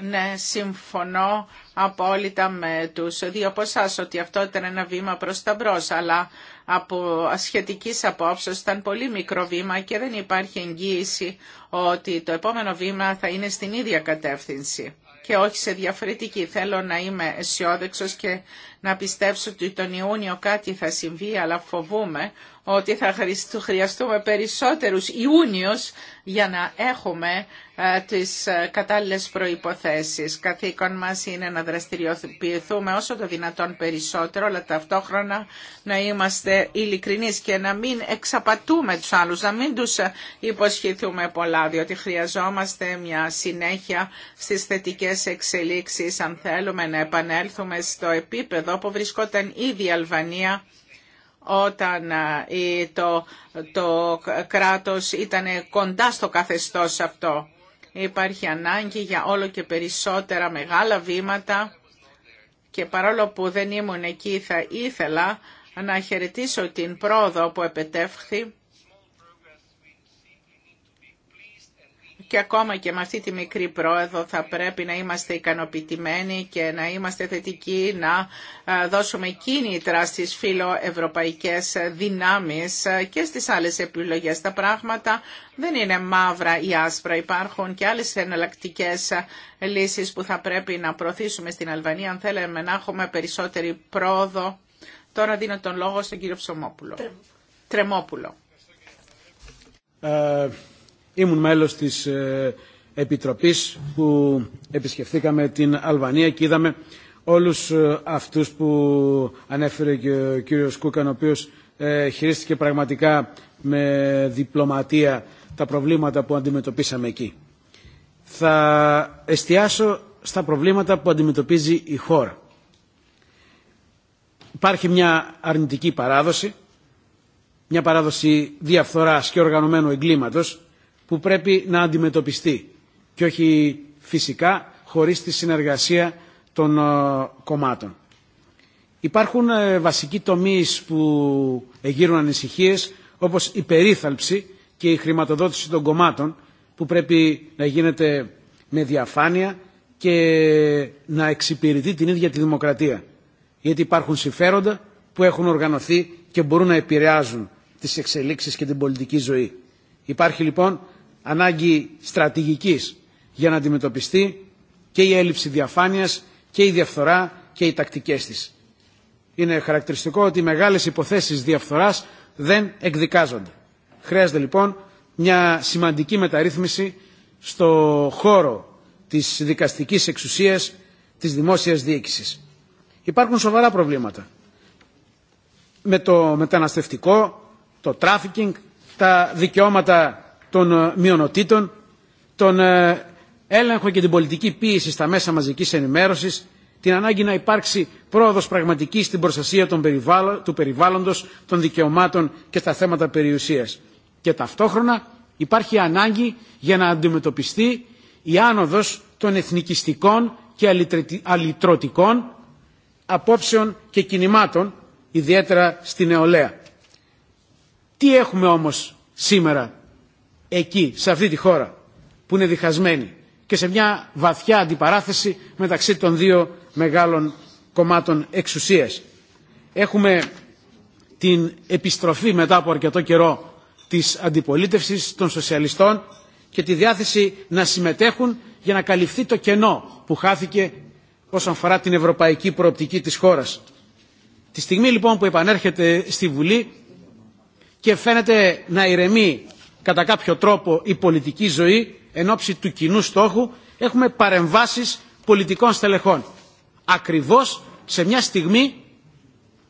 Ναι, συμφωνώ απόλυτα με τους δύο από εσάς ότι αυτό ήταν ένα βήμα προς τα μπρος, αλλά από ασχετικής απόψεως ήταν πολύ μικρό βήμα και δεν υπάρχει εγγύηση ότι το επόμενο βήμα θα είναι στην ίδια κατεύθυνση και όχι σε διαφορετική. Θέλω να είμαι αισιόδοξο και να πιστέψω ότι τον Ιούνιο κάτι θα συμβεί, αλλά φοβούμαι ότι θα χρειαστούμε περισσότερους Ιούνιους για να έχουμε ε, τις ε, κατάλληλες προϋποθέσεις. Καθήκον μας είναι να δραστηριοποιηθούμε όσο το δυνατόν περισσότερο, αλλά ταυτόχρονα να είμαστε ειλικρινεί και να μην εξαπατούμε τους άλλους, να μην του υποσχεθούμε πολλά, διότι χρειαζόμαστε μια συνέχεια στις θετικές εξελίξεις, αν θέλουμε να επανέλθουμε στο επίπεδο που βρισκόταν ήδη η Αλβανία όταν ε, το, το κράτος ήταν κοντά στο καθεστώς αυτό. Υπάρχει ανάγκη για όλο και περισσότερα μεγάλα βήματα και παρόλο που δεν ήμουν εκεί θα ήθελα να χαιρετήσω την πρόοδο που επετεύχθη και ακόμα και με αυτή τη μικρή πρόοδο θα πρέπει να είμαστε ικανοποιημένοι και να είμαστε θετικοί να ε, δώσουμε κίνητρα στις φιλοευρωπαϊκές δυνάμεις ε, και στις άλλες επιλογές. Τα πράγματα δεν είναι μαύρα ή άσπρα. Υπάρχουν και άλλες εναλλακτικέ ε, λύσεις που θα πρέπει να προωθήσουμε στην Αλβανία αν θέλουμε να έχουμε περισσότερη πρόοδο. Τώρα δίνω τον λόγο στον κύριο Ψωμόπουλο. Τρεμόπουλο. Ήμουν μέλος της ε, Επιτροπής που επισκεφθήκαμε την Αλβανία και είδαμε όλους ε, αυτούς που ανέφερε και ο κύριος Κούκαν, ο οποίος ε, χειρίστηκε πραγματικά με διπλωματία τα προβλήματα που αντιμετωπίσαμε εκεί. Θα εστιάσω στα προβλήματα που αντιμετωπίζει η χώρα. Υπάρχει μια αρνητική παράδοση, μια παράδοση διαφθοράς και οργανωμένου εγκλήματος, που πρέπει να αντιμετωπιστεί και όχι φυσικά χωρίς τη συνεργασία των ε, κομμάτων. Υπάρχουν ε, βασικοί τομείς που εγείρουν ανησυχίες όπως η περίθαλψη και η χρηματοδότηση των κομμάτων που πρέπει να γίνεται με διαφάνεια και να εξυπηρετεί την ίδια τη δημοκρατία. Γιατί υπάρχουν συμφέροντα που έχουν οργανωθεί και μπορούν να επηρεάζουν τις εξελίξεις και την πολιτική ζωή. Υπάρχει λοιπόν ανάγκη στρατηγικής για να αντιμετωπιστεί και η έλλειψη διαφάνειας και η διαφθορά και οι τακτικές της. Είναι χαρακτηριστικό ότι οι μεγάλες υποθέσεις διαφθοράς δεν εκδικάζονται. Χρειάζεται λοιπόν μια σημαντική μεταρρύθμιση στο χώρο της δικαστικής εξουσίας της δημόσιας διοίκησης. Υπάρχουν σοβαρά προβλήματα με το μεταναστευτικό, το τράφικινγκ, τα δικαιώματα των ε, μειονοτήτων, τον ε, έλεγχο και την πολιτική πίεση στα μέσα μαζικής ενημέρωσης, την ανάγκη να υπάρξει πρόοδος πραγματική στην προστασία του περιβάλλοντος, των δικαιωμάτων και στα θέματα περιουσίας. Και ταυτόχρονα υπάρχει ανάγκη για να αντιμετωπιστεί η άνοδος των εθνικιστικών και αλυτρωτικών απόψεων και κινημάτων, ιδιαίτερα στη νεολαία. Τι έχουμε όμως σήμερα εκεί, σε αυτή τη χώρα που είναι διχασμένη και σε μια βαθιά αντιπαράθεση μεταξύ των δύο μεγάλων κομμάτων εξουσίας. Έχουμε την επιστροφή μετά από αρκετό καιρό της αντιπολίτευσης των σοσιαλιστών και τη διάθεση να συμμετέχουν για να καλυφθεί το κενό που χάθηκε όσον αφορά την ευρωπαϊκή προοπτική της χώρας. Τη στιγμή λοιπόν που επανέρχεται στη Βουλή και φαίνεται να ηρεμεί κατά κάποιο τρόπο η πολιτική ζωή εν ώψη του κοινού στόχου έχουμε παρεμβάσεις πολιτικών στελεχών. Ακριβώς σε μια στιγμή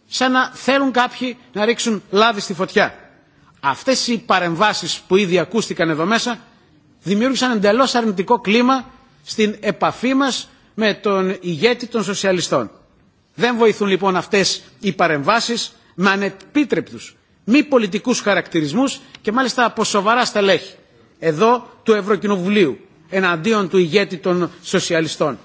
σαν να θέλουν κάποιοι να ρίξουν λάδι στη φωτιά. Αυτές οι παρεμβάσεις που ήδη ακούστηκαν εδώ μέσα δημιούργησαν εντελώς αρνητικό κλίμα στην επαφή μας με τον ηγέτη των σοσιαλιστών. Δεν βοηθούν λοιπόν αυτές οι παρεμβάσεις με ανεπίτρεπτους μη πολιτικούς χαρακτηρισμούς και μάλιστα από σοβαρά στελέχη εδώ του Ευρωκοινοβουλίου εναντίον του ηγέτη των σοσιαλιστών.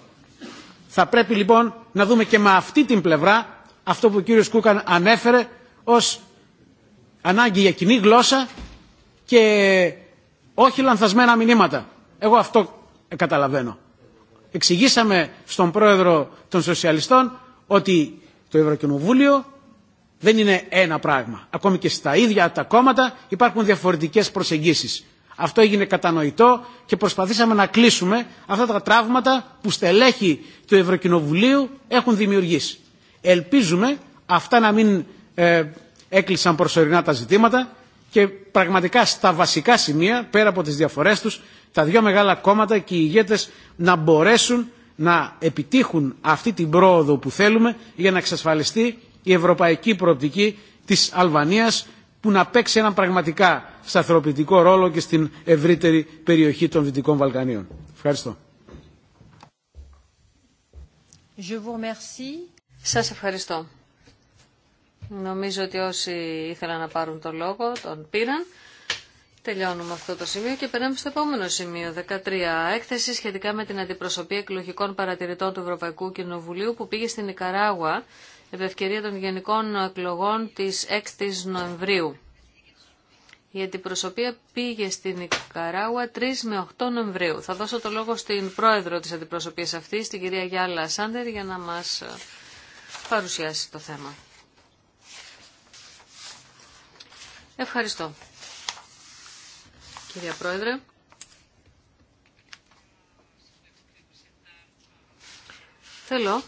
Θα πρέπει λοιπόν να δούμε και με αυτή την πλευρά αυτό που ο κύριος Κούκαν ανέφερε ως ανάγκη για κοινή γλώσσα και όχι λανθασμένα μηνύματα. Εγώ αυτό καταλαβαίνω. Εξηγήσαμε στον πρόεδρο των σοσιαλιστών ότι το Ευρωκοινοβούλιο δεν είναι ένα πράγμα. Ακόμη και στα ίδια τα κόμματα υπάρχουν διαφορετικές προσεγγίσεις. Αυτό έγινε κατανοητό και προσπαθήσαμε να κλείσουμε αυτά τα τραύματα που στελέχη του Ευρωκοινοβουλίου έχουν δημιουργήσει. Ελπίζουμε αυτά να μην ε, έκλεισαν προσωρινά τα ζητήματα και πραγματικά στα βασικά σημεία, πέρα από τις διαφορές τους, τα δύο μεγάλα κόμματα και οι ηγέτες να μπορέσουν να επιτύχουν αυτή την πρόοδο που θέλουμε για να εξασφαλιστεί η ευρωπαϊκή προοπτική της Αλβανίας που να παίξει έναν πραγματικά σταθεροποιητικό ρόλο και στην ευρύτερη περιοχή των Δυτικών Βαλκανίων. Ευχαριστώ. Je vous remercie. Σας ευχαριστώ. Νομίζω ότι όσοι ήθελαν να πάρουν τον λόγο τον πήραν. Τελειώνουμε αυτό το σημείο και περνάμε στο επόμενο σημείο, 13. Έκθεση σχετικά με την αντιπροσωπή εκλογικών παρατηρητών του Ευρωπαϊκού Κοινοβουλίου που πήγε στην Ικαράγουα ευευκαιρία των γενικών εκλογών της 6ης Νοεμβρίου. Η αντιπροσωπεία πήγε στην Ικαράουα 3 με 8 Νοεμβρίου. Θα δώσω το λόγο στην πρόεδρο της αντιπροσωπείας αυτής, την κυρία Γιάλα Σάντερ, για να μας ε, παρουσιάσει το θέμα. Ευχαριστώ. Κυρία Πρόεδρε. Θέλω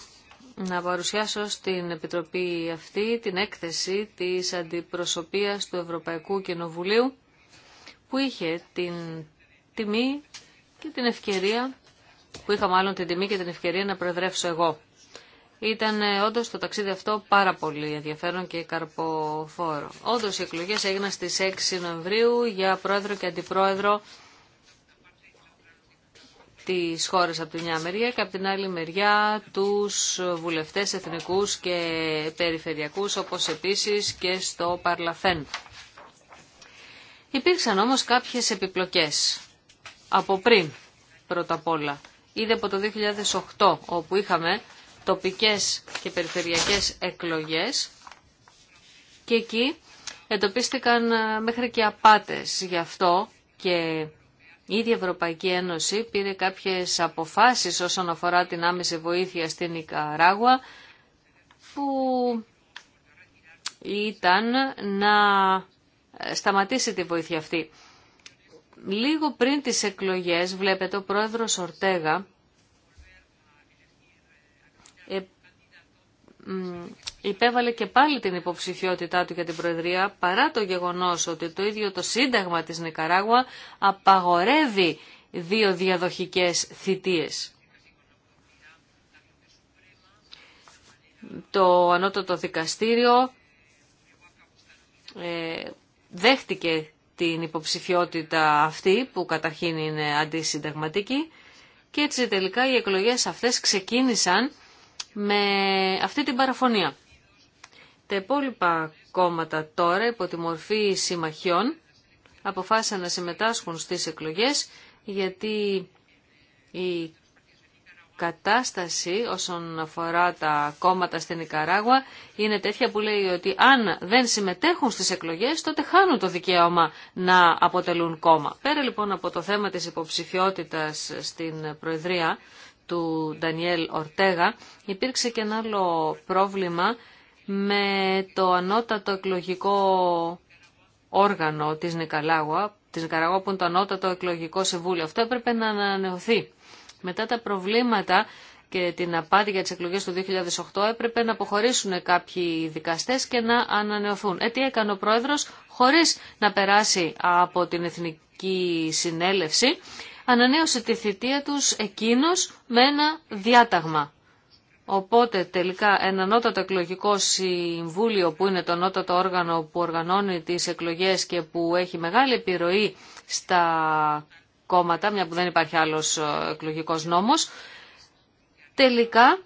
να παρουσιάσω στην Επιτροπή αυτή την έκθεση της Αντιπροσωπείας του Ευρωπαϊκού Κοινοβουλίου που είχε την τιμή και την ευκαιρία, που είχα μάλλον την τιμή και την ευκαιρία να προεδρεύσω εγώ. Ήταν ε, όντω το ταξίδι αυτό πάρα πολύ ενδιαφέρον και καρποφόρο. Όντω οι εκλογέ έγιναν στι 6 Νοεμβρίου για πρόεδρο και αντιπρόεδρο τις χώρες από την μια μεριά και από την άλλη μεριά τους βουλευτές εθνικούς και περιφερειακούς όπως επίσης και στο Παρλαφέν. Υπήρξαν όμως κάποιες επιπλοκές από πριν πρώτα απ' όλα. Ήδη από το 2008 όπου είχαμε τοπικές και περιφερειακές εκλογές και εκεί εντοπίστηκαν ε, μέχρι και απάτες. Γι' αυτό και η ίδια Ευρωπαϊκή Ένωση πήρε κάποιες αποφάσεις όσον αφορά την άμεση βοήθεια στην Ικαράγουα που ήταν να σταματήσει τη βοήθεια αυτή. Λίγο πριν τις εκλογές βλέπετε ο πρόεδρος Ορτέγα υπέβαλε και πάλι την υποψηφιότητά του για την Προεδρία παρά το γεγονός ότι το ίδιο το Σύνταγμα της Νικαράγουα απαγορεύει δύο διαδοχικές θητείες. Το Ανώτατο Δικαστήριο ε, δέχτηκε την υποψηφιότητα αυτή που καταρχήν είναι αντισυνταγματική και έτσι τελικά οι εκλογές αυτές ξεκίνησαν με αυτή την παραφωνία. Τα υπόλοιπα κόμματα τώρα υπό τη μορφή συμμαχιών αποφάσισαν να συμμετάσχουν στις εκλογές γιατί η κατάσταση όσον αφορά τα κόμματα στην Ικαράγουα είναι τέτοια που λέει ότι αν δεν συμμετέχουν στις εκλογές τότε χάνουν το δικαίωμα να αποτελούν κόμμα. Πέρα λοιπόν από το θέμα της υποψηφιότητας στην Προεδρία του Ντανιέλ Ορτέγα υπήρξε και ένα άλλο πρόβλημα με το ανώτατο εκλογικό όργανο της Νικαράγουα, της Νικαράγουα που είναι το ανώτατο εκλογικό συμβούλιο. Αυτό έπρεπε να ανανεωθεί. Μετά τα προβλήματα και την απάτη για τις εκλογές του 2008 έπρεπε να αποχωρήσουν κάποιοι δικαστές και να ανανεωθούν. Ε, έκανε ο πρόεδρος χωρίς να περάσει από την Εθνική Συνέλευση ανανέωσε τη θητεία τους εκείνος με ένα διάταγμα. Οπότε τελικά ένα νότατο εκλογικό συμβούλιο που είναι το νότατο όργανο που οργανώνει τις εκλογές και που έχει μεγάλη επιρροή στα κόμματα, μια που δεν υπάρχει άλλος ε, εκλογικός νόμος, τελικά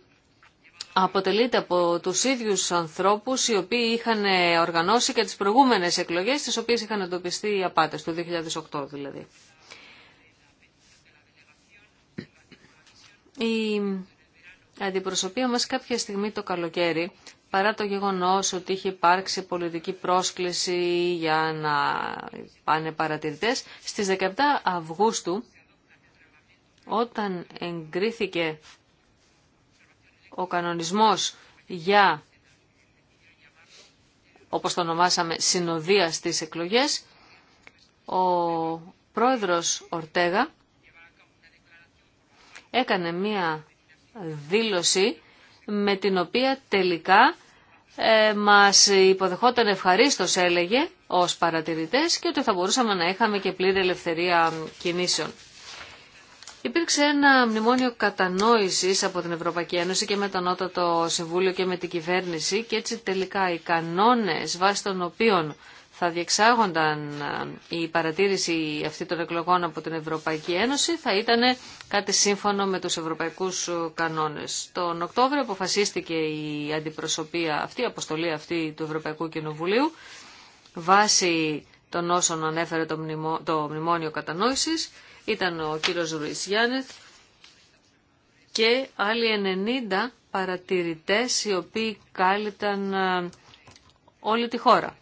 αποτελείται από τους ίδιους ανθρώπους οι οποίοι είχαν ε, οργανώσει και τις προηγούμενες εκλογές τις οποίες είχαν εντοπιστεί οι απάτες, το 2008 δηλαδή. Η αντιπροσωπεία μας κάποια στιγμή το καλοκαίρι, παρά το γεγονός ότι είχε υπάρξει πολιτική πρόσκληση για να πάνε παρατηρητές, στις 17 Αυγούστου, όταν εγκρίθηκε ο κανονισμός για, όπως το ονομάσαμε, συνοδεία στις εκλογές, ο πρόεδρος Ορτέγα έκανε μία δήλωση με την οποία τελικά ε, μας υποδεχόταν ευχαρίστως έλεγε ως παρατηρητές και ότι θα μπορούσαμε να είχαμε και πλήρη ελευθερία κινήσεων. Υπήρξε ένα μνημόνιο κατανόησης από την Ευρωπαϊκή Ένωση και με το Νότατο Συμβούλιο και με την κυβέρνηση και έτσι τελικά οι κανόνες βάσει των οποίων θα διεξάγονταν ε, η παρατήρηση αυτή των εκλογών από την Ευρωπαϊκή Ένωση θα ήταν κάτι σύμφωνο με τους ευρωπαϊκούς ε, κανόνες. Τον Οκτώβριο αποφασίστηκε η αντιπροσωπεία αυτή, η αποστολή αυτή του Ευρωπαϊκού Κοινοβουλίου βάσει των όσων ανέφερε το, μνημό, Μνημόνιο Κατανόησης ήταν ο κύριος Ρουίς Γιάννεθ και άλλοι 90 παρατηρητές οι οποίοι κάλυπταν ε, όλη τη χώρα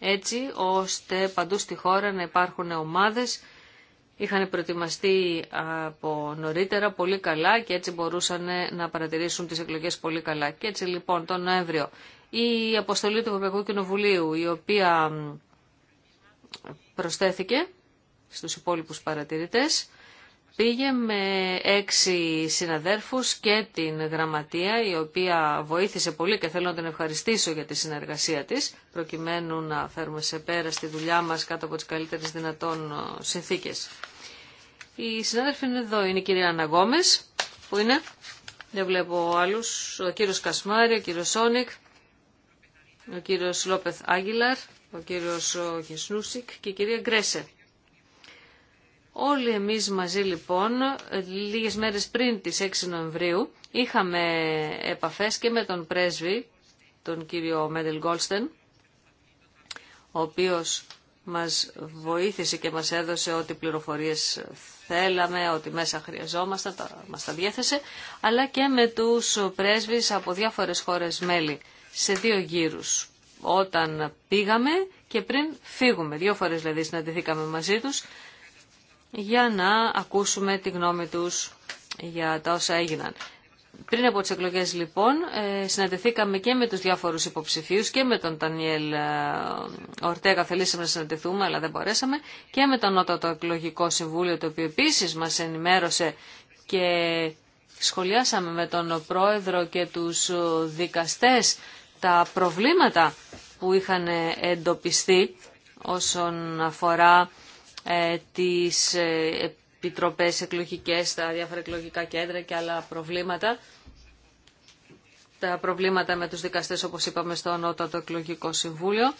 έτσι ώστε παντού στη χώρα να υπάρχουν ομάδες. Είχαν προετοιμαστεί από νωρίτερα πολύ καλά και έτσι μπορούσαν να παρατηρήσουν τις εκλογές πολύ καλά. Και έτσι λοιπόν τον Νοέμβριο η αποστολή του Ευρωπαϊκού Κοινοβουλίου η οποία προσθέθηκε στους υπόλοιπους παρατηρητές Πήγε με έξι συναδέρφους και την γραμματεία, η οποία βοήθησε πολύ και θέλω να την ευχαριστήσω για τη συνεργασία της, προκειμένου να φέρουμε σε πέρα στη δουλειά μας κάτω από τις καλύτερες δυνατόν ε, συνθήκες. Οι συνάδελφοι είναι εδώ, είναι η κυρία Αναγόμες, που είναι, δεν βλέπω άλλους, ο κύριος Κασμάρη, ο κύριος Σόνικ, ο κύριος Λόπεθ Άγγιλαρ, ο κύριος ε, Χισνούσικ και η κυρία Γκρέσε. Όλοι εμείς μαζί λοιπόν, λίγες μέρες πριν τις 6 Νοεμβρίου, είχαμε επαφές και με τον πρέσβη, τον κύριο Μέντελ Γκόλστεν, ο οποίος μας βοήθησε και μας έδωσε ό,τι πληροφορίες θέλαμε, ό,τι μέσα χρειαζόμασταν, τα, μας τα διέθεσε, αλλά και με τους πρέσβεις από διάφορες χώρες μέλη, σε δύο γύρους, όταν πήγαμε και πριν φύγουμε. Δύο φορές δηλαδή συναντηθήκαμε μαζί τους για να ακούσουμε τη γνώμη τους για τα όσα έγιναν. Πριν από τις εκλογές λοιπόν ε, συναντηθήκαμε και με τους διάφορους υποψηφίους και με τον Τανιέλ ε, Ορτέγα θελήσαμε να συναντηθούμε αλλά δεν μπορέσαμε και με τον Νότατο Εκλογικό Συμβούλιο το οποίο επίσης μας ενημέρωσε και σχολιάσαμε με τον Πρόεδρο και τους δικαστές τα προβλήματα που είχαν εντοπιστεί όσον αφορά ε, τις ε, επιτροπές εκλογικές στα διάφορα εκλογικά κέντρα και άλλα προβλήματα. Τα προβλήματα με τους δικαστές, όπως είπαμε, στο Ανώτατο Εκλογικό Συμβούλιο.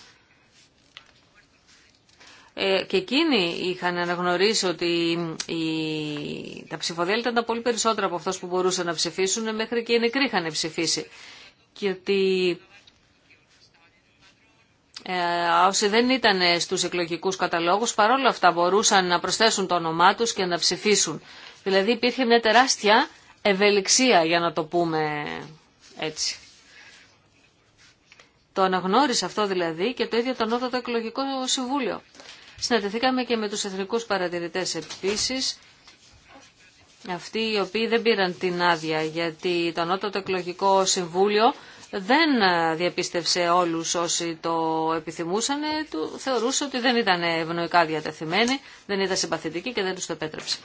Ε, και εκείνοι είχαν αναγνωρίσει ότι τα ψηφοδέλτια ήταν τα πολύ περισσότερα από αυτός που μπορούσαν να ψηφίσουν μέχρι και οι νεκροί είχαν ψηφίσει. Και ότι ε, όσοι δεν ήταν στους εκλογικούς καταλόγους παρόλα αυτά μπορούσαν να προσθέσουν το όνομά τους και να ψηφίσουν. Δηλαδή υπήρχε μια τεράστια ευελιξία για να το πούμε έτσι. Το αναγνώρισε αυτό δηλαδή και το ίδιο το Νότατο Εκλογικό Συμβούλιο. Συναντηθήκαμε και με τους εθνικούς παρατηρητές επίσης, αυτοί οι οποίοι δεν πήραν την άδεια γιατί το Νότατο Εκλογικό Συμβούλιο δεν ε, διαπίστευσε όλους όσοι το επιθυμούσαν, ε, του θεωρούσε ότι δεν ήταν ευνοϊκά διατεθειμένοι, δεν ήταν συμπαθητικοί και δεν τους το επέτρεψε.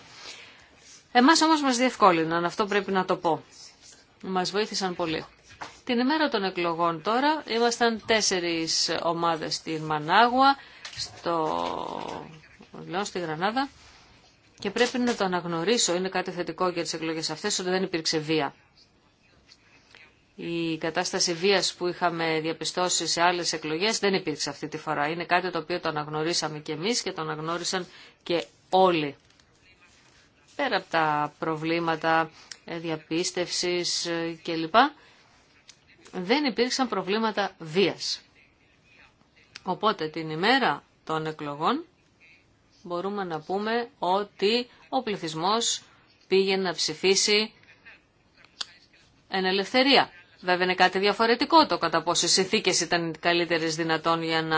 Εμάς όμως μας διευκόλυναν, αυτό πρέπει να το πω. Μας βοήθησαν πολύ. Την ημέρα των εκλογών τώρα ήμασταν τέσσερις ομάδες στην Μανάγουα, στο... Λέω, στη Γρανάδα και πρέπει να το αναγνωρίσω, είναι κάτι θετικό για τις εκλογές αυτές, ότι δεν υπήρξε βία η κατάσταση βίας που είχαμε διαπιστώσει σε άλλες εκλογές δεν υπήρξε αυτή τη φορά. Είναι κάτι το οποίο το αναγνωρίσαμε και εμείς και το αναγνώρισαν και όλοι. Πέρα από τα προβλήματα ε, διαπίστευσης ε, κλπ. Δεν υπήρξαν προβλήματα βίας. Οπότε την ημέρα των εκλογών μπορούμε να πούμε ότι ο πληθυσμός πήγε να ψηφίσει εν ελευθερία. Βέβαια είναι κάτι διαφορετικό το κατά πόσες συνθήκε ήταν οι καλύτερες δυνατόν για να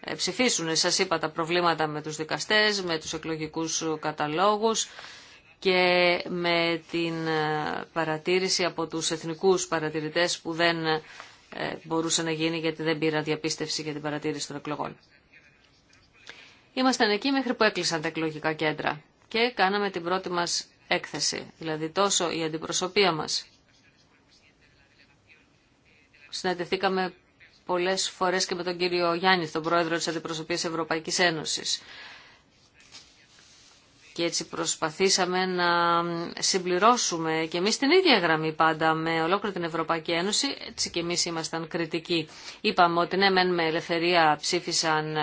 ε, ψηφίσουν. Σας είπα τα προβλήματα με τους δικαστές, με τους εκλογικούς καταλόγους και με την ε, παρατήρηση από τους εθνικούς παρατηρητές που δεν ε, μπορούσε να γίνει γιατί δεν πήρα διαπίστευση για την παρατήρηση των εκλογών. Ήμασταν εκεί μέχρι που έκλεισαν τα εκλογικά κέντρα και κάναμε την πρώτη μας έκθεση, δηλαδή τόσο η αντιπροσωπεία μας Συναντηθήκαμε πολλές φορές και με τον κύριο Γιάννη, τον πρόεδρο της Αντιπροσωπείας Ευρωπαϊκής Ένωσης. Και έτσι προσπαθήσαμε να συμπληρώσουμε και εμείς την ίδια γραμμή πάντα με ολόκληρη την Ευρωπαϊκή Ένωση, έτσι και εμείς ήμασταν κριτικοί. Είπαμε ότι ναι, μεν με ελευθερία ψήφισαν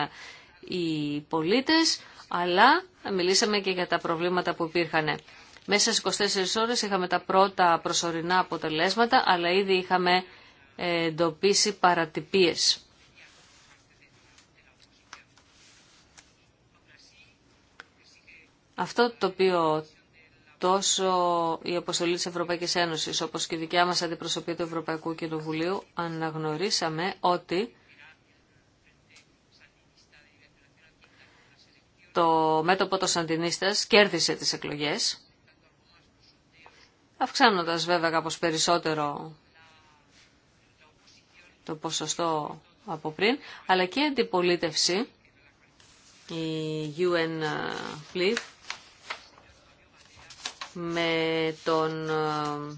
οι πολίτες, αλλά μιλήσαμε και για τα προβλήματα που υπήρχαν. Μέσα στις 24 ώρες είχαμε τα πρώτα προσωρινά αποτελέσματα, αλλά ήδη είχαμε εντοπίσει παρατυπίες. Αυτό το οποίο τόσο η αποστολή της Ευρωπαϊκής Ένωσης όπως και η δικιά μας αντιπροσωπεία του Ευρωπαϊκού Κοινοβουλίου αναγνωρίσαμε ότι το μέτωπο των Σαντινίστας κέρδισε τις εκλογές αυξάνοντας βέβαια κάπως περισσότερο το ποσοστό από πριν, αλλά και αντιπολίτευση, η UN Fleet, ε, με τον ε,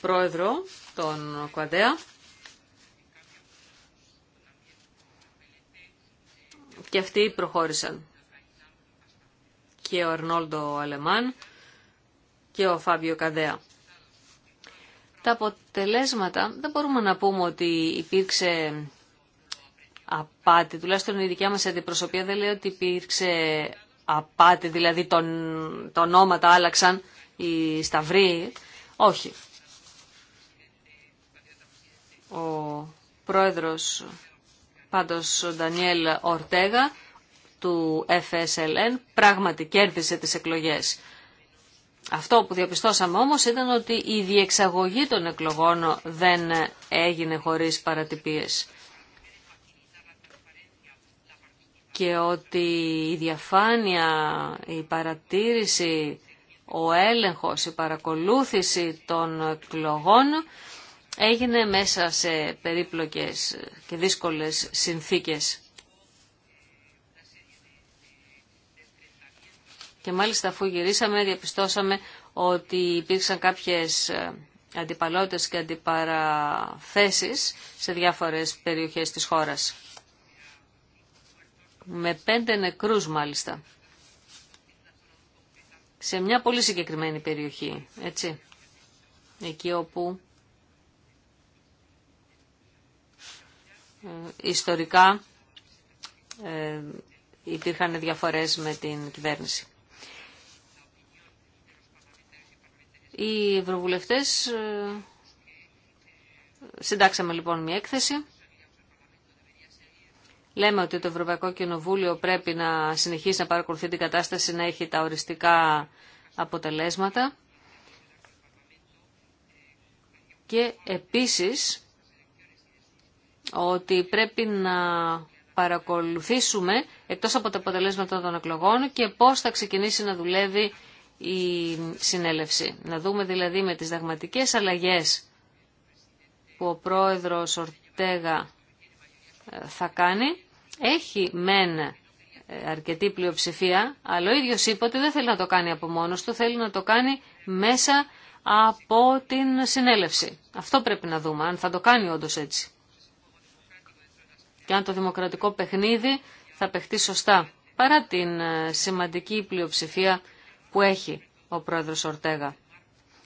πρόεδρο, τον Κουαντέα, και αυτοί προχώρησαν. Και ο Αρνόλντο Αλεμάν και ο Φάβιο Καδέα τα αποτελέσματα δεν μπορούμε να πούμε ότι υπήρξε απάτη, τουλάχιστον η δικιά μας αντιπροσωπεία δεν λέει ότι υπήρξε απάτη, δηλαδή τον, τα ονόματα άλλαξαν οι σταυροί, όχι. Ο πρόεδρος πάντως ο Ντανιέλ Ορτέγα του FSLN πράγματι κέρδισε τις εκλογές. Αυτό που διαπιστώσαμε όμως ήταν ότι η διεξαγωγή των εκλογών δεν έγινε χωρίς παρατυπίες και ότι η διαφάνεια, η παρατήρηση, ο έλεγχος, η παρακολούθηση των εκλογών έγινε μέσα σε περίπλοκες και δύσκολες συνθήκες. Και μάλιστα αφού γυρίσαμε διαπιστώσαμε ότι υπήρξαν κάποιες ε, αντιπαλότητες και αντιπαραθέσεις σε διάφορες περιοχές της χώρας. Με πέντε νεκρούς μάλιστα. Σε μια πολύ συγκεκριμένη περιοχή, έτσι. Εκεί όπου ε, ιστορικά ε, υπήρχαν διαφορές με την κυβέρνηση. Οι ευρωβουλευτές ε, συντάξαμε λοιπόν μια έκθεση. Λέμε ότι το Ευρωπαϊκό Κοινοβούλιο πρέπει να συνεχίσει να παρακολουθεί την κατάσταση, να έχει τα οριστικά αποτελέσματα. Και επίσης ότι πρέπει να παρακολουθήσουμε εκτός από τα αποτελέσματα των εκλογών και πώς θα ξεκινήσει να δουλεύει η συνέλευση. Να δούμε δηλαδή με τις δαγματικές αλλαγές που ο πρόεδρος Ορτέγα ε, θα κάνει, έχει μεν ε, αρκετή πλειοψηφία, αλλά ο ίδιος είπε ότι δεν θέλει να το κάνει από μόνος του, θέλει να το κάνει μέσα από την συνέλευση. Αυτό πρέπει να δούμε, αν θα το κάνει όντω έτσι. Και αν το δημοκρατικό παιχνίδι θα παιχτεί σωστά, παρά την ε, σημαντική πλειοψηφία που έχει ο πρόεδρος Ορτέγα.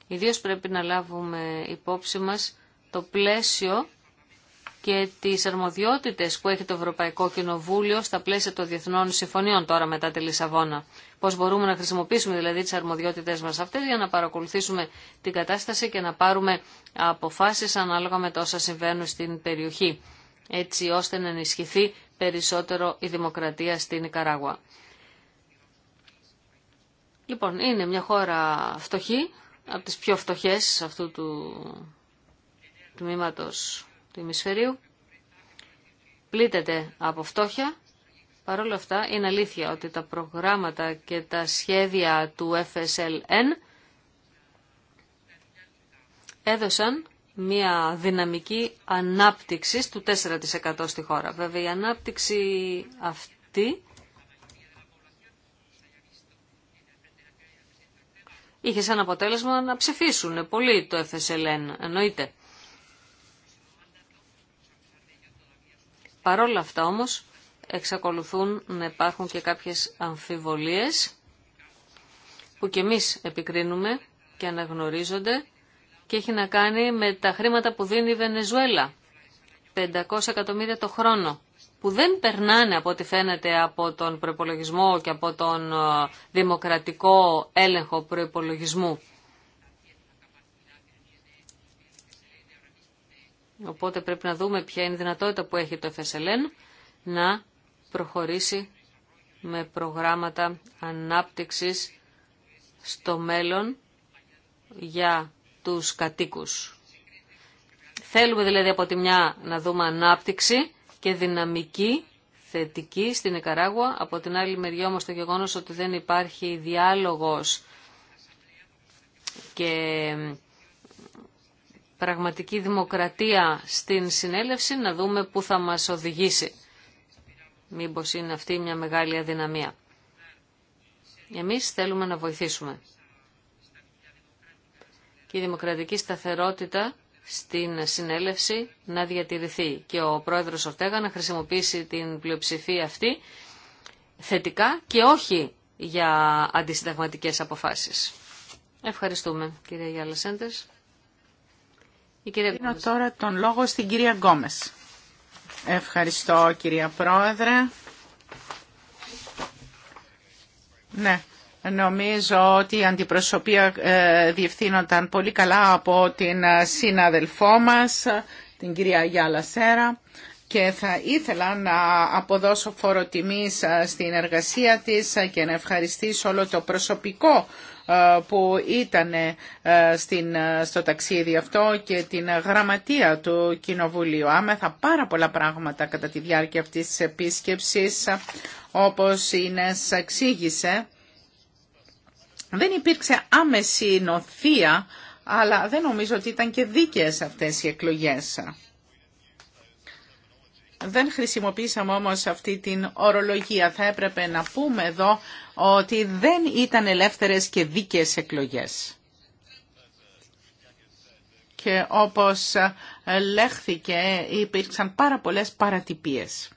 Ιδίως πρέπει να λάβουμε υπόψη μας το πλαίσιο και τις αρμοδιότητες που έχει το Ευρωπαϊκό Κοινοβούλιο στα πλαίσια των διεθνών συμφωνιών τώρα μετά τη Λισαβόνα. Πώς μπορούμε να χρησιμοποιήσουμε δηλαδή τις αρμοδιότητες μας αυτές για να παρακολουθήσουμε την κατάσταση και να πάρουμε αποφάσεις ανάλογα με τα όσα συμβαίνουν στην περιοχή, έτσι ώστε να ενισχυθεί περισσότερο η δημοκρατία στην Ικαράγουα. Λοιπόν, είναι μια χώρα φτωχή, από τις πιο φτωχές αυτού του τμήματος του ημισφαιρίου. Πλήττεται από φτώχεια. Παρ' όλα αυτά είναι αλήθεια ότι τα προγράμματα και τα σχέδια του FSLN έδωσαν μια δυναμική ανάπτυξη του 4% στη χώρα. Βέβαια η ανάπτυξη αυτή είχε σαν αποτέλεσμα να ψηφίσουν πολύ το FSLN, εννοείται. Παρόλα αυτά όμως εξακολουθούν να υπάρχουν και κάποιες αμφιβολίες που και εμείς επικρίνουμε και αναγνωρίζονται και έχει να κάνει με τα χρήματα που δίνει η Βενεζουέλα 500 εκατομμύρια το χρόνο που δεν περνάνε από ό,τι φαίνεται από τον προπολογισμό και από τον ε, δημοκρατικό έλεγχο προπολογισμού. Οπότε πρέπει να δούμε ποια είναι η δυνατότητα που έχει το FSLN να προχωρήσει με προγράμματα ανάπτυξης στο μέλλον για τους κατοίκους Θέλουμε δηλαδή από τη μια να δούμε ανάπτυξη και δυναμική θετική στην Ικαράγουα από την άλλη μεριά όμως το γεγονός ότι δεν υπάρχει διάλογος και πραγματική δημοκρατία στην συνέλευση, να δούμε πού θα μας οδηγήσει. Μήπως είναι αυτή μια μεγάλη αδυναμία. Εμείς θέλουμε να βοηθήσουμε. Και η δημοκρατική σταθερότητα στην συνέλευση να διατηρηθεί και ο πρόεδρος Ορτέγα να χρησιμοποιήσει την πλειοψηφία αυτή θετικά και όχι για αντισυνταγματικές αποφάσεις. Ευχαριστούμε κύριε Γιάλα Σέντες. Η κυρία Δίνω Γκόμες. τώρα τον λόγο στην κυρία Γκόμες. Ευχαριστώ κυρία Πρόεδρε. Ναι, Νομίζω ότι η αντιπροσωπεία ε, διευθύνονταν πολύ καλά από την ε, συναδελφό μας, την κυρία Γιάλα Σέρα και θα ήθελα να αποδώσω φόρο ε, στην εργασία της και να ευχαριστήσω όλο το προσωπικό που ήταν στην, στο ταξίδι αυτό και την γραμματεία του Κοινοβουλίου. Άμεθα πάρα πολλά πράγματα κατά τη διάρκεια αυτής της επίσκεψης, όπως η Νέσ εξήγησε δεν υπήρξε άμεση νοθεία, αλλά δεν νομίζω ότι ήταν και δίκαιες αυτές οι εκλογές. Δεν χρησιμοποίησαμε όμως αυτή την ορολογία. Θα έπρεπε να πούμε εδώ ότι δεν ήταν ελεύθερες και δίκαιες εκλογές. Και όπως λέχθηκε υπήρξαν πάρα πολλές παρατυπίες.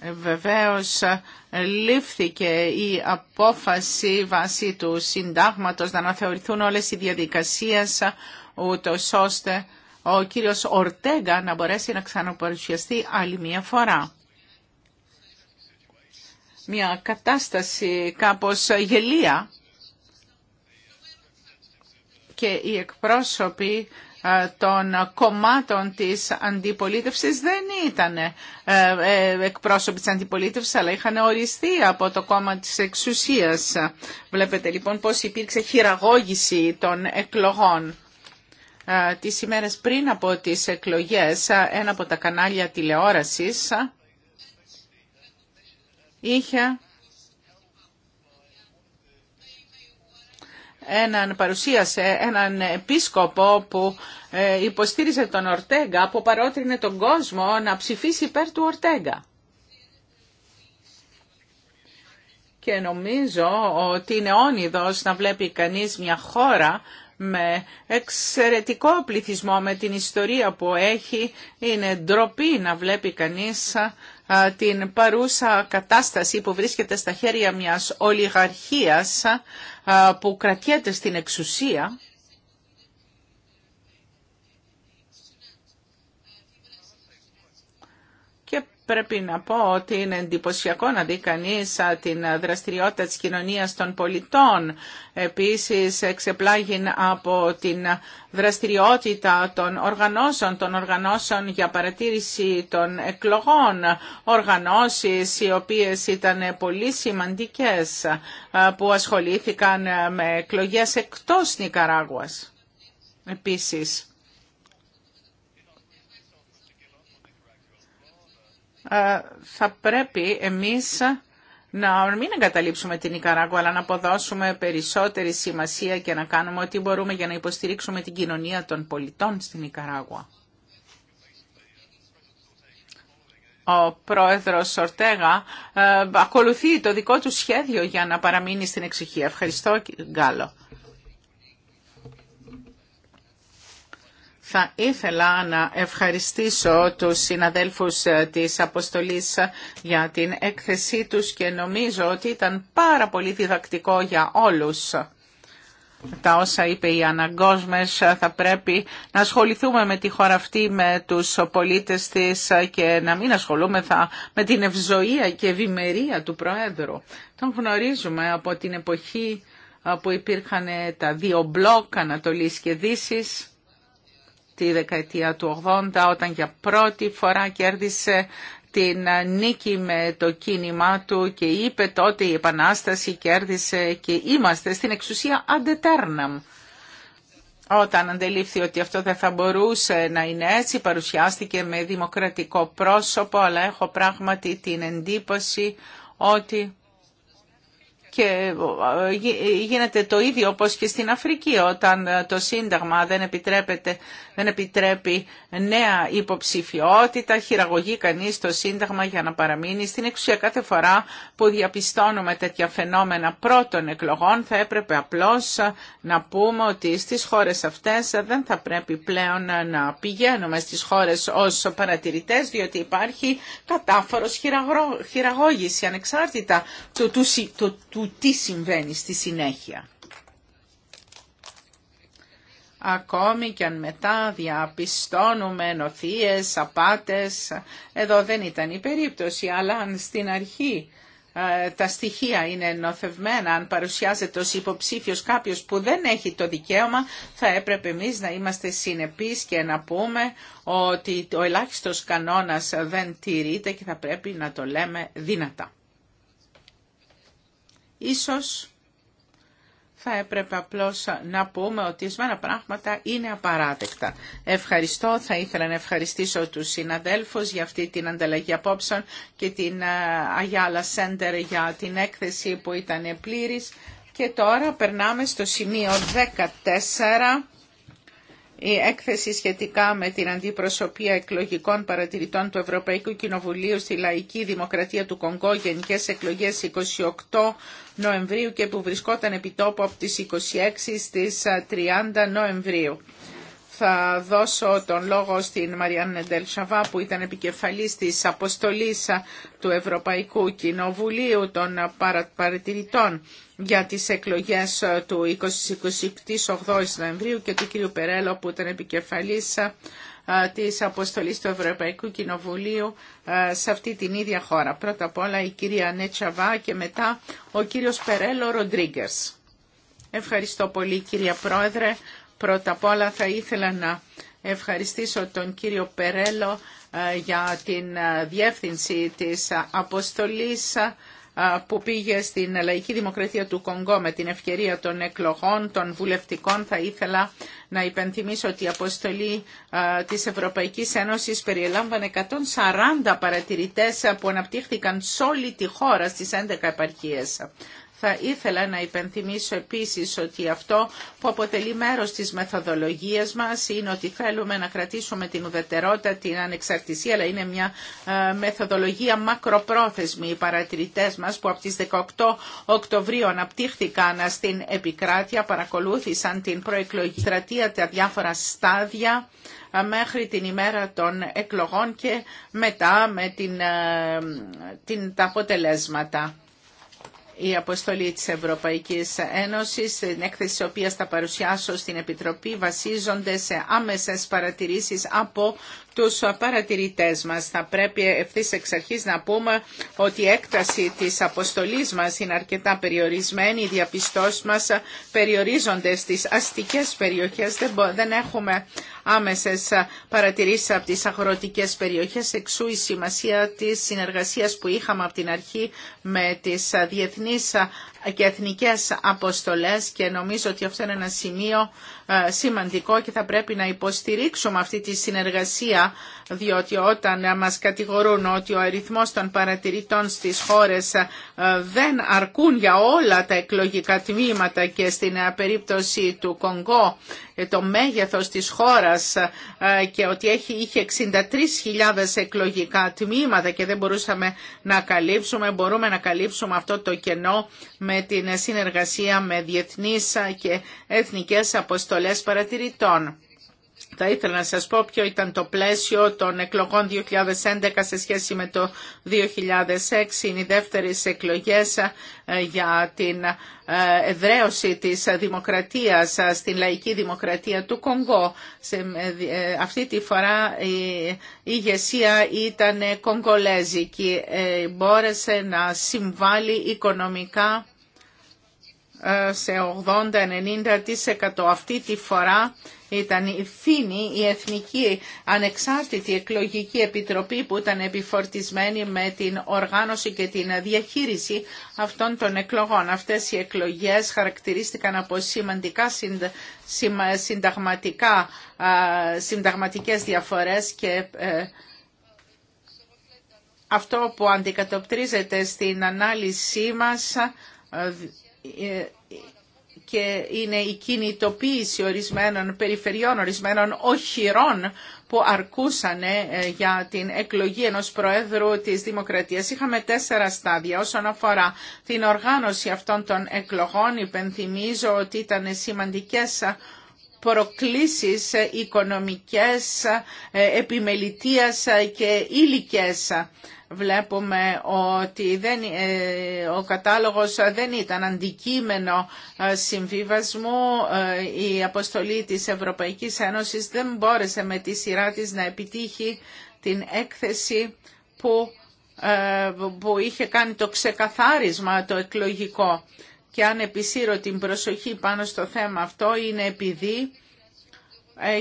Ε, βεβαίως ε, λήφθηκε η απόφαση βάσει του συντάγματος να αναθεωρηθούν όλες οι διαδικασίες ε, ούτως ώστε ο κύριος Ορτέγκα να μπορέσει να ξαναπαρουσιαστεί άλλη μία φορά. Μια κατάσταση κάπως γελία και οι εκπρόσωποι ε, των κομμάτων της αντιπολίτευσης δεν ήταν ε, ε, εκπρόσωποι της αντιπολίτευσης αλλά είχαν οριστεί από το κόμμα της εξουσίας. Βλέπετε λοιπόν πώς υπήρξε χειραγώγηση των εκλογών. Τις ημέρες πριν από τις εκλογές ένα από τα κανάλια τηλεόρασης είχε έναν παρουσίασε έναν επίσκοπο που ε, υποστήριζε τον Ορτέγκα, που παρότρινε τον κόσμο να ψηφίσει υπέρ του Ορτέγκα. Και νομίζω ότι είναι όνειδος να βλέπει κανείς μια χώρα με εξαιρετικό πληθυσμό, με την ιστορία που έχει, είναι ντροπή να βλέπει κανείς την παρούσα κατάσταση που βρίσκεται στα χέρια μιας ολιγαρχίας που κρατιέται στην εξουσία Πρέπει να πω ότι είναι εντυπωσιακό να δει την δραστηριότητα της κοινωνίας των πολιτών. Επίσης, εξεπλάγει από την δραστηριότητα των οργανώσεων, των οργανώσεων για παρατήρηση των εκλογών, οργανώσεις οι οποίες ήταν πολύ σημαντικές που ασχολήθηκαν με εκλογές εκτός Νικαράγουας. Επίσης, Ε, θα πρέπει εμείς να μην εγκαταλείψουμε την Ικαράγουα, αλλά να αποδώσουμε περισσότερη σημασία και να κάνουμε ό,τι μπορούμε για να υποστηρίξουμε την κοινωνία των πολιτών στην Ικαράγουα. Ο πρόεδρος Σορτέγα ε, ακολουθεί το δικό του σχέδιο για να παραμείνει στην εξοχή. Ευχαριστώ, Γκάλο. Θα ήθελα να ευχαριστήσω τους συναδέλφους ε, της Αποστολής ε, για την έκθεσή τους και νομίζω ότι ήταν πάρα πολύ διδακτικό για όλους. Τα όσα είπε η Αναγκόσμες ε, θα πρέπει να ασχοληθούμε με τη χώρα αυτή, με τους πολίτες της και να μην ασχολούμε με την ευζοία και ευημερία του Προέδρου. Τον γνωρίζουμε από την εποχή που υπήρχαν τα δύο μπλοκ Ανατολής και Δύσης τη δεκαετία του 80 όταν για πρώτη φορά κέρδισε την νίκη με το κίνημά του και είπε τότε η Επανάσταση κέρδισε και είμαστε στην εξουσία αντετέρναμ. Όταν αντελήφθη ότι αυτό δεν θα μπορούσε να είναι έτσι, παρουσιάστηκε με δημοκρατικό πρόσωπο, αλλά έχω πράγματι την εντύπωση ότι και ε, ε, γίνεται το ίδιο όπως και στην Αφρική όταν ε, το Σύνταγμα δεν, επιτρέπεται, δεν επιτρέπει νέα υποψηφιότητα, χειραγωγεί κανείς το Σύνταγμα για να παραμείνει στην εξουσία κάθε φορά που διαπιστώνουμε τέτοια φαινόμενα πρώτων εκλογών θα έπρεπε απλώς να πούμε ότι στις χώρες αυτές δεν θα πρέπει πλέον να πηγαίνουμε στις χώρες ως παρατηρητές διότι υπάρχει κατάφορος χειραγώγηση ανεξάρτητα του, του, του του τι συμβαίνει στη συνέχεια. Ακόμη και αν μετά διαπιστώνουμε νοθείες, απάτες, εδώ δεν ήταν η περίπτωση, αλλά αν στην αρχή ε, τα στοιχεία είναι νοθευμένα, αν παρουσιάζεται ως υποψήφιος κάποιος που δεν έχει το δικαίωμα, θα έπρεπε εμείς να είμαστε συνεπείς και να πούμε ότι ο ελάχιστος κανόνας δεν τηρείται και θα πρέπει να το λέμε δυνατά. Ίσως θα έπρεπε απλώς να πούμε ότι ορισμένα πράγματα είναι απαράδεκτα. Ευχαριστώ, θα ήθελα να ευχαριστήσω τους συναδέλφους για αυτή την ανταλλαγή απόψεων και την Αγιάλα ε, Σέντερ για την έκθεση που ήταν πλήρης. Και τώρα περνάμε στο σημείο 14 η έκθεση σχετικά με την αντιπροσωπεία εκλογικών παρατηρητών του Ευρωπαϊκού Κοινοβουλίου στη Λαϊκή Δημοκρατία του Κονγκό, Γενικέ εκλογές 28 Νοεμβρίου και που βρισκόταν επιτόπου από τις 26 στι 30 Νοεμβρίου. Θα δώσω τον λόγο στην Μαριάν Νεντελ που ήταν επικεφαλής της αποστολής του Ευρωπαϊκού Κοινοβουλίου των Παρατηρητών για τις εκλογές του 28 Νοεμβρίου και του κ. Περέλο που ήταν επικεφαλής ε, της αποστολής του Ευρωπαϊκού Κοινοβουλίου ε, σε αυτή την ίδια χώρα. Πρώτα απ' όλα η κυρία Νέτσαβά και μετά ο κύριος Περέλο Ροντρίγκερς. Ευχαριστώ πολύ κυρία Πρόεδρε. Πρώτα απ' όλα θα ήθελα να ευχαριστήσω τον κύριο Περέλο ε, για την ε, διεύθυνση της αποστολής ε, που πήγε στην Λαϊκή Δημοκρατία του Κονγκό με την ευκαιρία των εκλογών, των βουλευτικών. Θα ήθελα να υπενθυμίσω ότι η αποστολή της Ευρωπαϊκής Ένωσης περιελάμβανε 140 παρατηρητές που αναπτύχθηκαν σε όλη τη χώρα στις 11 επαρχίες. Θα ήθελα να υπενθυμίσω επίσης ότι αυτό που αποτελεί μέρος της μεθοδολογίας μας είναι ότι θέλουμε να κρατήσουμε την ουδετερότητα, την ανεξαρτησία, αλλά είναι μια ε, μεθοδολογία μακροπρόθεσμη. Οι παρατηρητές μας που από τις 18 Οκτωβρίου αναπτύχθηκαν στην επικράτεια, παρακολούθησαν την προεκλογική στρατεία, τα διάφορα στάδια ε, μέχρι την ημέρα των εκλογών και μετά με την, ε, τα αποτελέσματα η αποστολή της Ευρωπαϊκής Ένωσης, την έκθεση της οποίας θα παρουσιάσω στην Επιτροπή, βασίζονται σε άμεσες παρατηρήσεις από τους παρατηρητές μας. Θα πρέπει ευθύ εξ αρχής να πούμε ότι η έκταση της αποστολής μας είναι αρκετά περιορισμένη. Οι διαπιστώσεις μας περιορίζονται στις αστικές περιοχές. Δεν έχουμε Άμεσε παρατηρήσει από τι αγροτικές περιοχές, εξού η σημασία της συνεργασίας που είχαμε από την αρχή με τις διεθνεί και εθνικές αποστολέ, και νομίζω ότι αυτό είναι ένα σημείο ε, σημαντικό και θα πρέπει να υποστηρίξουμε αυτή τη συνεργασία διότι όταν μας κατηγορούν ότι ο αριθμός των παρατηρητών στις χώρες ε, δεν αρκούν για όλα τα εκλογικά τμήματα και στην ε, περίπτωση του Κονγκό το μέγεθος της χώρας και ότι έχει, είχε 63.000 εκλογικά τμήματα και δεν μπορούσαμε να καλύψουμε, μπορούμε να καλύψουμε αυτό το κενό με την συνεργασία με διεθνείς και εθνικές αποστολές επιστολές παρατηρητών. Θα ήθελα να σας πω ποιο ήταν το πλαίσιο των εκλογών 2011 σε σχέση με το 2006. Είναι οι δεύτερες εκλογές ε, για την ε, εδραίωση της δημοκρατίας ε, στην λαϊκή δημοκρατία του Κονγκό. Αυτή τη φορά η ηγεσία ήταν κογκολέζικη. Μπόρεσε να συμβάλλει οικονομικά ε, σε 80-90% αυτή τη φορά ήταν η ΦΥΝΗ, η Εθνική Ανεξάρτητη Εκλογική Επιτροπή που ήταν επιφορτισμένη με την οργάνωση και την διαχείριση αυτών των εκλογών. Αυτές οι εκλογές χαρακτηρίστηκαν από σημαντικά συνταγματικά, συνταγματικές διαφορές και ε, αυτό που αντικατοπτρίζεται στην ανάλυση μας ε, και είναι η κινητοποίηση ορισμένων περιφερειών, ορισμένων οχυρών που αρκούσαν ε, για την εκλογή ενός Προέδρου της Δημοκρατίας. Είχαμε τέσσερα στάδια. Όσον αφορά την οργάνωση αυτών των εκλογών, υπενθυμίζω ότι ήταν σημαντικές προκλήσεις ε, οικονομικές, ε, επιμελητίας και υλικές βλέπουμε ότι δεν, ε, ο κατάλογος δεν ήταν αντικείμενο ε, συμβίβασμου. Ε, η αποστολή της Ευρωπαϊκής Ένωσης δεν μπόρεσε με τη σειρά της να επιτύχει την έκθεση που, που είχε κάνει το ξεκαθάρισμα το εκλογικό. Και αν επισύρω την προσοχή πάνω στο θέμα αυτό είναι επειδή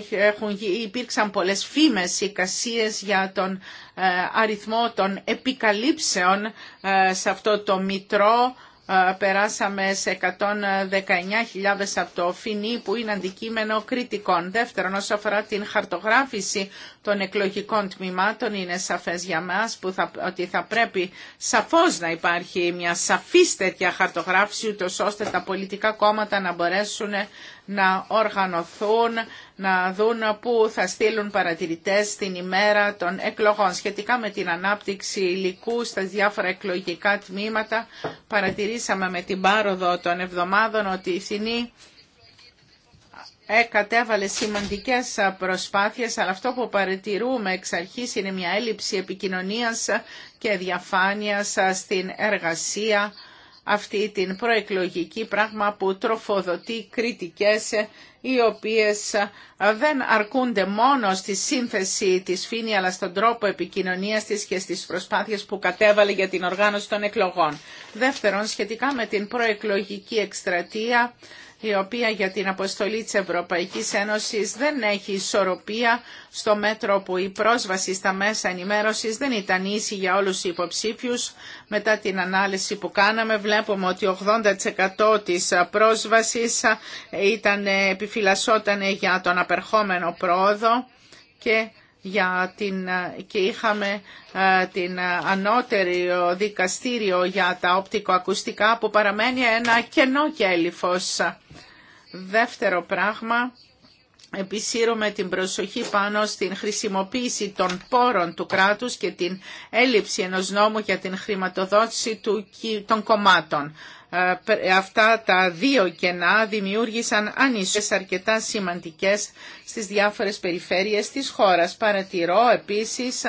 έχουν, υπήρξαν πολλές φήμες, εικασίες για τον ε, αριθμό των επικαλύψεων ε, σε αυτό το μητρό. Ε, περάσαμε σε 119.000 από το φινί που είναι αντικείμενο κριτικών. Δεύτερον, όσο αφορά την χαρτογράφηση των εκλογικών τμήματων, είναι σαφές για μας που ότι θα πρέπει σαφώς να υπάρχει μια σαφής τέτοια χαρτογράφηση, ούτως ώστε τα πολιτικά κόμματα να μπορέσουν να οργανωθούν, να δουν πού θα στείλουν παρατηρητές την ημέρα των εκλογών. Σχετικά με την ανάπτυξη υλικού στα διάφορα εκλογικά τμήματα, παρατηρήσαμε με την πάροδο των εβδομάδων ότι η Θηνή κατέβαλε σημαντικές προσπάθειες, αλλά αυτό που παρατηρούμε εξ αρχής είναι μια έλλειψη επικοινωνίας και διαφάνειας στην εργασία αυτή την προεκλογική πράγμα που τροφοδοτεί κριτικές οι οποίες δεν αρκούνται μόνο στη σύνθεση της Φίνη αλλά στον τρόπο επικοινωνίας της και στις προσπάθειες που κατέβαλε για την οργάνωση των εκλογών. Δεύτερον, σχετικά με την προεκλογική εκστρατεία, η οποία για την αποστολή της Ευρωπαϊκής Ένωσης δεν έχει ισορροπία στο μέτρο που η πρόσβαση στα μέσα ενημέρωσης δεν ήταν ίση για όλους οι υποψήφιους. Μετά την ανάλυση που κάναμε βλέπουμε ότι 80% της πρόσβασης ήταν, επιφυλασσόταν για τον απερχόμενο πρόοδο και για την, και είχαμε ε, την ανώτερη δικαστήριο για τα οπτικοακουστικά που παραμένει ένα κενό κέλυφος. Δεύτερο πράγμα, επισύρουμε την προσοχή πάνω στην χρησιμοποίηση των πόρων του κράτους και την έλλειψη ενός νόμου για την χρηματοδότηση των κομμάτων. Ε, αυτά τα δύο κενά δημιούργησαν ανισότητες αρκετά σημαντικές στις διάφορες περιφέρειες της χώρας. Παρατηρώ επίσης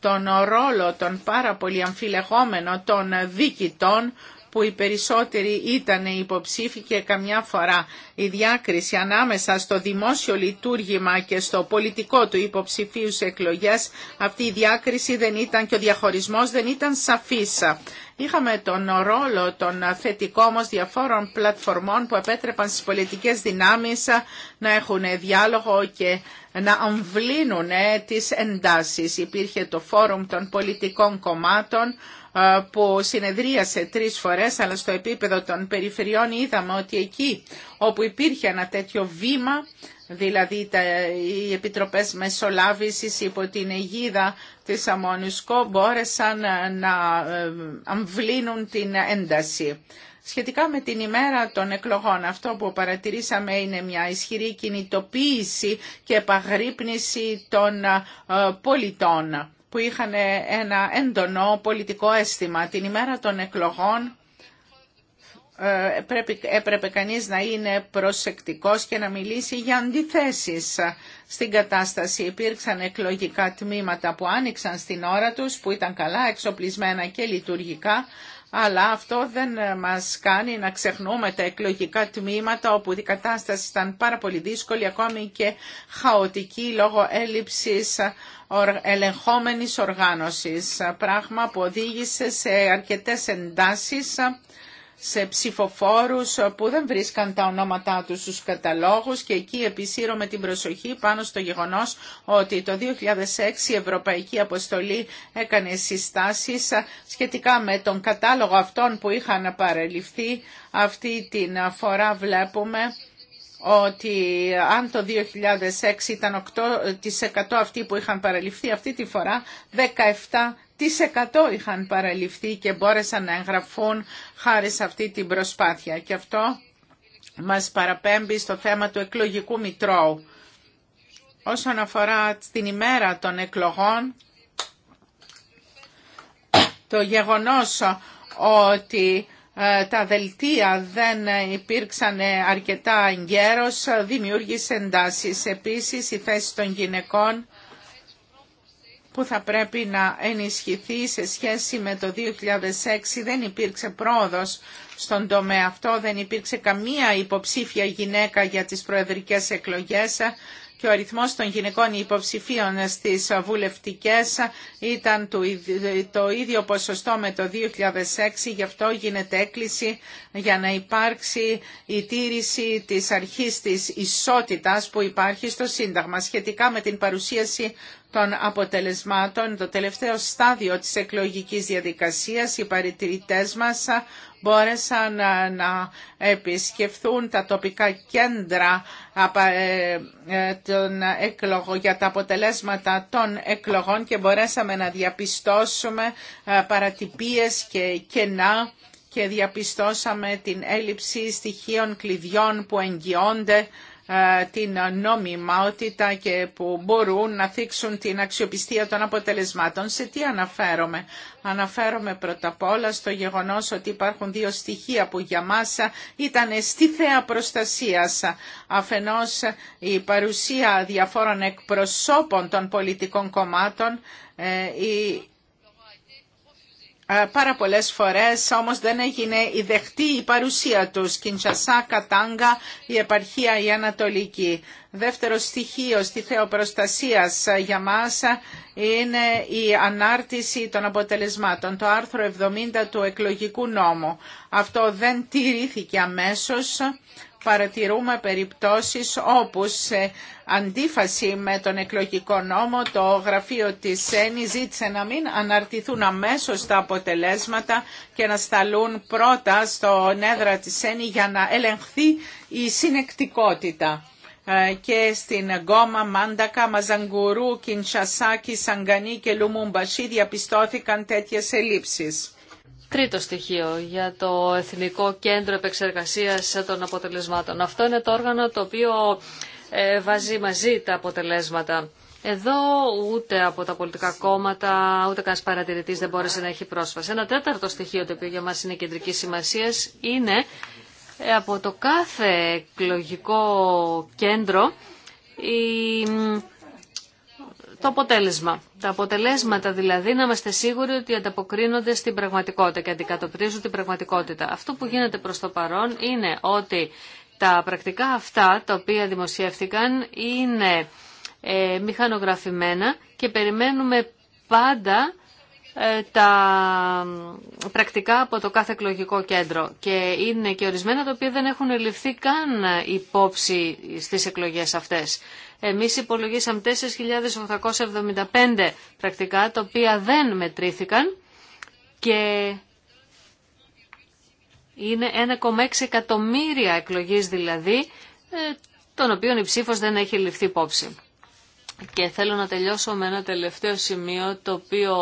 τον ρόλο των πάρα πολύ αμφιλεγόμενων των δίκητων που οι περισσότεροι ήταν υποψήφοι και καμιά φορά η διάκριση ανάμεσα στο δημόσιο λειτουργήμα και στο πολιτικό του υποψηφίου σε εκλογές, αυτή η διάκριση δεν ήταν και ο διαχωρισμός δεν ήταν σαφής. Είχαμε τον ρόλο των θετικών όμως διαφόρων πλατφορμών που επέτρεπαν στις πολιτικές δυνάμεις να έχουν διάλογο και να αμβλύνουν ε, τις εντάσεις. Υπήρχε το φόρουμ των πολιτικών κομμάτων ε, που συνεδρίασε τρεις φορές, αλλά στο επίπεδο των περιφερειών είδαμε ότι εκεί όπου υπήρχε ένα τέτοιο βήμα δηλαδή τα, οι επιτροπές μεσολάβησης υπό την αιγίδα της Αμμονισκό μπόρεσαν να ε, αμβλύνουν την ένταση. Σχετικά με την ημέρα των εκλογών, αυτό που παρατηρήσαμε είναι μια ισχυρή κινητοποίηση και επαγρύπνηση των ε, πολιτών που είχαν ένα έντονο πολιτικό αίσθημα. Την ημέρα των εκλογών ε, πρέπει, έπρεπε κανείς να είναι προσεκτικός και να μιλήσει για αντιθέσεις στην κατάσταση. Υπήρξαν εκλογικά τμήματα που άνοιξαν στην ώρα τους, που ήταν καλά εξοπλισμένα και λειτουργικά, αλλά αυτό δεν μας κάνει να ξεχνούμε τα εκλογικά τμήματα όπου η κατάσταση ήταν πάρα πολύ δύσκολη, ακόμη και χαοτική λόγω έλλειψης ελεγχόμενης οργάνωσης, πράγμα που οδήγησε σε αρκετές εντάσεις σε ψηφοφόρους που δεν βρίσκαν τα ονόματά τους στους καταλόγους και εκεί με την προσοχή πάνω στο γεγονός ότι το 2006 η Ευρωπαϊκή Αποστολή έκανε συστάσεις σχετικά με τον κατάλογο αυτών που είχαν παρελειφθεί. Αυτή την φορά βλέπουμε ότι αν το 2006 ήταν 8% αυτοί που είχαν παραλυφθεί, αυτή τη φορά 17% είχαν παραλυφθεί και μπόρεσαν να εγγραφούν χάρη σε αυτή την προσπάθεια. Και αυτό μας παραπέμπει στο θέμα του εκλογικού μητρώου. Όσον αφορά την ημέρα των εκλογών, το γεγονός ότι ε, τα δελτία δεν υπήρξαν αρκετά γέρος, δημιούργησε εντάσεις. Επίσης, η θέση των γυναικών που θα πρέπει να ενισχυθεί σε σχέση με το 2006 δεν υπήρξε πρόοδος στον τομέα αυτό, δεν υπήρξε καμία υποψήφια γυναίκα για τις προεδρικές εκλογές και ο αριθμός των γυναικών υποψηφίων στις βουλευτικές ήταν το ίδιο ποσοστό με το 2006, γι' αυτό γίνεται έκκληση για να υπάρξει η τήρηση της αρχής της ισότητας που υπάρχει στο Σύνταγμα σχετικά με την παρουσίαση των αποτελεσμάτων, το τελευταίο στάδιο της εκλογικής διαδικασίας, οι παρατηρητές μας μπόρεσαν να επισκεφθούν τα τοπικά κέντρα ε, ε, για τα αποτελέσματα των εκλογών και μπορέσαμε να διαπιστώσουμε ε, παρατυπίες και κενά και διαπιστώσαμε την έλλειψη στοιχείων κλειδιών που εγγυώνται ε, την νόμιμότητα και που μπορούν να θίξουν την αξιοπιστία των αποτελεσμάτων. Σε τι αναφέρομαι. Αναφέρομαι πρώτα απ' όλα στο γεγονός ότι υπάρχουν δύο στοιχεία που για μας ήταν στη θέα προστασίας. Αφενός η παρουσία διαφόρων εκπροσώπων των πολιτικών κομμάτων, ε, ε, πάρα πολλές φορές όμως δεν έγινε η δεχτή η παρουσία τους. Κιντσασά, Κατάγκα, η επαρχία η Ανατολική. Δεύτερο στοιχείο στη θεοπροστασίας για μας είναι η ανάρτηση των αποτελεσμάτων. Το άρθρο 70 του εκλογικού νόμου. Αυτό δεν τηρήθηκε αμέσως παρατηρούμε περιπτώσεις όπως σε αντίφαση με τον εκλογικό νόμο το γραφείο της ΣΕΝΗ ζήτησε να μην αναρτηθούν αμέσως τα αποτελέσματα και να σταλούν πρώτα στο έδρα της ΣΕΝΗ για να ελεγχθεί η συνεκτικότητα ε, και στην Γκόμα, Μάντακα, Μαζαγκουρού, Κιντσασάκη, Σαγκανή και Λουμουμπασί διαπιστώθηκαν τέτοιες ελλείψεις. Τρίτο στοιχείο για το Εθνικό Κέντρο Επεξεργασίας των Αποτελεσμάτων. Αυτό είναι το όργανο το οποίο ε, βάζει μαζί τα αποτελέσματα. Εδώ ούτε από τα πολιτικά κόμματα, ούτε κανένα παρατηρητή δεν μπόρεσε να έχει πρόσβαση. Ένα τέταρτο στοιχείο το οποίο για μα είναι κεντρική σημασία είναι ε, από το κάθε εκλογικό κέντρο το αποτέλεσμα τα αποτελέσματα δηλαδή να είμαστε σίγουροι ότι ανταποκρίνονται στην πραγματικότητα και αντικατοπτρίζουν την πραγματικότητα. Αυτό που γίνεται προς το παρόν είναι ότι τα πρακτικά αυτά τα οποία δημοσιεύτηκαν είναι ε, μηχανογραφημένα και περιμένουμε πάντα ε, τα πρακτικά από το κάθε εκλογικό κέντρο και είναι και ορισμένα τα οποία δεν έχουν ληφθεί καν υπόψη στις εκλογές αυτές. Εμείς υπολογίσαμε 4.875 πρακτικά, τα οποία δεν μετρήθηκαν και είναι 1,6 εκατομμύρια εκλογής δηλαδή, ε, τον οποίων η ψήφος δεν έχει ληφθεί υπόψη. Και θέλω να τελειώσω με ένα τελευταίο σημείο το οποίο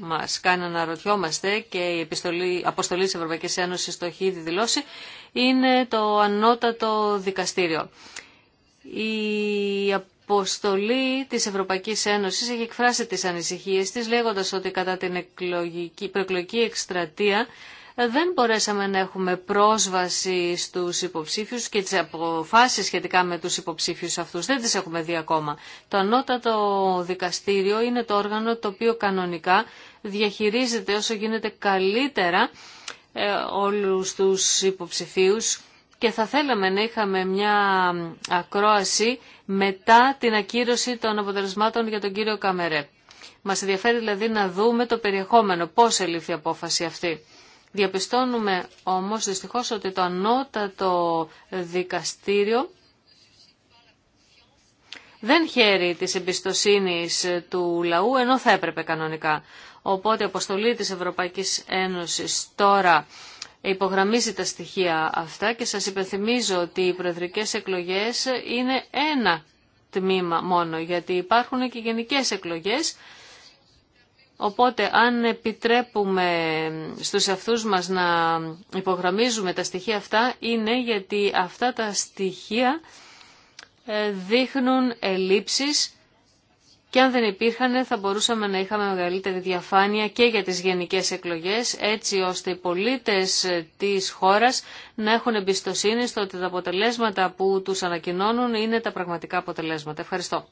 μας κάνει να αναρωτιόμαστε και η επιστολή, αποστολή της Ευρωπαϊκής Ένωσης το έχει ήδη δηλώσει, είναι το ανώτατο δικαστήριο. Η αποστολή της Ευρωπαϊκής Ένωσης έχει εκφράσει τις ανησυχίες της λέγοντας ότι κατά την εκλογική, προεκλογική εκστρατεία δεν μπορέσαμε να έχουμε πρόσβαση στους υποψήφιους και τις αποφάσεις σχετικά με τους υποψήφιους αυτούς. Δεν τις έχουμε δει ακόμα. Το ανώτατο δικαστήριο είναι το όργανο το οποίο κανονικά διαχειρίζεται όσο γίνεται καλύτερα ε, όλους τους υποψηφίους και θα θέλαμε να είχαμε μια ακρόαση μετά την ακύρωση των αποτελεσμάτων για τον κύριο Καμερέ. Μας ενδιαφέρει δηλαδή να δούμε το περιεχόμενο, πώς ελήφθη η απόφαση αυτή. Διαπιστώνουμε όμως δυστυχώς ότι το ανώτατο δικαστήριο δεν χαίρει της εμπιστοσύνης του λαού, ενώ θα έπρεπε κανονικά. Οπότε η αποστολή της Ευρωπαϊκής Ένωσης τώρα υπογραμμίζει τα στοιχεία αυτά και σας υπενθυμίζω ότι οι προεδρικές εκλογές είναι ένα τμήμα μόνο, γιατί υπάρχουν και γενικές εκλογές. Οπότε αν επιτρέπουμε στους αυτούς μας να υπογραμμίζουμε τα στοιχεία αυτά, είναι γιατί αυτά τα στοιχεία ε, δείχνουν ελλείψεις και αν δεν υπήρχαν θα μπορούσαμε να είχαμε μεγαλύτερη διαφάνεια και για τις γενικές εκλογές έτσι ώστε οι πολίτες της χώρας να έχουν εμπιστοσύνη στο ότι τα αποτελέσματα που τους ανακοινώνουν είναι τα πραγματικά αποτελέσματα. Ευχαριστώ.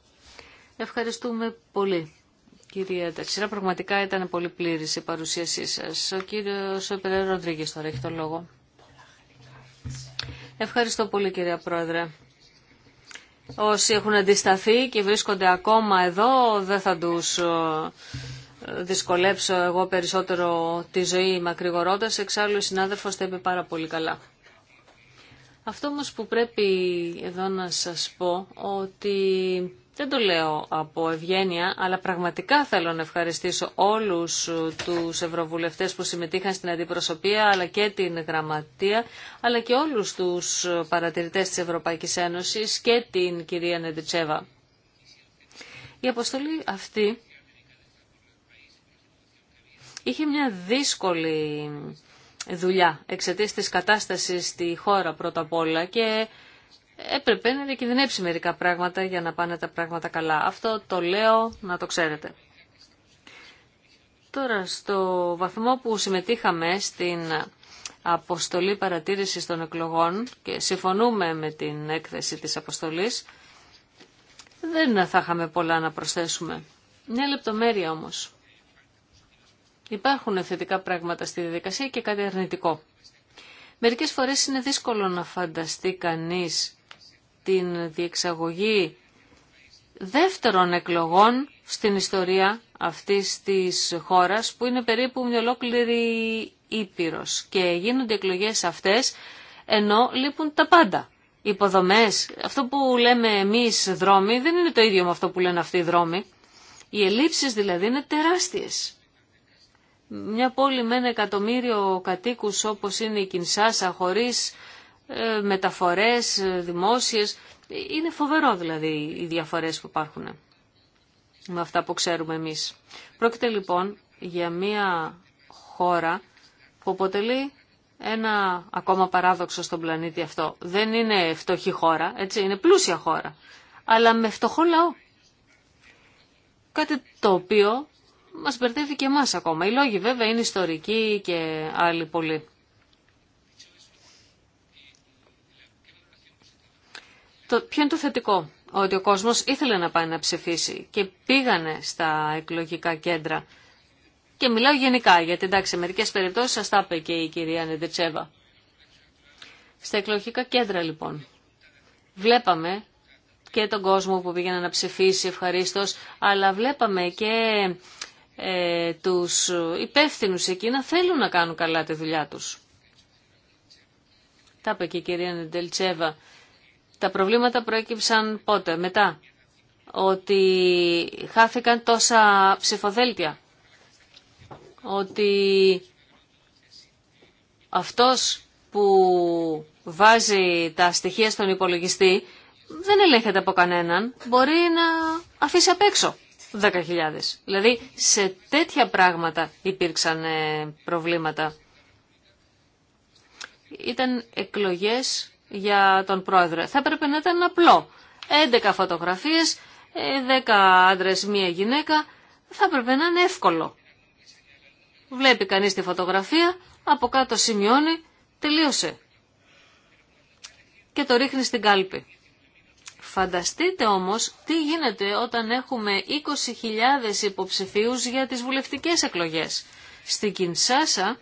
Ευχαριστούμε πολύ. Κυρία Ταξίρα, πραγματικά ήταν πολύ πλήρη η παρουσίασή σα. Ο κύριο Σοπερέ τώρα έχει το λόγο. Ευχαριστώ πολύ, κυρία Πρόεδρε. Όσοι έχουν αντισταθεί και βρίσκονται ακόμα εδώ, δεν θα τους ε, δυσκολέψω εγώ περισσότερο τη ζωή μακρηγορώντας. Εξάλλου, ο συνάδελφος τα είπε πάρα πολύ καλά. Αυτό όμως που πρέπει εδώ να σας πω, ότι δεν το λέω από ευγένεια, αλλά πραγματικά θέλω να ευχαριστήσω όλους τους ευρωβουλευτές που συμμετείχαν στην αντιπροσωπεία, αλλά και την γραμματεία, αλλά και όλους τους παρατηρητές της Ευρωπαϊκής Ένωσης και την κυρία Νεντιτσέβα. Η αποστολή αυτή είχε μια δύσκολη δουλειά εξαιτίας της κατάστασης στη χώρα πρώτα απ' όλα και έπρεπε να διακινδυνεύσει μερικά πράγματα για να πάνε τα πράγματα καλά. Αυτό το λέω να το ξέρετε. Τώρα, στο βαθμό που συμμετείχαμε στην αποστολή παρατήρησης των εκλογών και συμφωνούμε με την έκθεση της αποστολής, δεν θα είχαμε πολλά να προσθέσουμε. Μια λεπτομέρεια όμως. Υπάρχουν θετικά πράγματα στη διαδικασία και κάτι αρνητικό. Μερικές φορές είναι δύσκολο να φανταστεί κανείς την διεξαγωγή δεύτερων εκλογών στην ιστορία αυτής της χώρας που είναι περίπου μια ολόκληρη ήπειρος και γίνονται εκλογές αυτές ενώ λείπουν τα πάντα. Υποδομές, αυτό που λέμε εμείς δρόμοι δεν είναι το ίδιο με αυτό που λένε αυτοί οι δρόμοι. Οι ελλείψεις δηλαδή είναι τεράστιες. Μια πόλη με ένα εκατομμύριο κατοίκους όπως είναι η Κινσάσα χωρίς ε, μεταφορές ε, δημόσιες. Είναι φοβερό δηλαδή οι διαφορές που υπάρχουν με αυτά που ξέρουμε εμείς. Πρόκειται λοιπόν για μια χώρα που αποτελεί ένα ακόμα παράδοξο στον πλανήτη αυτό. Δεν είναι φτωχή χώρα, έτσι, είναι πλούσια χώρα, αλλά με φτωχό λαό. Κάτι το οποίο μας μπερδεύει και εμάς ακόμα. Οι λόγοι βέβαια είναι ιστορικοί και άλλοι πολλοί. Το, ποιο είναι το θετικό, ότι ο κόσμος ήθελε να πάει να ψηφίσει και πήγανε στα εκλογικά κέντρα. Και μιλάω γενικά, γιατί εντάξει, σε μερικές περιπτώσεις σας τα είπε και η κυρία Νεντετσέβα. Στα εκλογικά κέντρα λοιπόν, βλέπαμε και τον κόσμο που πήγαινε να ψηφίσει ευχαρίστως, αλλά βλέπαμε και ε, τους υπεύθυνου εκεί να θέλουν να κάνουν καλά τη δουλειά τους. Τα είπε και η κυρία Νεντελτσέβα τα προβλήματα προέκυψαν πότε, μετά, ότι χάθηκαν τόσα ψηφοδέλτια, ότι αυτός που βάζει τα στοιχεία στον υπολογιστή δεν ελέγχεται από κανέναν, μπορεί να αφήσει απ' έξω 10.000. Δηλαδή σε τέτοια πράγματα υπήρξαν ε, προβλήματα. Ήταν εκλογές για τον πρόεδρο. Θα έπρεπε να ήταν απλό. 11 φωτογραφίες, 10 ε, άντρες, μία γυναίκα. Θα έπρεπε να είναι εύκολο. Βλέπει κανείς τη φωτογραφία, από κάτω σημειώνει, τελείωσε. Και το ρίχνει στην κάλπη. Φανταστείτε όμως τι γίνεται όταν έχουμε 20.000 υποψηφίους για τις βουλευτικές εκλογές. Στην Κινσάσα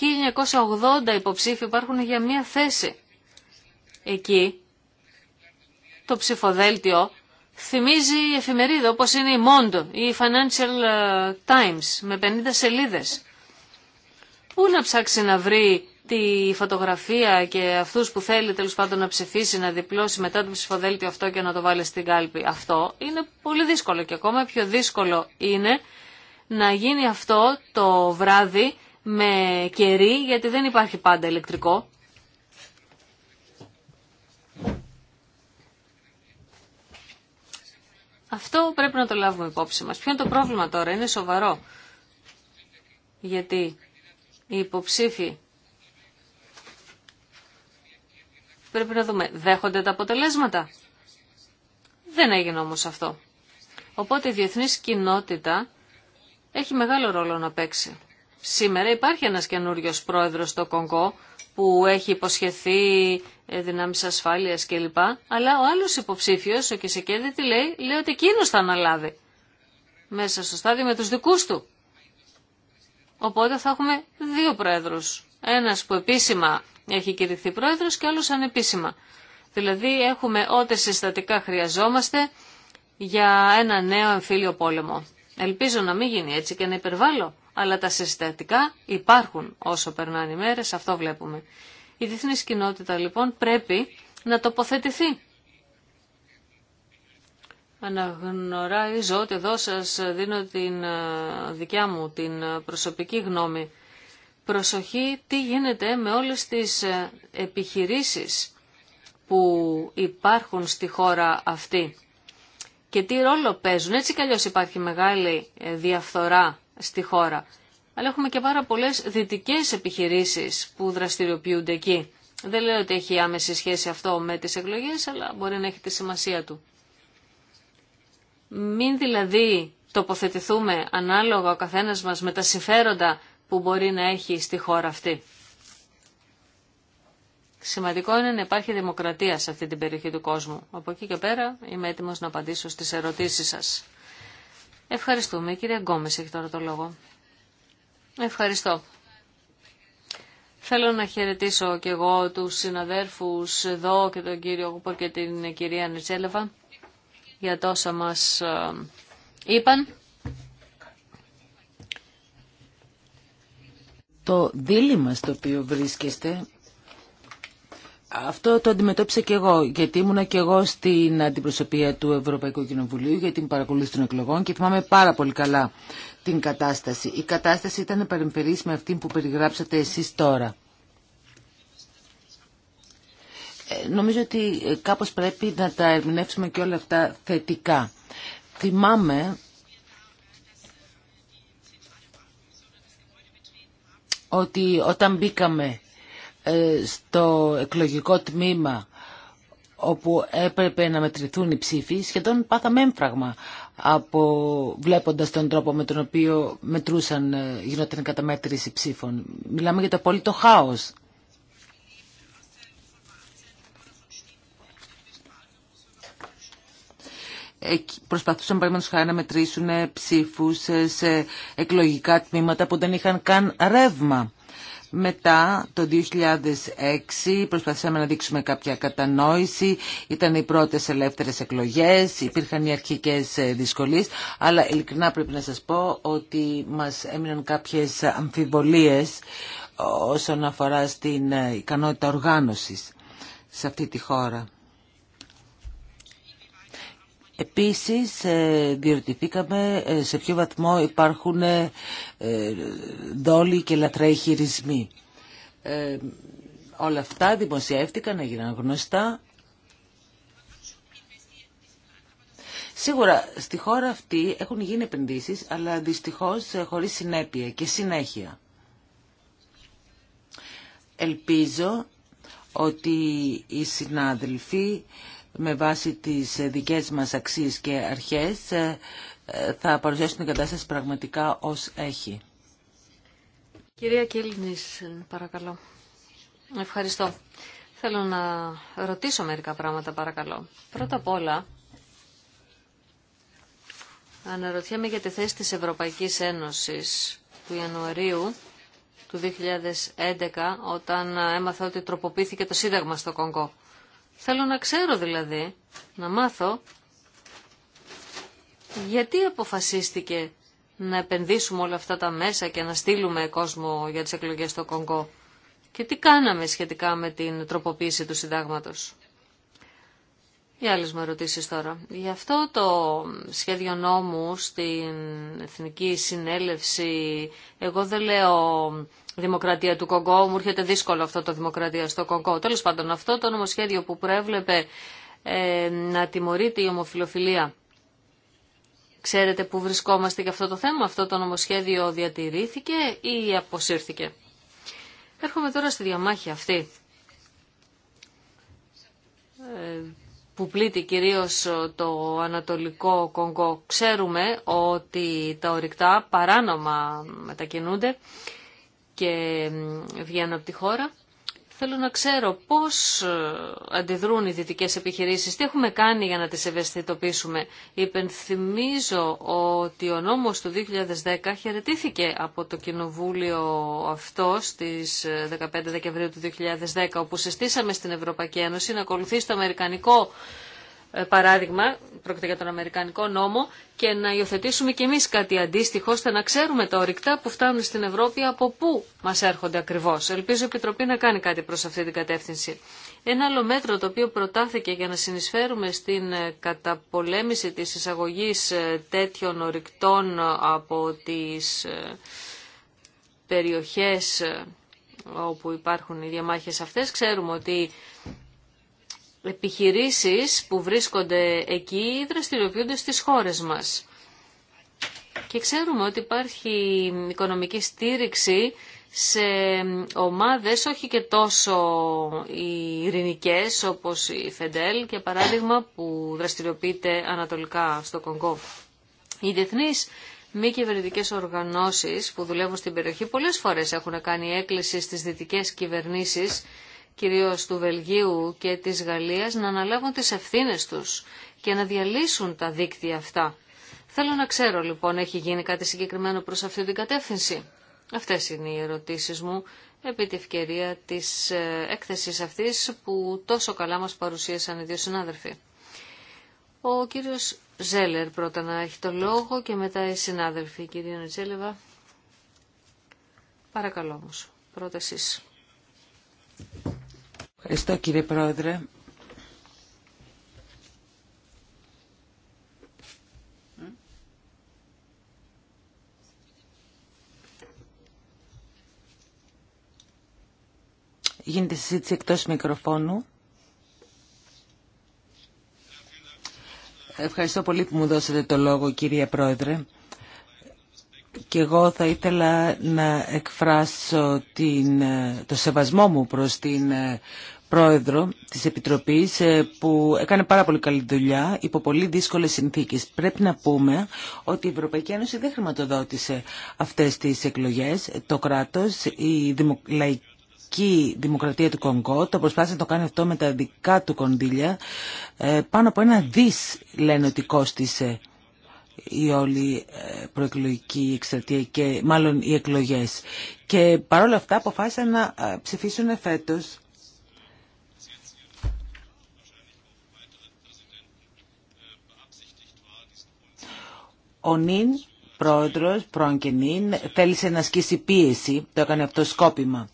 1980 υποψήφοι υπάρχουν για μία θέση. Εκεί το ψηφοδέλτιο θυμίζει η εφημερίδα όπως είναι η Mondo ή η Financial ε, Times με 50 σελίδες. Πού να ψάξει να βρει τη φωτογραφία και αυτούς που θέλει τέλος πάντων να ψηφίσει, να διπλώσει μετά το ψηφοδέλτιο αυτό και να το βάλει στην κάλπη. Αυτό είναι πολύ δύσκολο και ακόμα πιο δύσκολο είναι να γίνει αυτό το βράδυ με κερί, γιατί δεν υπάρχει πάντα ηλεκτρικό. Αυτό πρέπει να το λάβουμε υπόψη μας. Ποιο είναι το πρόβλημα τώρα, είναι σοβαρό. Γιατί οι υποψήφοι πρέπει να δούμε, δέχονται τα αποτελέσματα. Δεν έγινε όμως αυτό. Οπότε η διεθνής κοινότητα έχει μεγάλο ρόλο να παίξει. Σήμερα υπάρχει ένας καινούριος πρόεδρος στο Κονγκό που έχει υποσχεθεί ε, δυνάμει ασφάλεια κλπ. Αλλά ο άλλος υποψήφιος, ο Κισεκέδη, τι λέει, λέει ότι εκείνο θα αναλάβει μέσα στο στάδιο με τους δικούς του. Οπότε θα έχουμε δύο πρόεδρους. Ένας που επίσημα έχει κηρυχθεί πρόεδρος και άλλος ανεπίσημα. Δηλαδή έχουμε ό,τι συστατικά χρειαζόμαστε για ένα νέο εμφύλιο πόλεμο. Ελπίζω να μην γίνει έτσι και να υπερβάλλω αλλά τα συστατικά υπάρχουν όσο περνάνε οι μέρες, αυτό βλέπουμε. Η διεθνή κοινότητα λοιπόν πρέπει να τοποθετηθεί. Αναγνωρίζω ότι εδώ σας δίνω την ε, δικιά μου, την ε, προσωπική γνώμη. Προσοχή τι γίνεται με όλες τις ε, επιχειρήσεις που υπάρχουν στη χώρα αυτή και τι ρόλο παίζουν. Έτσι κι υπάρχει μεγάλη διαφθορά στη χώρα. Αλλά έχουμε και πάρα πολλές δυτικέ επιχειρήσεις που δραστηριοποιούνται εκεί. Δεν λέω ότι έχει άμεση σχέση αυτό με τις εκλογέ, αλλά μπορεί να έχει τη σημασία του. Μην δηλαδή τοποθετηθούμε ανάλογα ο καθένας μας με τα συμφέροντα που μπορεί να έχει στη χώρα αυτή. Σημαντικό είναι να υπάρχει δημοκρατία σε αυτή την περιοχή του κόσμου. Από εκεί και πέρα είμαι έτοιμος να απαντήσω στις ερωτήσεις σας. Ευχαριστούμε. Η κυρία Γκόμες έχει τώρα το λόγο. Ευχαριστώ. Θέλω να χαιρετήσω και εγώ τους συναδέρφους εδώ και τον κύριο Γούπο και την κυρία Νετσέλεβα για τόσα μας ε, είπαν. Το δίλημα στο οποίο βρίσκεστε αυτό το αντιμετώπισα και εγώ, γιατί ήμουνα και εγώ στην αντιπροσωπεία του Ευρωπαϊκού Κοινοβουλίου για την παρακολούθηση των εκλογών και θυμάμαι πάρα πολύ καλά την κατάσταση. Η κατάσταση ήταν παρεμφερής με αυτή που περιγράψατε εσείς τώρα. Ε, νομίζω ότι ε, κάπως πρέπει να τα ερμηνεύσουμε και όλα αυτά θετικά. Θυμάμαι ότι όταν μπήκαμε ε, στο εκλογικό τμήμα όπου έπρεπε να μετρηθούν οι ψήφοι, σχεδόν πάθαμε έμφραγμα από βλέποντας τον τρόπο με τον οποίο μετρούσαν, ε, γινόταν η καταμέτρηση ψήφων. Μιλάμε για το απόλυτο χάος. προσπαθούσαν παραδείγματος χάρη να μετρήσουν ψήφους ε, σε εκλογικά τμήματα που δεν είχαν καν ρεύμα. Μετά το 2006 προσπαθήσαμε να δείξουμε κάποια κατανόηση, ήταν οι πρώτες ελεύθερες εκλογές, υπήρχαν οι αρχικές ε, δυσκολίες, αλλά ειλικρινά πρέπει να σας πω ότι μας έμειναν κάποιες αμφιβολίες ε, όσον αφορά στην ε, ικανότητα οργάνωσης σε αυτή τη χώρα. Επίσης ε, διερωτηθήκαμε ε, σε ποιο βαθμό υπάρχουν ε, δόλοι και λατρέοι χειρισμοί. Όλα αυτά δημοσιεύτηκαν, έγιναν γνωστά. Σίγουρα στη χώρα αυτή έχουν γίνει επενδύσεις, αλλά δυστυχώς χωρίς συνέπεια και συνέχεια. Ελπίζω ότι οι συνάδελφοι με βάση τις ε, δικές μας αξίες και αρχές ε, θα παρουσιάσουν την κατάσταση πραγματικά ως έχει. Κυρία Κέλλινης, παρακαλώ. Ευχαριστώ. Θέλω να ρωτήσω μερικά πράγματα, παρακαλώ. Πρώτα απ' όλα, αναρωτιέμαι για τη θέση της Ευρωπαϊκής Ένωσης του Ιανουαρίου του 2011, όταν έμαθα ότι τροποποιήθηκε το Σύνταγμα στο Κονγκό. Θέλω να ξέρω δηλαδή, να μάθω, γιατί αποφασίστηκε να επενδύσουμε όλα αυτά τα μέσα και να στείλουμε κόσμο για τις εκλογές στο Κονγκό. Και τι κάναμε σχετικά με την τροποποίηση του συντάγματος. Για άλλε μου ερωτήσει τώρα. Γι' αυτό το σχέδιο νόμου στην Εθνική Συνέλευση, εγώ δεν λέω Δημοκρατία του κογκό, μου έρχεται δύσκολο αυτό το Δημοκρατία στο κογκό. Τέλο πάντων, αυτό το νομοσχέδιο που προέβλεπε ε, να τιμωρείται η ομοφιλοφιλία. Ξέρετε που βρισκόμαστε για αυτό το θέμα, αυτό το νομοσχέδιο διατηρήθηκε ή αποσύρθηκε. Έρχομαι τώρα στη διαμάχη αυτή που πλήττει κυρίως ε, το Ανατολικό Κονγκό. Ξέρουμε ότι τα ορυκτά παράνομα μετακινούνται και βγαίνουν από τη χώρα. Θέλω να ξέρω πώς ε, αντιδρούν οι δυτικές επιχειρήσεις, τι έχουμε κάνει για να τις ευαισθητοποιήσουμε. Υπενθυμίζω ότι ο νόμος του 2010 χαιρετήθηκε από το Κοινοβούλιο αυτό στις 15 ε, Δεκεμβρίου του 2010, όπου συστήσαμε στην Ευρωπαϊκή Ένωση να ακολουθήσει το Αμερικανικό ε, παράδειγμα, πρόκειται για τον Αμερικανικό νόμο, και να υιοθετήσουμε κι εμείς κάτι αντίστοιχο, ώστε να ξέρουμε τα ορυκτά που φτάνουν στην Ευρώπη από πού μας έρχονται ακριβώς. Ελπίζω η Επιτροπή να κάνει κάτι προς αυτή την κατεύθυνση. Ένα άλλο μέτρο το οποίο προτάθηκε για να συνεισφέρουμε στην ε, καταπολέμηση της εισαγωγής ε, τέτοιων ορυκτών από τις περιοχές όπου υπάρχουν οι διαμάχες αυτές. Ξέρουμε ότι επιχειρήσεις που βρίσκονται εκεί δραστηριοποιούνται στις χώρες μας. Και ξέρουμε ότι υπάρχει οικονομική στήριξη σε ομάδες όχι και τόσο ειρηνικέ όπως η Φεντέλ και παράδειγμα που δραστηριοποιείται ανατολικά στο Κονγκό. Οι διεθνείς μη κυβερνητικέ οργανώσεις που δουλεύουν στην περιοχή πολλές φορές έχουν κάνει έκκληση στις δυτικές κυβερνήσεις κυρίως του Βελγίου και της Γαλλίας, να αναλάβουν τις ευθύνες τους και να διαλύσουν τα δίκτυα αυτά. Θέλω να ξέρω λοιπόν, έχει γίνει κάτι συγκεκριμένο προς αυτή την κατεύθυνση. Αυτές είναι οι ερωτήσεις μου επί τη ευκαιρία της ε, έκθεσης αυτής που τόσο καλά μας παρουσίασαν οι δύο συνάδελφοι. Ο κύριος Ζέλερ πρώτα να έχει το λόγο και μετά οι συνάδελφοι. Κυρία Νετζέλεβα, παρακαλώ όμως, πρώτα Ευχαριστώ κύριε Πρόεδρε. Γίνεται συζήτηση εκτός μικροφώνου. Ευχαριστώ πολύ που μου δώσατε το λόγο κύριε Πρόεδρε. Και εγώ θα ήθελα να εκφράσω την, το σεβασμό μου προς την πρόεδρο της Επιτροπής ε, που έκανε πάρα πολύ καλή δουλειά υπό πολύ δύσκολες συνθήκες. Πρέπει να πούμε ότι η Ευρωπαϊκή Ένωση δεν χρηματοδότησε αυτές τις εκλογές. Το κράτος, η λαϊκή δημοκρατία του Κονγκό, το προσπάθησε να το κάνει αυτό με τα δικά του κονδύλια. Ε, πάνω από ένα δις λένε ότι κόστησε η όλη ε, προεκλογική εκστρατεία και μάλλον οι εκλογές. Και παρόλα αυτά αποφάσισαν να ψηφίσουν φέτος Ο Νίν, πρόεδρος, πρώην και Νίν, θέλησε να ασκήσει πίεση, το έκανε αυτό σκόπιμα.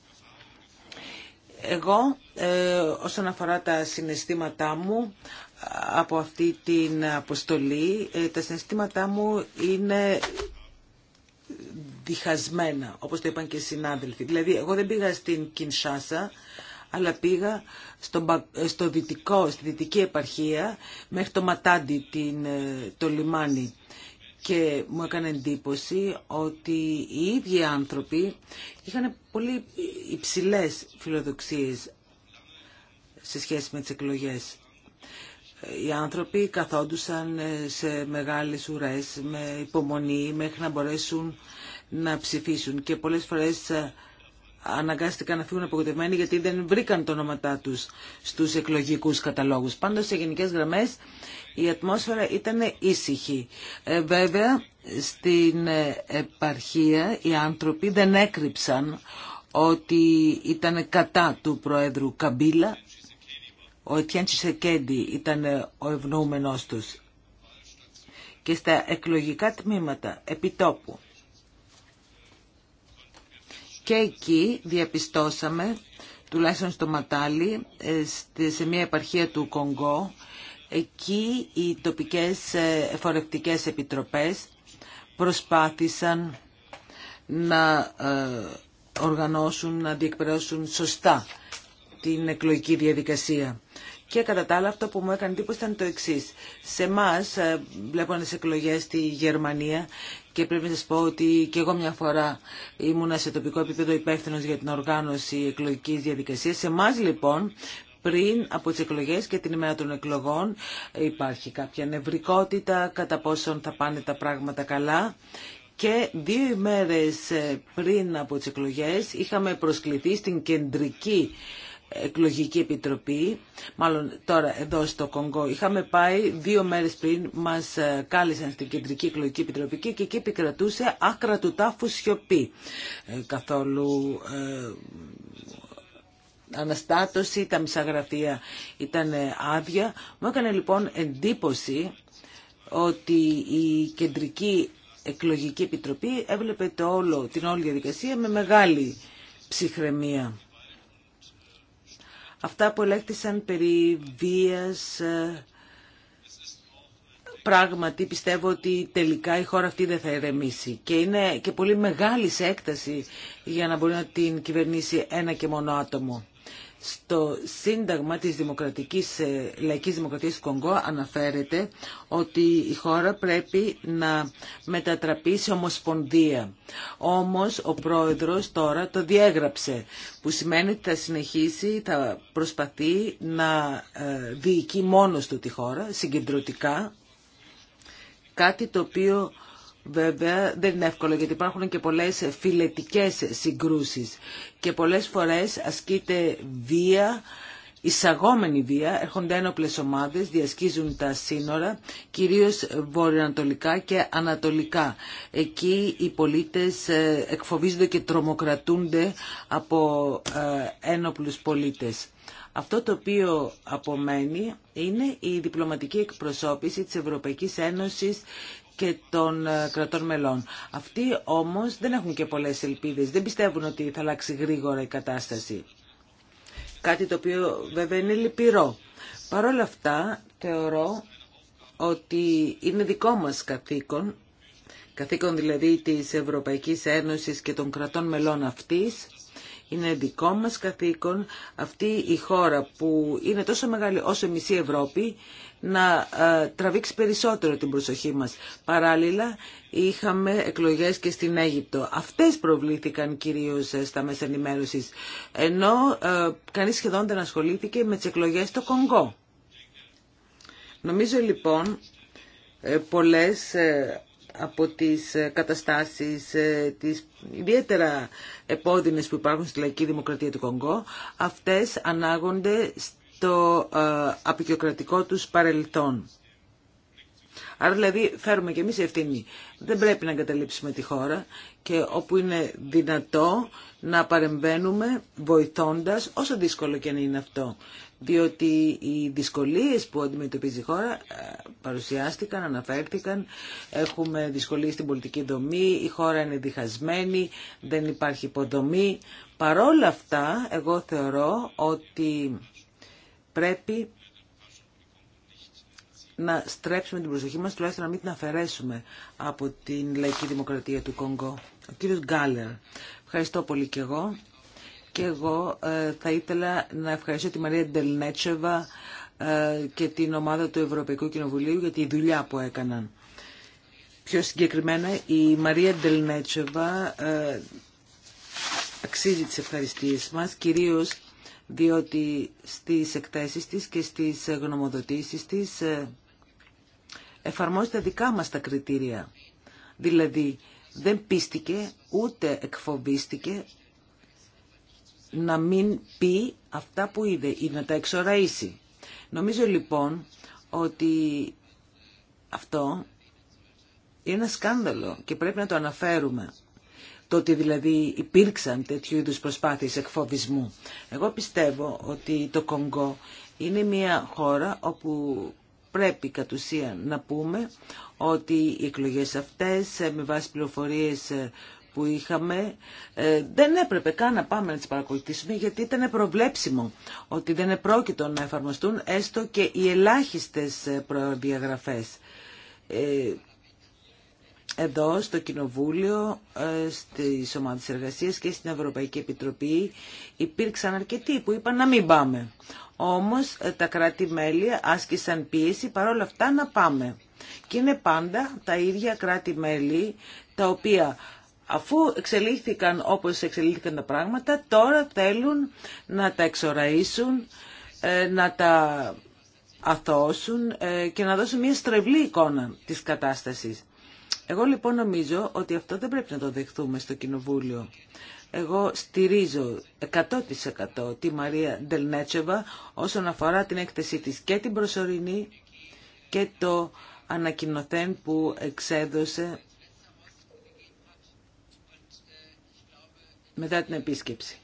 Εγώ, ε, όσον αφορά τα συναισθήματά μου από αυτή την αποστολή, ε, τα συναισθήματά μου είναι διχασμένα, όπως το είπαν και οι συνάδελφοι. Δηλαδή, εγώ δεν πήγα στην Κινσάσα, αλλά πήγα ε, στο, στο στη δυτική επαρχία, μέχρι το Ματάντι, την, ε, το λιμάνι και μου έκανε εντύπωση ότι οι ίδιοι άνθρωποι είχαν πολύ υψηλές φιλοδοξίες σε σχέση με τις εκλογές. Οι άνθρωποι καθόντουσαν σε μεγάλες ουρές με υπομονή μέχρι να μπορέσουν να ψηφίσουν και πολλές φορές αναγκάστηκαν να φύγουν απογοητευμένοι γιατί δεν βρήκαν το όνοματά του στου εκλογικού καταλόγου. Πάντω, σε γενικέ γραμμέ, η ατμόσφαιρα ήταν ήσυχη. Ε, βέβαια στην ε, επαρχία οι άνθρωποι δεν έκρυψαν ότι ήταν κατά του Προέδρου Καμπίλα. Ο Ετιέν Τσισεκέντη ήταν ε, ο ευνοούμενός τους. Και στα εκλογικά τμήματα επιτόπου και εκεί διαπιστώσαμε, τουλάχιστον στο Ματάλι, ε, σε μια επαρχία του Κονγκό, εκεί οι τοπικές ε, εφορευτικές επιτροπές προσπάθησαν να ε, οργανώσουν, να διεκπαιρεώσουν σωστά την εκλογική διαδικασία. Και κατά τα άλλα αυτό που μου έκανε εντύπωση ήταν το εξής. Σε εμά βλέπω τι στη Γερμανία και πρέπει να σα πω ότι και εγώ μια φορά ήμουνα σε τοπικό επίπεδο υπεύθυνο για την οργάνωση εκλογικής διαδικασίας. Σε εμά λοιπόν πριν από τις εκλογές και την ημέρα των εκλογών υπάρχει κάποια νευρικότητα κατά πόσον θα πάνε τα πράγματα καλά και δύο ημέρες πριν από τις εκλογές είχαμε προσκληθεί στην κεντρική εκλογική επιτροπή, μάλλον τώρα εδώ στο Κονγκό. Είχαμε πάει δύο μέρες πριν, μας ε, κάλεσαν στην Κεντρική Εκλογική Επιτροπή και εκεί επικρατούσε άκρα του τάφου σιωπή. Ε, καθόλου ε, αναστάτωση, τα μισά γραφεία ήταν άδεια. Μου έκανε λοιπόν εντύπωση ότι η Κεντρική Εκλογική Επιτροπή έβλεπε το όλο, την όλη διαδικασία με μεγάλη ψυχραιμία αυτά που ελέγχθησαν περί βίας, ε, πράγματι πιστεύω ότι τελικά η χώρα αυτή δεν θα ερεμίσει και είναι και πολύ μεγάλη σε έκταση για να μπορεί να την κυβερνήσει ένα και μόνο άτομο. Στο Σύνταγμα της Δημοκρατικής, ε, Λαϊκής Δημοκρατίας του Κονγκό αναφέρεται ότι η χώρα πρέπει να μετατραπεί σε ομοσπονδία. Όμως ο πρόεδρος τώρα το διέγραψε, που σημαίνει ότι θα συνεχίσει, θα προσπαθεί να ε, διοικεί μόνος του τη χώρα, συγκεντρωτικά, κάτι το οποίο Βέβαια δεν είναι εύκολο γιατί υπάρχουν και πολλές φιλετικές συγκρούσεις και πολλές φορές ασκείται βία, εισαγόμενη βία, έρχονται ένοπλες ομάδες, διασκίζουν τα σύνορα, κυρίως βορειοανατολικά και ανατολικά. Εκεί οι πολίτες ε, εκφοβίζονται και τρομοκρατούνται από ε, ένοπλους πολίτες. Αυτό το οποίο απομένει είναι η διπλωματική εκπροσώπηση της Ευρωπαϊκής Ένωσης και των ε, κρατών μελών. Αυτοί όμως δεν έχουν και πολλές ελπίδες, δεν πιστεύουν ότι θα αλλάξει γρήγορα η κατάσταση. Κάτι το οποίο βέβαια είναι λυπηρό. Παρ' όλα αυτά θεωρώ ότι είναι δικό μας καθήκον, καθήκον δηλαδή της Ευρωπαϊκής Ένωσης και των κρατών μελών αυτής, είναι δικό μας καθήκον αυτή η χώρα που είναι τόσο μεγάλη όσο μισή Ευρώπη να ε, τραβήξει περισσότερο την προσοχή μας. Παράλληλα, είχαμε εκλογές και στην Αίγυπτο. Αυτές προβλήθηκαν κυρίως ε, στα μέσα ενημέρωσης, ενώ ε, κανείς σχεδόν δεν ασχολήθηκε με τις εκλογές στο Κονγκό. Νομίζω λοιπόν πολλές από τις καταστάσεις, τις ιδιαίτερα επώδυνες που υπάρχουν στη λαϊκή δημοκρατία του Κονγκό, αυτές ανάγονται το ε, απεικιοκρατικό τους παρελθόν. Άρα δηλαδή φέρουμε και εμείς ευθύνη. Δεν πρέπει να εγκαταλείψουμε τη χώρα και όπου είναι δυνατό να παρεμβαίνουμε βοηθώντας όσο δύσκολο και να είναι αυτό. Διότι οι δυσκολίες που αντιμετωπίζει η χώρα ε, παρουσιάστηκαν, αναφέρθηκαν, έχουμε δυσκολίες στην πολιτική δομή, η χώρα είναι διχασμένη, δεν υπάρχει υποδομή. Παρόλα αυτά εγώ θεωρώ ότι πρέπει να στρέψουμε την προσοχή μας, τουλάχιστον να μην την αφαιρέσουμε από την λαϊκή δημοκρατία του Κονγκό. Ο κύριος Γκάλερ, ευχαριστώ πολύ και εγώ. Και εγώ ε, θα ήθελα να ευχαριστήσω τη Μαρία Ντελνέτσεβα ε, και την ομάδα του Ευρωπαϊκού Κοινοβουλίου για τη δουλειά που έκαναν. Πιο συγκεκριμένα, η Μαρία Ντελνέτσεβα ε, αξίζει τις ευχαριστίες μας, κυρίως διότι στις εκθέσεις της και στις γνωμοδοτήσεις της ε, εφαρμόζει δικά μας τα κριτήρια. Δηλαδή δεν πίστηκε ούτε εκφοβίστηκε να μην πει αυτά που είδε ή να τα εξοραίσει. Νομίζω λοιπόν ότι αυτό είναι σκάνδαλο και πρέπει να το αναφέρουμε το ότι δηλαδή υπήρξαν τέτοιου είδους προσπάθειες εκφοβισμού. Εγώ πιστεύω ότι το Κονγκό είναι μια χώρα όπου πρέπει κατ' ουσία να πούμε ότι οι εκλογές αυτές ε, με βάση πληροφορίες ε, που είχαμε ε, δεν έπρεπε καν να πάμε να τις παρακολουθήσουμε γιατί ήταν προβλέψιμο ότι δεν επρόκειτο να εφαρμοστούν έστω και οι ελάχιστες προδιαγραφές εδώ στο Κοινοβούλιο, ε, στις ομάδες εργασίας και στην Ευρωπαϊκή Επιτροπή υπήρξαν αρκετοί που είπαν να μην πάμε. Όμως ε, τα κράτη-μέλη άσκησαν πίεση παρόλα αυτά να πάμε. Και είναι πάντα τα ίδια κράτη-μέλη τα οποία αφού εξελίχθηκαν όπως εξελίχθηκαν τα πράγματα τώρα θέλουν να τα εξοραίσουν, ε, να τα αθώσουν και να δώσουν μια στρεβλή εικόνα της κατάστασης. Εγώ λοιπόν νομίζω ότι αυτό δεν πρέπει να το δεχθούμε στο Κοινοβούλιο. Εγώ στηρίζω 100% τη Μαρία Ντελνέτσεβα όσον αφορά την έκθεσή της και την προσωρινή και το ανακοινωθέν που εξέδωσε μετά την επίσκεψη.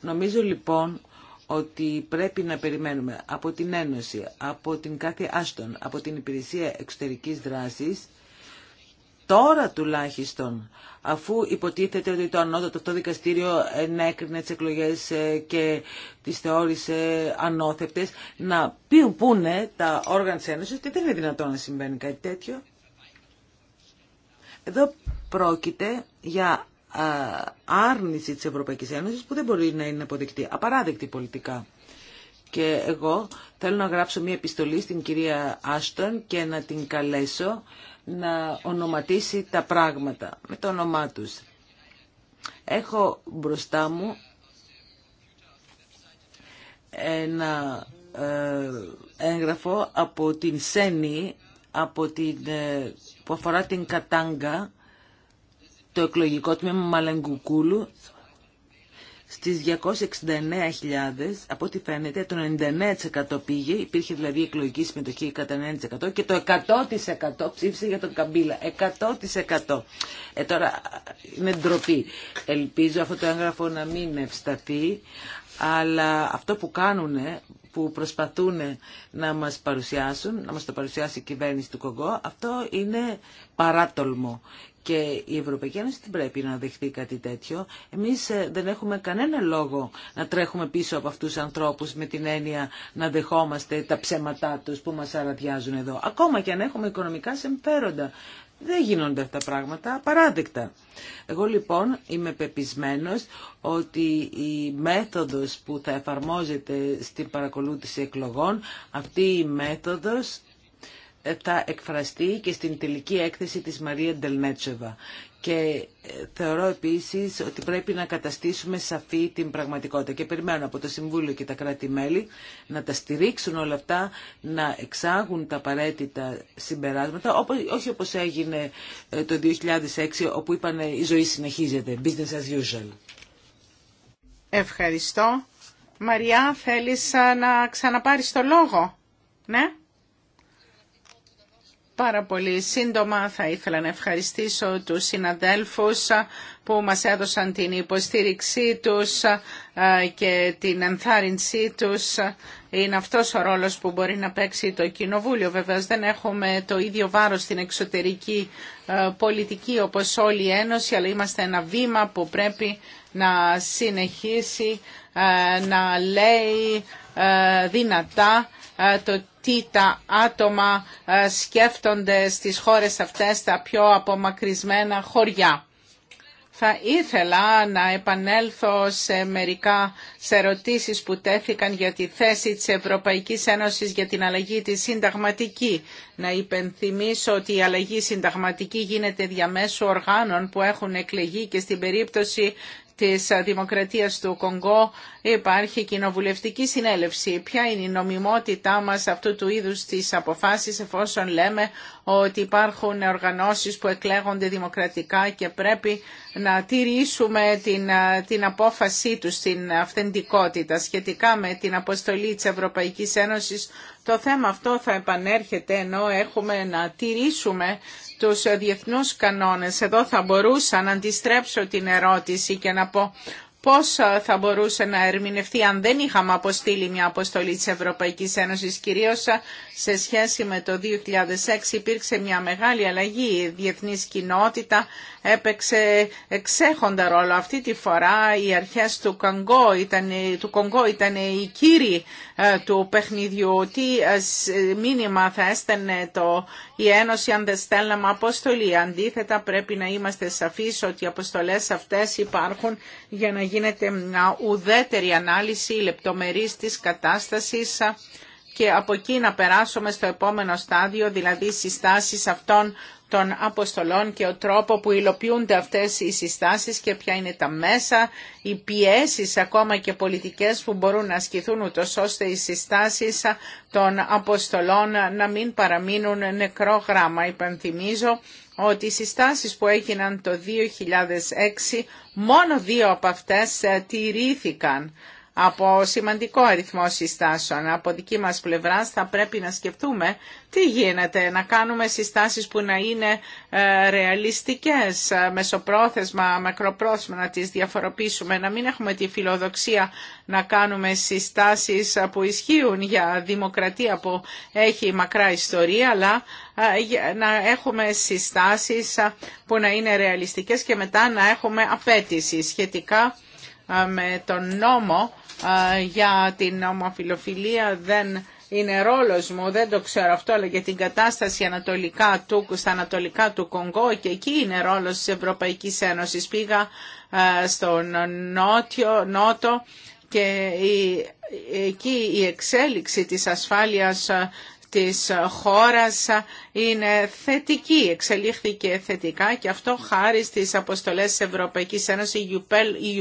Νομίζω λοιπόν ότι πρέπει να περιμένουμε από την Ένωση, από την κάθε Άστον, από την Υπηρεσία Εξωτερικής Δράσης Τώρα τουλάχιστον, αφού υποτίθεται ότι το ανώτατο αυτό δικαστήριο ενέκρινε τις εκλογές ε, και τις θεώρησε ανώθευτες, να πούνε τα όργανα της Ένωσης ότι δεν είναι δυνατόν να συμβαίνει κάτι τέτοιο. Εδώ πρόκειται για άρνηση της Ευρωπαϊκής Ένωσης που δεν μπορεί να είναι αποδεκτή, απαράδεκτη πολιτικά. Και εγώ θέλω να γράψω μια επιστολή στην κυρία Άστον και να την καλέσω να ονοματίσει τα πράγματα με το όνομά τους. Έχω μπροστά μου ένα ε, έγγραφο από την Σένη, από την, ε, που αφορά την Κατάγκα, το εκλογικό τμήμα Μαλαγκουκούλου στις 269.000, από ό,τι φαίνεται, το 99% πήγε, υπήρχε δηλαδή εκλογική συμμετοχή κατά 9% και το 100% ψήφισε για τον Καμπίλα. 100%. Ε, τώρα είναι ντροπή. Ελπίζω αυτό το έγγραφο να μην ευσταθεί, αλλά αυτό που κάνουν που προσπαθούν να μας παρουσιάσουν, να μας το παρουσιάσει η κυβέρνηση του Κογκό, αυτό είναι παράτολμο. Και η Ευρωπαϊκή Ένωση δεν πρέπει να δεχτεί κάτι τέτοιο. Εμείς ε, δεν έχουμε κανένα λόγο να τρέχουμε πίσω από αυτούς τους ανθρώπους με την έννοια να δεχόμαστε τα ψέματά τους που μας αραδιάζουν εδώ. Ακόμα και αν έχουμε οικονομικά συμφέροντα. Δεν γίνονται αυτά τα πράγματα απαράδεκτα. Εγώ λοιπόν είμαι πεπισμένος ότι η μέθοδος που θα εφαρμόζεται στην παρακολούθηση εκλογών, αυτή η μέθοδος ε, θα εκφραστεί και στην τελική έκθεση της Μαρία Ντελνέτσεβα. Και ε, θεωρώ επίσης ότι πρέπει να καταστήσουμε σαφή την πραγματικότητα και περιμένω από το Συμβούλιο και τα κράτη-μέλη να τα στηρίξουν όλα αυτά, να εξάγουν τα απαραίτητα συμπεράσματα, όχι όπως έγινε ε, το 2006 όπου είπαν η ζωή συνεχίζεται, business as usual. Ευχαριστώ. Μαριά, θέλεις ε, να ξαναπάρεις το λόγο, ναι? Πάρα πολύ σύντομα θα ήθελα να ευχαριστήσω τους συναδέλφους που μας έδωσαν την υποστήριξή τους ε, και την ενθάρρυνσή τους. Είναι αυτός ο ρόλος που μπορεί να παίξει το Κοινοβούλιο. Βεβαίως δεν έχουμε το ίδιο βάρος στην εξωτερική ε, πολιτική όπως όλη η Ένωση, αλλά είμαστε ένα βήμα που πρέπει να συνεχίσει ε, να λέει δυνατά το τι τα άτομα ε, σκέφτονται στις χώρες αυτές τα πιο απομακρυσμένα χωριά. Θα ήθελα να επανέλθω σε μερικά σε ερωτήσεις που τέθηκαν για τη θέση της Ευρωπαϊκής Ένωσης για την αλλαγή της συνταγματική. Να υπενθυμίσω ότι η αλλαγή συνταγματική γίνεται διαμέσου οργάνων που έχουν εκλεγεί και στην περίπτωση της Δημοκρατίας του Κονγκό υπάρχει κοινοβουλευτική συνέλευση. Ποια είναι η νομιμότητά μας αυτού του είδους της αποφάσεις εφόσον λέμε ότι υπάρχουν οργανώσεις που εκλέγονται δημοκρατικά και πρέπει να τηρήσουμε την, την απόφασή τους στην αυθεντικότητα σχετικά με την αποστολή της Ευρωπαϊκής Ένωσης. Το θέμα αυτό θα επανέρχεται ενώ έχουμε να τηρήσουμε τους διεθνούς κανόνες. Εδώ θα μπορούσα να αντιστρέψω την ερώτηση και να πω πώς θα μπορούσε να ερμηνευτεί αν δεν είχαμε αποστείλει μια αποστολή της Ευρωπαϊκής Ένωσης. Κυρίως σε σχέση με το 2006 υπήρξε μια μεγάλη αλλαγή. Η διεθνής κοινότητα έπαιξε εξέχοντα ρόλο. Αυτή τη φορά οι αρχές του Κονγκό ήταν, του Κονγκό ήταν οι κύριοι ε, του παιχνιδιού. Τι ε, μήνυμα θα έστενε το, η Ένωση αν δεν στέλναμε αποστολή. Αντίθετα πρέπει να είμαστε σαφείς ότι οι αποστολές αυτές υπάρχουν για να γίνεται μια ουδέτερη ανάλυση λεπτομερής της κατάστασης και από εκεί να περάσουμε στο επόμενο στάδιο, δηλαδή συστάσεις αυτών των αποστολών και ο τρόπο που υλοποιούνται αυτές οι συστάσεις και ποια είναι τα μέσα, οι πιέσεις ακόμα και πολιτικές που μπορούν να ασκηθούν ούτως ώστε οι συστάσεις των αποστολών να μην παραμείνουν νεκρό γράμμα. Υπενθυμίζω ότι οι συστάσεις που έγιναν το 2006, μόνο δύο από αυτές ε, τηρήθηκαν από σημαντικό αριθμό συστάσεων. Από δική μας πλευρά θα πρέπει να σκεφτούμε τι γίνεται, να κάνουμε συστάσεις που να είναι ε, ρεαλιστικές, ε, μεσοπρόθεσμα, μακροπρόθεσμα, να τις διαφοροποιήσουμε, να μην έχουμε τη φιλοδοξία να κάνουμε συστάσεις που ισχύουν για δημοκρατία που έχει μακρά ιστορία, αλλά ε, να έχουμε συστάσεις που να είναι ρεαλιστικές και μετά να έχουμε απέτηση σχετικά με τον νόμο για την ομοφιλοφιλία δεν είναι ρόλος μου, δεν το ξέρω αυτό, αλλά για την κατάσταση ανατολικά του, στα ανατολικά του Κονγκό και εκεί είναι ρόλος της Ευρωπαϊκής Ένωσης. Πήγα στον νότιο, νότο και εκεί η εξέλιξη της ασφάλειας της χώρας είναι θετική, εξελίχθηκε θετικά και αυτό χάρη στις αποστολές της Ευρωπαϊκής Ένωσης, η UPEL, η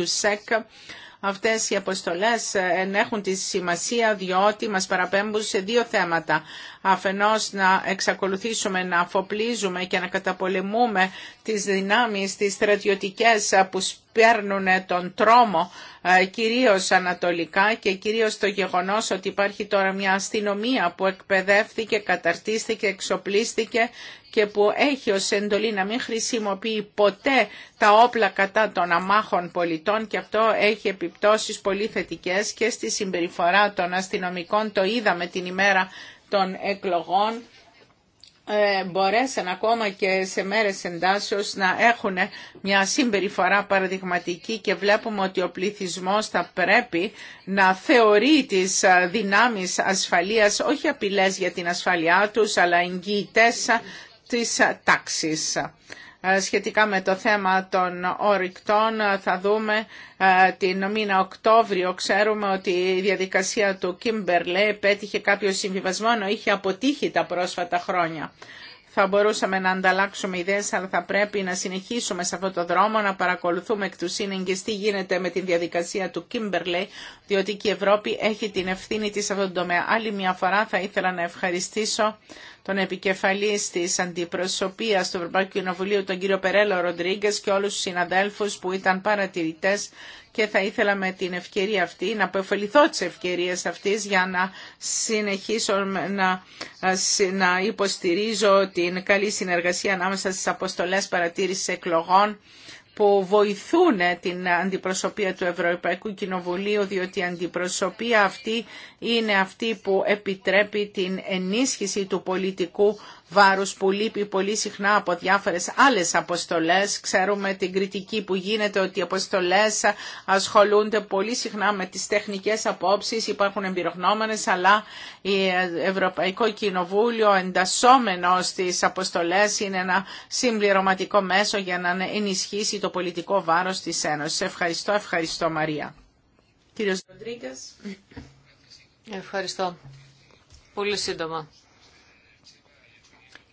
Αυτές οι αποστολές ε, έχουν τη σημασία διότι μας παραπέμπουν σε δύο θέματα αφενός να εξακολουθήσουμε να αφοπλίζουμε και να καταπολεμούμε τις δυνάμεις, τις στρατιωτικές που παίρνουν τον τρόμο ε, κυρίως ανατολικά και κυρίως το γεγονός ότι υπάρχει τώρα μια αστυνομία που εκπαιδεύτηκε, καταρτίστηκε, εξοπλίστηκε και που έχει ως εντολή να μην χρησιμοποιεί ποτέ τα όπλα κατά των αμάχων πολιτών και αυτό έχει επιπτώσεις πολύ θετικές και στη συμπεριφορά των αστυνομικών. Το είδαμε την ημέρα των εκλογών ε, μπορέσαν ακόμα και σε μέρες εντάσεως να έχουν μια συμπεριφορά παραδειγματική και βλέπουμε ότι ο πληθυσμός θα πρέπει να θεωρεί τις ε, δυνάμεις ασφαλείας όχι απειλές για την ασφαλειά τους αλλά εγγυητές της τάξης. Ε, σχετικά με το θέμα των ορυκτών. Ε, θα δούμε ε, την μήνα Οκτώβριο. Ξέρουμε ότι η διαδικασία του Κίμπερλε πέτυχε κάποιο συμβιβασμό, ενώ είχε αποτύχει τα πρόσφατα χρόνια θα μπορούσαμε να ανταλλάξουμε ιδέε, αλλά θα πρέπει να συνεχίσουμε σε αυτό το δρόμο, να παρακολουθούμε εκ του σύνεγγε τι γίνεται με τη διαδικασία του Κίμπερλεϊ, διότι και η Ευρώπη έχει την ευθύνη της σε αυτόν τον τομέα. Άλλη μια φορά θα ήθελα να ευχαριστήσω τον επικεφαλής της αντιπροσωπείας του Ευρωπαϊκού Κοινοβουλίου, τον κύριο Περέλο Ροντρίγκε και όλου του συναδέλφου που ήταν παρατηρητέ και θα ήθελα με την ευκαιρία αυτή να αποφεληθώ της ευκαιρίας αυτής για να συνεχίσω να, υποστηρίζω την καλή συνεργασία ανάμεσα στις αποστολές παρατήρησης εκλογών που βοηθούν την αντιπροσωπεία του Ευρωπαϊκού Κοινοβουλίου, διότι η αντιπροσωπεία αυτή είναι αυτή που επιτρέπει την ενίσχυση του πολιτικού βάρους που λείπει πολύ συχνά από διάφορες άλλες αποστολές. Ξέρουμε την κριτική που γίνεται ότι οι αποστολές ασχολούνται πολύ συχνά με τις τεχνικές απόψεις, υπάρχουν εμπειρογνώμενες, αλλά η Ευρωπαϊκό Κοινοβούλιο εντασσόμενο στις αποστολές είναι ένα συμπληρωματικό μέσο για να ενισχύσει το πολιτικό βάρος της Ένωσης. Ευχαριστώ, ευχαριστώ Μαρία. Κύριος Ροντρίγκας. Ευχαριστώ. Πολύ σύντομα.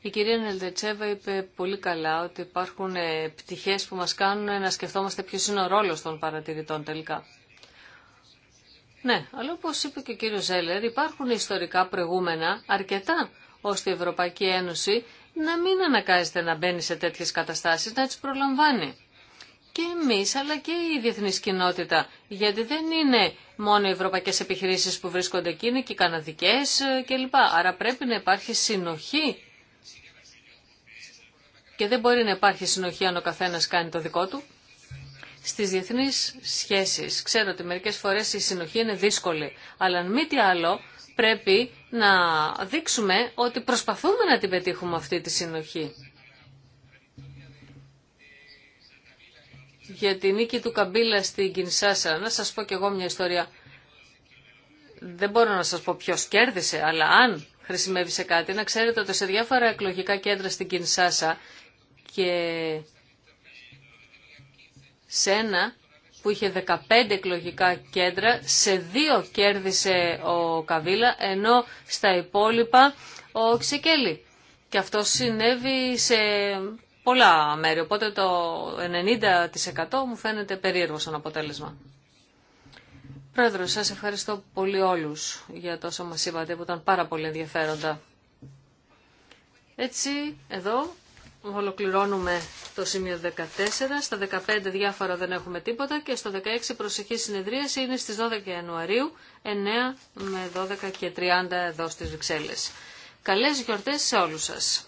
Η κυρία Νελδετσέβα είπε πολύ καλά ότι υπάρχουν ε, πτυχές που μας κάνουν να σκεφτόμαστε ποιος είναι ο ρόλος των παρατηρητών τελικά. Ναι, αλλά όπως είπε και ο κύριος Ζέλερ, υπάρχουν ιστορικά προηγούμενα αρκετά ώστε η Ευρωπαϊκή Ένωση να μην ανακάζεται να μπαίνει σε τέτοιες καταστάσεις, να τις προλαμβάνει. Και εμείς, αλλά και η διεθνή κοινότητα, γιατί δεν είναι μόνο οι ευρωπαϊκές επιχειρήσεις που βρίσκονται εκεί, είναι και οι καναδικές ε, κλπ. Άρα πρέπει να υπάρχει συνοχή και δεν μπορεί να υπάρχει συνοχή αν ο καθένα κάνει το δικό του. Στι διεθνεί σχέσει. ξέρω ότι μερικέ φορέ η συνοχή είναι δύσκολη, αλλά αν μη τι άλλο πρέπει να δείξουμε ότι προσπαθούμε να την πετύχουμε αυτή τη συνοχή. Για τη νίκη του Καμπίλα στην Κινσάσα, να σας πω κι εγώ μια ιστορία. Δεν μπορώ να σας πω ποιος κέρδισε, αλλά αν χρησιμεύει σε κάτι, να ξέρετε ότι σε διάφορα εκλογικά κέντρα στην Κινσάσα και σε ένα που είχε 15 εκλογικά κέντρα, σε δύο κέρδισε ο Καβίλα, ενώ στα υπόλοιπα ο Ξεκέλη. Και αυτό συνέβη σε πολλά μέρη, οπότε το 90% μου φαίνεται περίεργο σαν αποτέλεσμα. Πρόεδρο, σας ευχαριστώ πολύ όλους για τόσο μας είπατε που ήταν πάρα πολύ ενδιαφέροντα. Έτσι, εδώ Ολοκληρώνουμε το σημείο 14. Στα 15 διάφορα δεν έχουμε τίποτα και στο 16 προσεχή συνεδρίαση είναι στις 12 Ιανουαρίου 9 με 12 και 30 εδώ στις Βρυξέλλες. Καλές γιορτές σε όλους σας.